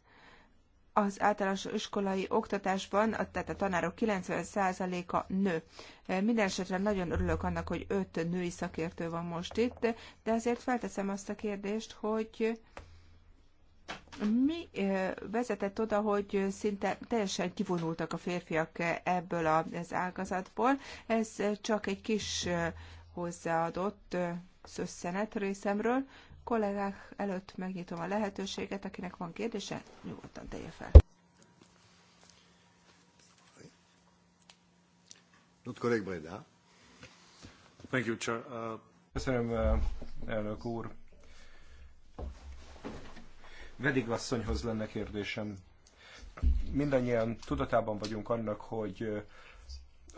az általános iskolai oktatásban, tehát a tanárok 90%-a nő. E, minden esetre nagyon örülök annak, hogy öt női szakértő van most itt, de azért felteszem azt a kérdést, hogy mi e, vezetett oda, hogy szinte teljesen kivonultak a férfiak ebből az ágazatból? Ez csak egy kis e, hozzáadott szösszenet részemről kollégák előtt megnyitom a lehetőséget, akinek van kérdése, nyugodtan tegye fel. Not Thank you, Chair. Uh, Köszönöm, uh, elnök úr. Vedig asszonyhoz lenne kérdésem. Mindannyian tudatában vagyunk annak, hogy uh,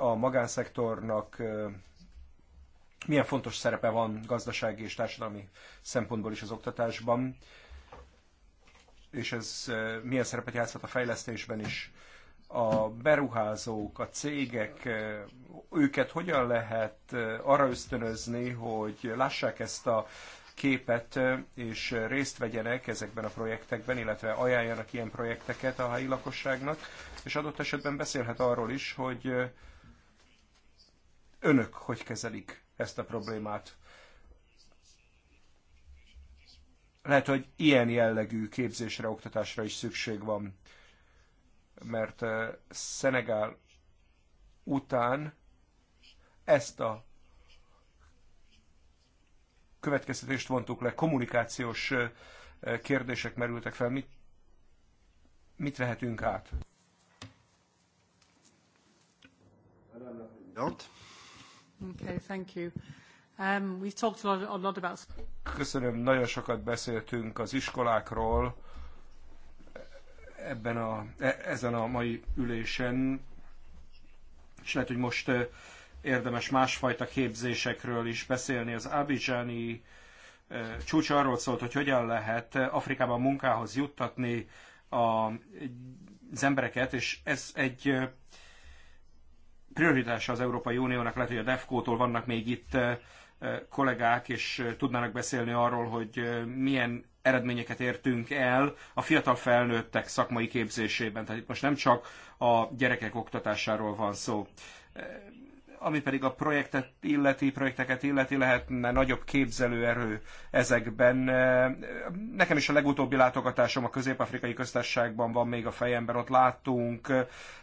a magánszektornak milyen fontos szerepe van gazdasági és társadalmi szempontból is az oktatásban, és ez eh, milyen szerepet játszhat a fejlesztésben is. A beruházók, a cégek, eh, őket hogyan lehet eh, arra ösztönözni, hogy lássák ezt a képet, és részt vegyenek ezekben a projektekben, illetve ajánljanak ilyen projekteket a helyi lakosságnak, és adott esetben beszélhet arról is, hogy önök hogy kezelik ezt a problémát. Lehet, hogy ilyen jellegű képzésre, oktatásra is szükség van, mert eh, Szenegál után ezt a következtetést vontuk le, kommunikációs eh, kérdések merültek fel. Mit, mit vehetünk át? Don't. Okay, thank you. Um, we've talked a lot, a lot about... Köszönöm, nagyon sokat beszéltünk az iskolákról ebben a, e, ezen a mai ülésen, és lehet, hogy most e, érdemes másfajta képzésekről is beszélni. Az Abidjani e, csúcs arról szólt, hogy hogyan lehet Afrikában munkához juttatni a, az embereket, és ez egy prioritása az Európai Uniónak, lehet, hogy a DEFCO-tól vannak még itt kollégák, és tudnának beszélni arról, hogy milyen eredményeket értünk el a fiatal felnőttek szakmai képzésében. Tehát itt most nem csak a gyerekek oktatásáról van szó ami pedig a projektet illeti, projekteket illeti, lehetne nagyobb képzelőerő ezekben. Nekem is a legutóbbi látogatásom a Közép-Afrikai Köztársaságban van még a fejemben, ott láttunk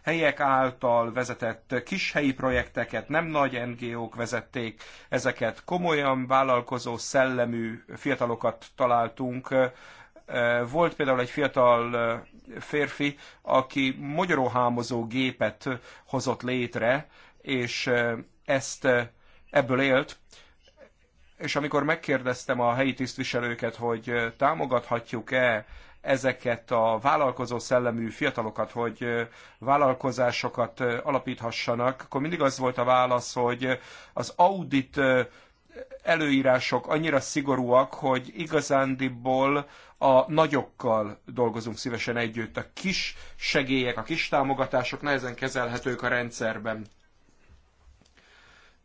helyek által vezetett kis helyi projekteket, nem nagy NGO-k vezették ezeket, komolyan vállalkozó szellemű fiatalokat találtunk, volt például egy fiatal férfi, aki magyaróhámozó gépet hozott létre, és ezt ebből élt, és amikor megkérdeztem a helyi tisztviselőket, hogy támogathatjuk-e ezeket a vállalkozó szellemű fiatalokat, hogy vállalkozásokat alapíthassanak, akkor mindig az volt a válasz, hogy az audit előírások annyira szigorúak, hogy igazándiból a nagyokkal dolgozunk szívesen együtt. A kis segélyek, a kis támogatások nehezen kezelhetők a rendszerben.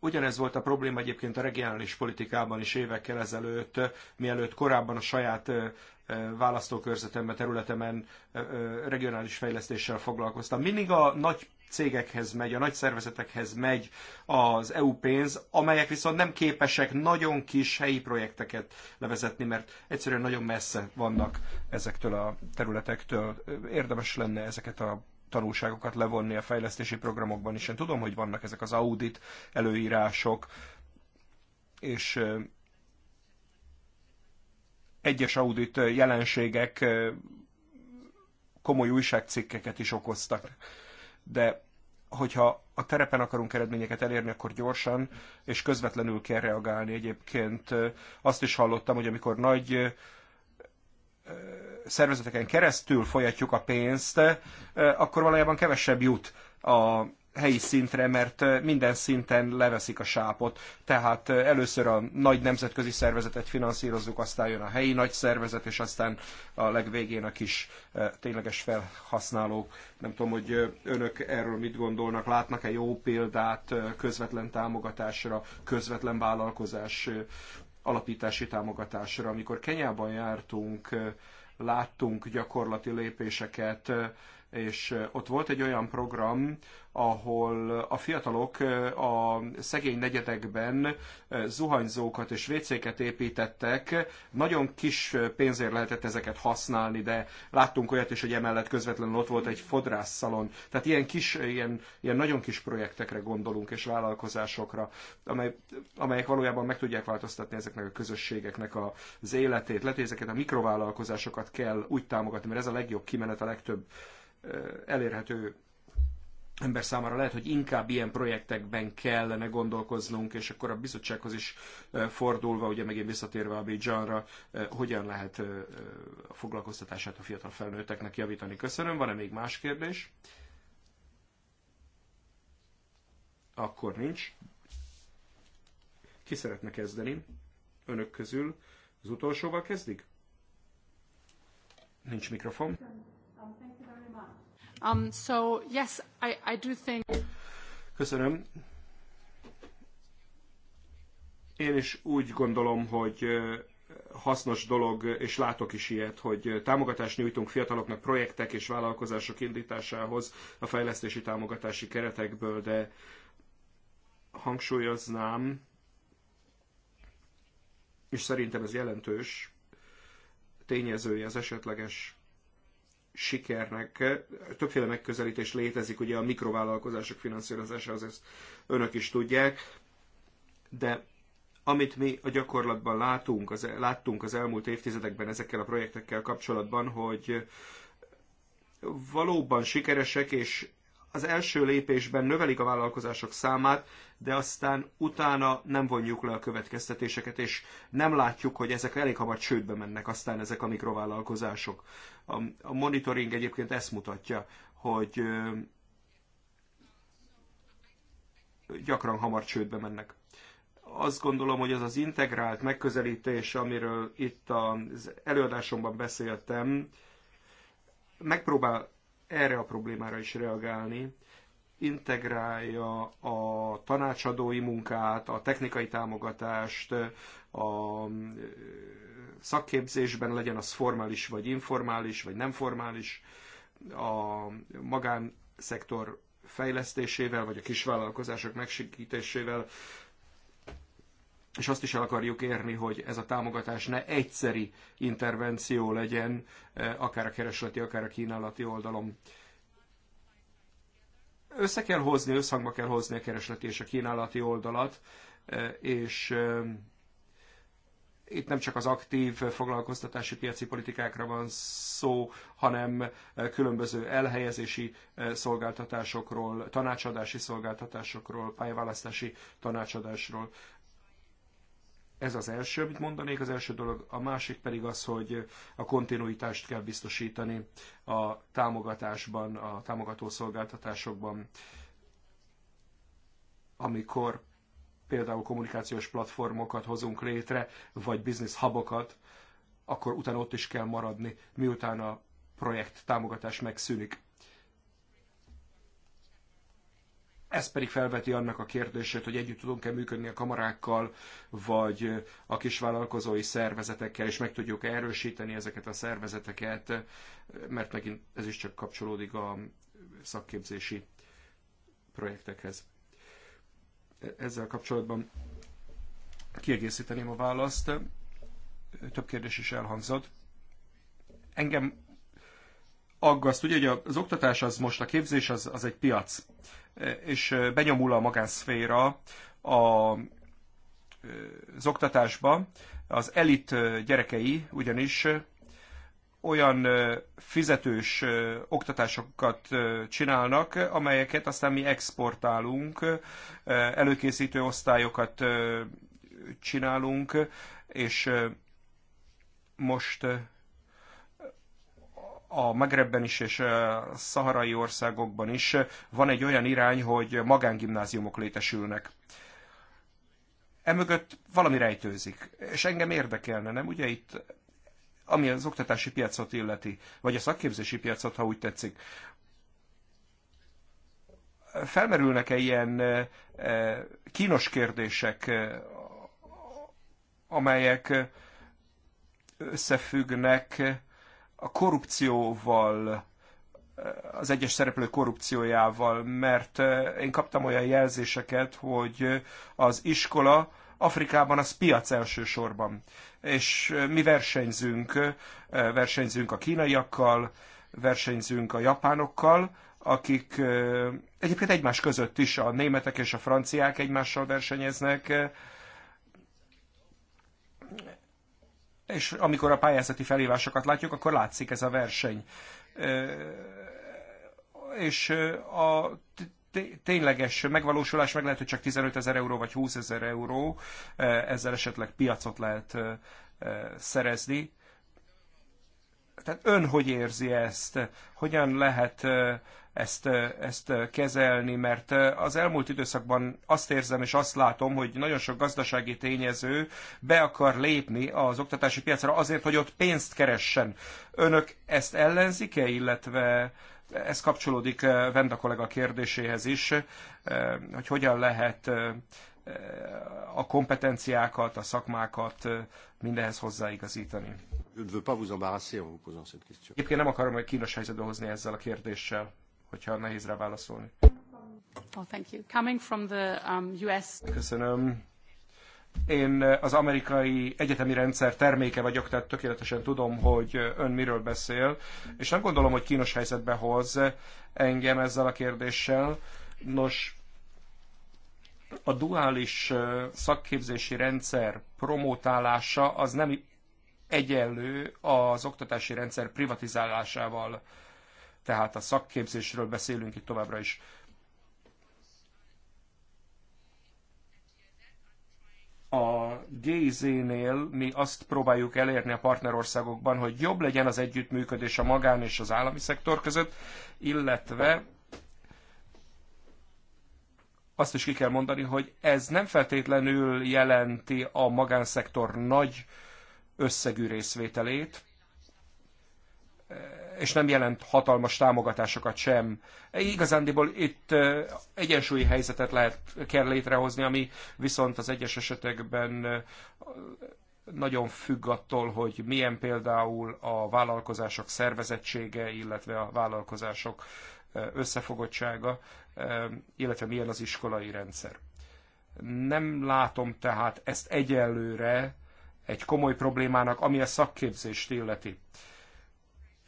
Ugyanez volt a probléma egyébként a regionális politikában is évekkel ezelőtt, mielőtt korábban a saját választókörzetemben, területemen regionális fejlesztéssel foglalkoztam. Mindig a nagy cégekhez megy, a nagy szervezetekhez megy az EU pénz, amelyek viszont nem képesek nagyon kis helyi projekteket levezetni, mert egyszerűen nagyon messze vannak ezektől a területektől. Érdemes lenne ezeket a tanulságokat levonni a fejlesztési programokban is. Én tudom, hogy vannak ezek az audit előírások, és egyes audit jelenségek komoly újságcikkeket is okoztak. De hogyha a terepen akarunk eredményeket elérni, akkor gyorsan és közvetlenül kell reagálni. Egyébként azt is hallottam, hogy amikor nagy szervezeteken keresztül folyatjuk a pénzt, akkor valójában kevesebb jut a helyi szintre, mert minden szinten leveszik a sápot. Tehát először a nagy nemzetközi szervezetet finanszírozzuk, aztán jön a helyi nagy szervezet, és aztán a legvégén a kis tényleges felhasználók. Nem tudom, hogy önök erről mit gondolnak, látnak-e jó példát közvetlen támogatásra, közvetlen vállalkozás alapítási támogatásra. Amikor Kenyában jártunk, láttunk gyakorlati lépéseket és ott volt egy olyan program, ahol a fiatalok a szegény negyedekben zuhanyzókat és vécéket építettek. Nagyon kis pénzért lehetett ezeket használni, de láttunk olyat is, hogy emellett közvetlenül ott volt egy fodrásszalon. Tehát ilyen kis, ilyen, ilyen nagyon kis projektekre gondolunk, és vállalkozásokra, amely, amelyek valójában meg tudják változtatni ezeknek a közösségeknek az életét. Lehet, hogy ezeket a mikrovállalkozásokat kell úgy támogatni, mert ez a legjobb kimenet a legtöbb elérhető ember számára lehet, hogy inkább ilyen projektekben kellene gondolkoznunk, és akkor a bizottsághoz is fordulva, ugye megint visszatérve a Bidzsanra, hogyan lehet a foglalkoztatását a fiatal felnőtteknek javítani. Köszönöm, van-e még más kérdés? Akkor nincs. Ki szeretne kezdeni? Önök közül az utolsóval kezdik? Nincs mikrofon. Um, so, yes, I, I do think... Köszönöm. Én is úgy gondolom, hogy hasznos dolog, és látok is ilyet, hogy támogatást nyújtunk fiataloknak projektek és vállalkozások indításához a fejlesztési támogatási keretekből, de hangsúlyoznám, és szerintem ez jelentős tényezője az esetleges sikernek. Többféle megközelítés létezik, ugye a mikrovállalkozások finanszírozása, az ezt önök is tudják, de amit mi a gyakorlatban látunk, az, e- láttunk az elmúlt évtizedekben ezekkel a projektekkel kapcsolatban, hogy valóban sikeresek és az első lépésben növelik a vállalkozások számát, de aztán utána nem vonjuk le a következtetéseket, és nem látjuk, hogy ezek elég hamar csődbe mennek aztán ezek a mikrovállalkozások. A, a monitoring egyébként ezt mutatja, hogy gyakran hamar csődbe mennek. Azt gondolom, hogy ez az integrált megközelítés, amiről itt az előadásomban beszéltem, megpróbál erre a problémára is reagálni, integrálja a tanácsadói munkát, a technikai támogatást, a szakképzésben legyen az formális, vagy informális, vagy nem formális, a magánszektor fejlesztésével, vagy a kisvállalkozások megsikítésével, és azt is el akarjuk érni, hogy ez a támogatás ne egyszeri intervenció legyen, e, akár a keresleti, akár a kínálati oldalom. Össze kell hozni, összhangba kell hozni a keresleti és a kínálati oldalat, e, és e, itt nem csak az aktív foglalkoztatási piaci politikákra van szó, hanem különböző elhelyezési szolgáltatásokról, tanácsadási szolgáltatásokról, pályaválasztási tanácsadásról. Ez az első, amit mondanék. Az első dolog, a másik pedig az, hogy a kontinuitást kell biztosítani a támogatásban, a támogató szolgáltatásokban, amikor például kommunikációs platformokat hozunk létre, vagy business hubokat, akkor utána ott is kell maradni, miután a projekt támogatás megszűnik. Ez pedig felveti annak a kérdését, hogy együtt tudunk-e működni a kamarákkal, vagy a kisvállalkozói szervezetekkel, és meg tudjuk erősíteni ezeket a szervezeteket, mert megint ez is csak kapcsolódik a szakképzési projektekhez. Ezzel kapcsolatban kiegészíteném a választ. Több kérdés is elhangzott. Engem aggaszt, ugye, hogy az oktatás az most, a képzés az, az egy piac és benyomul a magánszféra a, az oktatásba. Az elit gyerekei ugyanis olyan fizetős oktatásokat csinálnak, amelyeket aztán mi exportálunk, előkészítő osztályokat csinálunk, és most a Magrebben is és a szaharai országokban is van egy olyan irány, hogy magángimnáziumok létesülnek. Emögött valami rejtőzik, és engem érdekelne, nem ugye itt, ami az oktatási piacot illeti, vagy a szakképzési piacot, ha úgy tetszik, felmerülnek-e ilyen kínos kérdések, amelyek összefüggnek a korrupcióval, eh, az egyes szereplő korrupciójával, mert eh, én kaptam olyan jelzéseket, hogy eh, az iskola Afrikában az piac elsősorban. És mi versenyzünk, versenyzünk a kínaiakkal, versenyzünk a japánokkal, akik egyébként egymás között is, a németek és a franciák egymással versenyeznek, és amikor a pályázati felhívásokat látjuk, akkor látszik ez a verseny. És a tényleges megvalósulás meg lehet, hogy csak 15 ezer euró vagy 20 ezer euró, ezzel esetleg piacot lehet szerezni. Tehát ön hogy érzi ezt? Hogyan lehet ezt, ezt kezelni, mert az elmúlt időszakban azt érzem és azt látom, hogy nagyon sok gazdasági tényező be akar lépni az oktatási piacra azért, hogy ott pénzt keressen. Önök ezt ellenzik-e, illetve ez kapcsolódik Venda kollega kérdéséhez is, hogy hogyan lehet a kompetenciákat, a szakmákat mindehez hozzáigazítani. Egyébként nem akarom hogy kínos helyzetbe hozni ezzel a kérdéssel hogyha nehéz rá válaszolni. Oh, thank you. Coming from the um, US. Köszönöm. Én az amerikai egyetemi rendszer terméke vagyok, tehát tökéletesen tudom, hogy ön miről beszél, és nem gondolom, hogy kínos helyzetbe hoz engem ezzel a kérdéssel. Nos, a duális szakképzési rendszer promotálása az nem egyenlő az oktatási rendszer privatizálásával tehát a szakképzésről beszélünk itt továbbra is. A GIZ-nél mi azt próbáljuk elérni a partnerországokban, hogy jobb legyen az együttműködés a magán és az állami szektor között, illetve azt is ki kell mondani, hogy ez nem feltétlenül jelenti a magánszektor nagy összegű részvételét, és nem jelent hatalmas támogatásokat sem. Igazándiból itt egyensúlyi helyzetet lehet, kell létrehozni, ami viszont az egyes esetekben nagyon függ attól, hogy milyen például a vállalkozások szervezettsége, illetve a vállalkozások összefogottsága, illetve milyen az iskolai rendszer. Nem látom tehát ezt egyelőre egy komoly problémának, ami a szakképzést illeti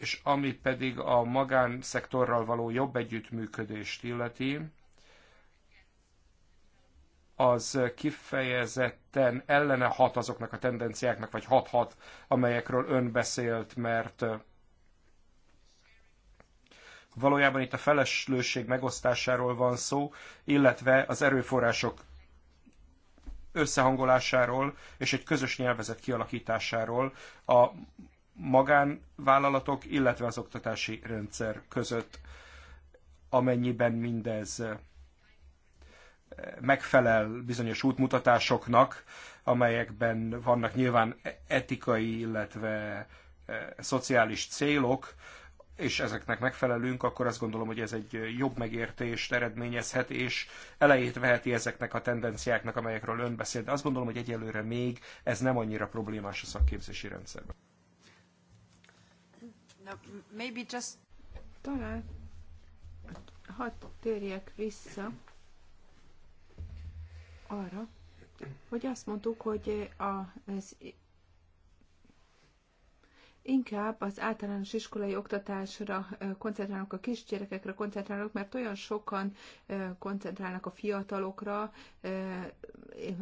és ami pedig a magánszektorral való jobb együttműködést illeti, az kifejezetten ellene hat azoknak a tendenciáknak, vagy hat-hat, amelyekről ön beszélt, mert valójában itt a feleslőség megosztásáról van szó, illetve az erőforrások összehangolásáról és egy közös nyelvezet kialakításáról a magánvállalatok, illetve az oktatási rendszer között, amennyiben mindez eh, megfelel bizonyos útmutatásoknak, amelyekben vannak nyilván etikai, illetve eh, szociális célok, és ezeknek megfelelünk, akkor azt gondolom, hogy ez egy jobb megértést eredményezhet, és elejét veheti ezeknek a tendenciáknak, amelyekről ön beszél. De azt gondolom, hogy egyelőre még ez nem annyira problémás a szakképzési rendszerben. Maybe just... Talán hadd térjek vissza arra, hogy azt mondtuk, hogy ez inkább az általános iskolai oktatásra koncentrálnak a kisgyerekekre koncentrálnak, mert olyan sokan koncentrálnak a fiatalokra,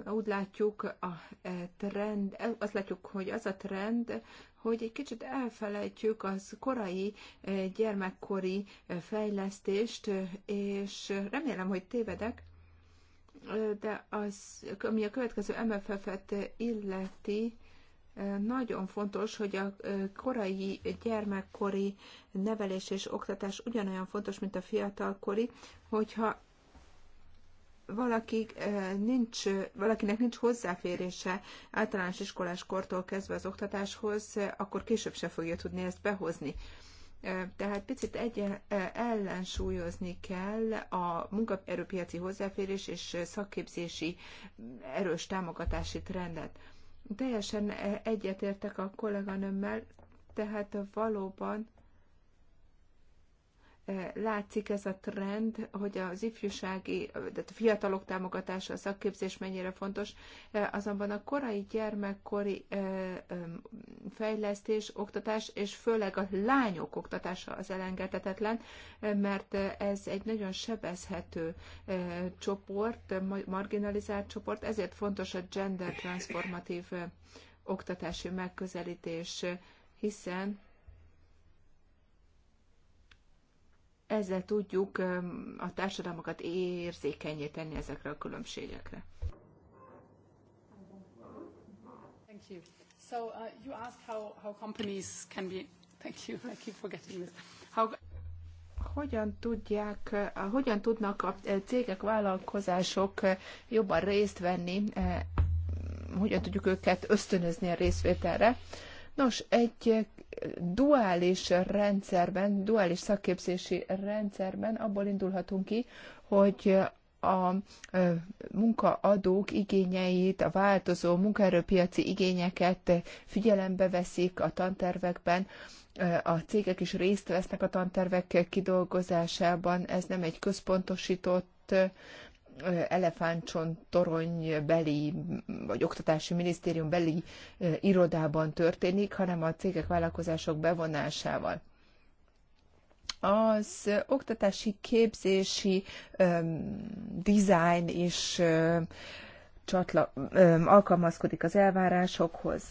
úgy látjuk a e, trend, azt látjuk, hogy az a trend, hogy egy kicsit elfelejtjük az korai, eh, gyermekkori eh, fejlesztést, eh, és remélem, hogy tévedek, de az, ami a következő MFF-et illeti, nagyon fontos, hogy a korai gyermekkori nevelés és oktatás ugyanolyan fontos, mint a fiatalkori, hogyha valakik nincs, valakinek nincs hozzáférése általános iskolás kortól kezdve az oktatáshoz, akkor később se fogja tudni ezt behozni. Tehát picit egy ellensúlyozni kell a munkaerőpiaci hozzáférés és szakképzési erős támogatási trendet. Teljesen e-, egyetértek a kolléganőmmel, tehát valóban látszik ez a trend, hogy az ifjúsági, tehát a fiatalok támogatása, a szakképzés mennyire fontos, azonban a korai gyermekkori fejlesztés, oktatás, és főleg a lányok oktatása az elengedhetetlen, mert ez egy nagyon sebezhető csoport, marginalizált csoport, ezért fontos a gender transformatív oktatási megközelítés, hiszen ezzel tudjuk a társadalmakat érzékenyé tenni ezekre a különbségekre. Thank you. So uh, you how, how companies can be. Thank you. I keep forgetting this. How hogyan tudják, uh, hogyan tudnak a uh, cégek, vállalkozások uh, jobban részt venni, hogyan tudjuk őket ösztönözni a részvételre. Nos, egy duális rendszerben, duális szakképzési rendszerben abból indulhatunk ki, hogy a munkaadók igényeit, a változó munkaerőpiaci igényeket figyelembe veszik a tantervekben, a cégek is részt vesznek a tantervek kidolgozásában, ez nem egy központosított elefántcsont torony beli, vagy oktatási minisztérium beli irodában történik, hanem a cégek, vállalkozások bevonásával az oktatási képzési um, design is um, csatla, um, alkalmazkodik az elvárásokhoz.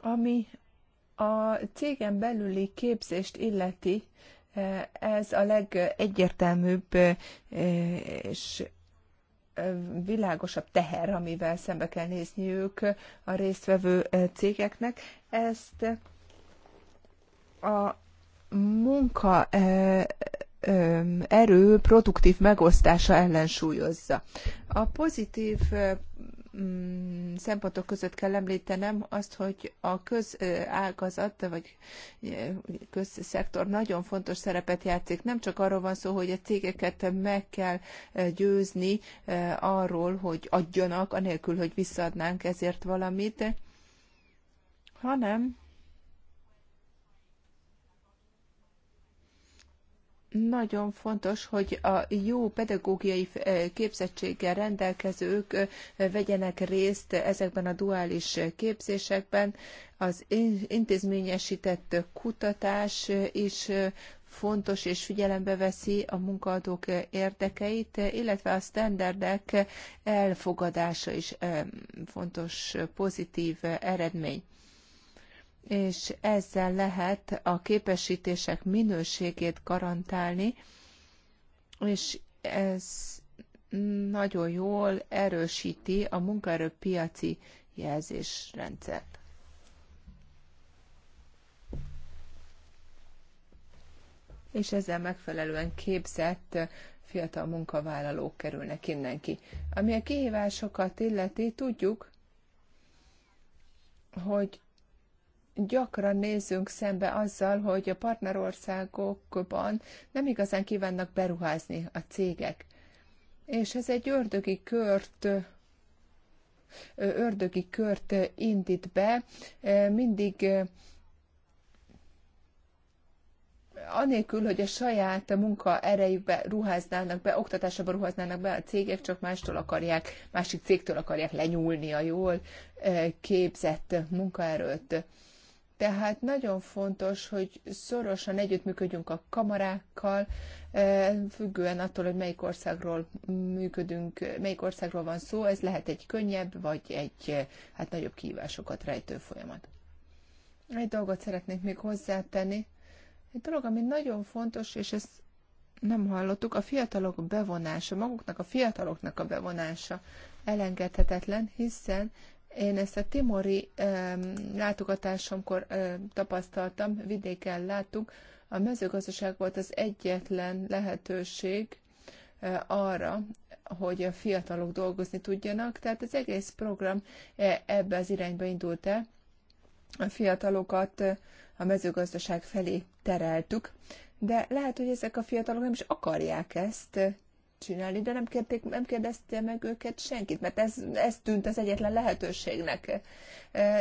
Ami a cégen belüli képzést illeti, eh, ez a legegyértelműbb eh, és eh, világosabb teher, amivel szembe kell nézniük a résztvevő cégeknek. Ezt a munka erő produktív megosztása ellensúlyozza. A pozitív Mm, szempontok között kell említenem azt, hogy a közágazat vagy e, közszektor nagyon fontos szerepet játszik. Nem csak arról van szó, hogy a cégeket meg kell e, győzni e, arról, hogy adjanak, anélkül, hogy visszaadnánk ezért valamit, hanem nagyon fontos, hogy a jó pedagógiai eh, képzettséggel rendelkezők eh, vegyenek részt ezekben a duális képzésekben. Az intézményesített kutatás eh, is fontos és figyelembe veszi a munkaadók érdekeit, illetve a standardek elfogadása is fontos pozitív eredmény és ezzel lehet a képesítések minőségét garantálni, és ez nagyon jól erősíti a munkaerőpiaci jelzésrendszert. És ezzel megfelelően képzett fiatal munkavállalók kerülnek innen ki. Ami a kihívásokat illeti, tudjuk, hogy gyakran nézzünk szembe azzal, hogy a partnerországokban nem igazán kívánnak beruházni a cégek. És ez egy ördögi kört ördögi kört indít be, mindig anélkül, hogy a saját munka erejükbe ruháznának be, oktatásba ruháznának be, a cégek csak mástól akarják, másik cégtől akarják lenyúlni a jól képzett munkaerőt. Tehát nagyon fontos, hogy szorosan együttműködjünk a kamarákkal, eh, függően attól, hogy melyik országról működünk, melyik országról van szó, ez lehet egy könnyebb, vagy egy eh, hát nagyobb kihívásokat rejtő folyamat. Egy dolgot szeretnék még hozzátenni. Egy dolog, ami nagyon fontos, és ezt nem hallottuk, a fiatalok bevonása, maguknak a fiataloknak a bevonása elengedhetetlen, hiszen én ezt a Timori látogatásomkor tapasztaltam, vidéken láttuk, a mezőgazdaság volt az egyetlen lehetőség e, arra, hogy a fiatalok dolgozni tudjanak, tehát az egész program e, ebbe az irányba indult el. A fiatalokat e, a mezőgazdaság felé tereltük, de lehet, hogy ezek a fiatalok nem is akarják ezt, csinálni, de nem, kérték, nem kérdezte meg őket senkit, mert ez, ez tűnt az egyetlen lehetőségnek.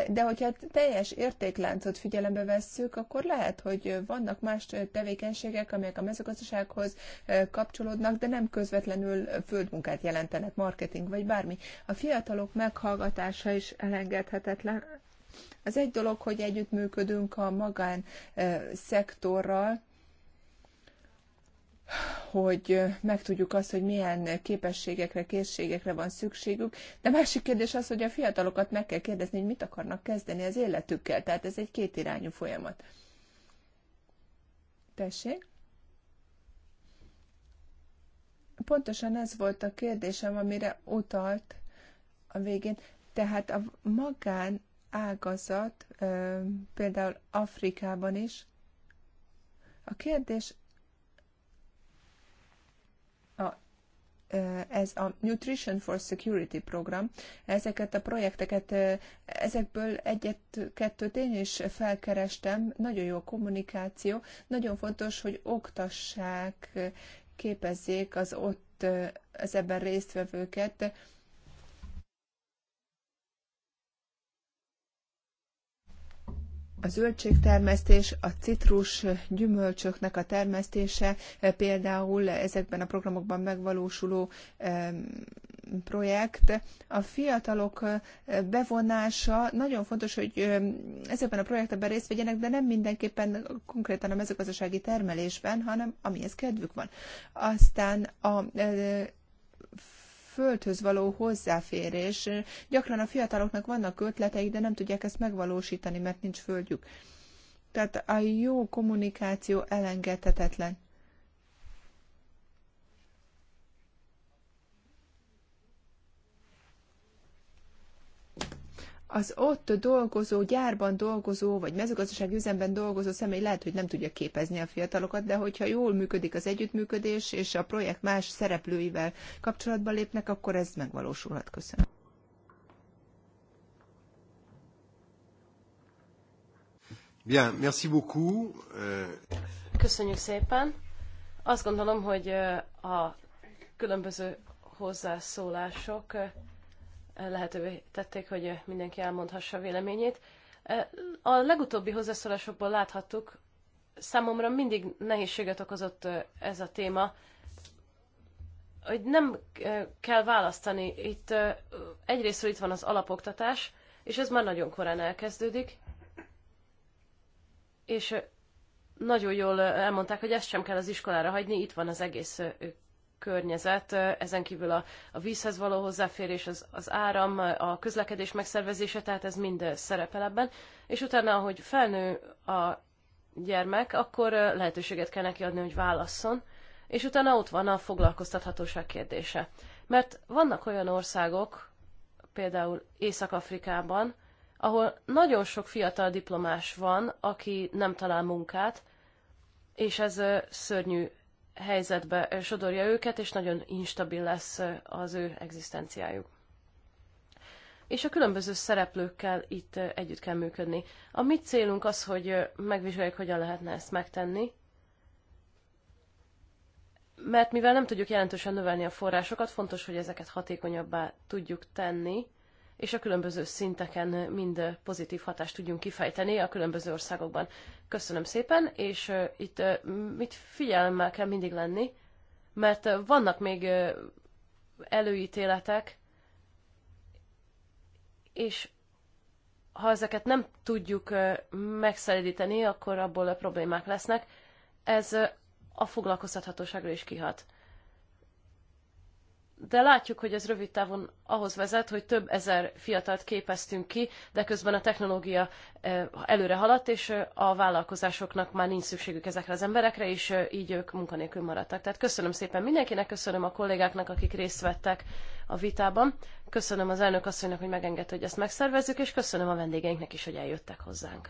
De hogyha teljes értékláncot figyelembe vesszük, akkor lehet, hogy vannak más tevékenységek, amelyek a mezőgazdasághoz kapcsolódnak, de nem közvetlenül földmunkát jelentenek, marketing vagy bármi. A fiatalok meghallgatása is elengedhetetlen. Az egy dolog, hogy együttműködünk a magán szektorral, hogy megtudjuk azt, hogy milyen képességekre, készségekre van szükségük, de másik kérdés az, hogy a fiatalokat meg kell kérdezni, hogy mit akarnak kezdeni az életükkel. Tehát ez egy kétirányú folyamat. Tessék? Pontosan ez volt a kérdésem, amire utalt a végén. Tehát a magán ágazat, például Afrikában is, a kérdés ez a Nutrition for Security program. Ezeket a projekteket, ezekből egyet-kettőt én is felkerestem, nagyon jó a kommunikáció, nagyon fontos, hogy oktassák, képezzék az ott, az ebben résztvevőket, a zöldségtermesztés, a citrus gyümölcsöknek a termesztése eh, például ezekben a programokban megvalósuló projekt. A fiatalok eh, bevonása nagyon fontos, hogy ezekben a projektekben részt vegyenek, de nem mindenképpen konkrétan a mezőgazdasági termelésben, hanem amihez kedvük van. Aztán a eh, földhöz való hozzáférés. Gyakran a fiataloknak vannak ötleteik, de nem tudják ezt megvalósítani, mert nincs földjük. Tehát a jó kommunikáció elengedhetetlen. az ott dolgozó, gyárban dolgozó, vagy mezőgazdasági üzemben dolgozó személy lehet, hogy nem tudja képezni a fiatalokat, de hogyha jól működik az együttműködés, és a projekt más szereplőivel kapcsolatba lépnek, akkor ez megvalósulhat. Köszönöm. Bien, merci beaucoup. Euh, Köszönjük szépen. Azt gondolom, hogy a különböző hozzászólások lehetővé tették, hogy mindenki elmondhassa véleményét. A legutóbbi hozzászólásokból láthattuk, számomra mindig nehézséget okozott ez a téma, hogy nem kell választani. Itt egyrészt itt van az alapoktatás, és ez már nagyon korán elkezdődik, és nagyon jól elmondták, hogy ezt sem kell az iskolára hagyni, itt van az egész környezet, ezen kívül a, a vízhez való hozzáférés, az, az áram, a közlekedés megszervezése, tehát ez mind szerepel ebben. És utána, ahogy felnő a gyermek, akkor lehetőséget kell neki adni, hogy válasszon, és utána ott van a foglalkoztathatóság kérdése. Mert vannak olyan országok, például Észak-Afrikában, ahol nagyon sok fiatal diplomás van, aki nem talál munkát, és ez szörnyű helyzetbe sodorja őket, és nagyon instabil lesz az ő egzisztenciájuk. És a különböző szereplőkkel itt együtt kell működni. A mi célunk az, hogy megvizsgáljuk, hogyan lehetne ezt megtenni, mert mivel nem tudjuk jelentősen növelni a forrásokat, fontos, hogy ezeket hatékonyabbá tudjuk tenni, és a különböző szinteken mind pozitív hatást tudjunk kifejteni a különböző országokban. Köszönöm szépen, és itt mit figyelemmel kell mindig lenni, mert vannak még előítéletek, és ha ezeket nem tudjuk megszeredíteni, akkor abból problémák lesznek. Ez a foglalkoztathatóságra is kihat de látjuk, hogy ez rövid távon ahhoz vezet, hogy több ezer fiatalt képeztünk ki, de közben a technológia előre haladt, és a vállalkozásoknak már nincs szükségük ezekre az emberekre, és így ők munkanélkül maradtak. Tehát köszönöm szépen mindenkinek, köszönöm a kollégáknak, akik részt vettek a vitában, köszönöm az elnök asszonynak, hogy megengedte, hogy ezt megszervezzük, és köszönöm a vendégeinknek is, hogy eljöttek hozzánk.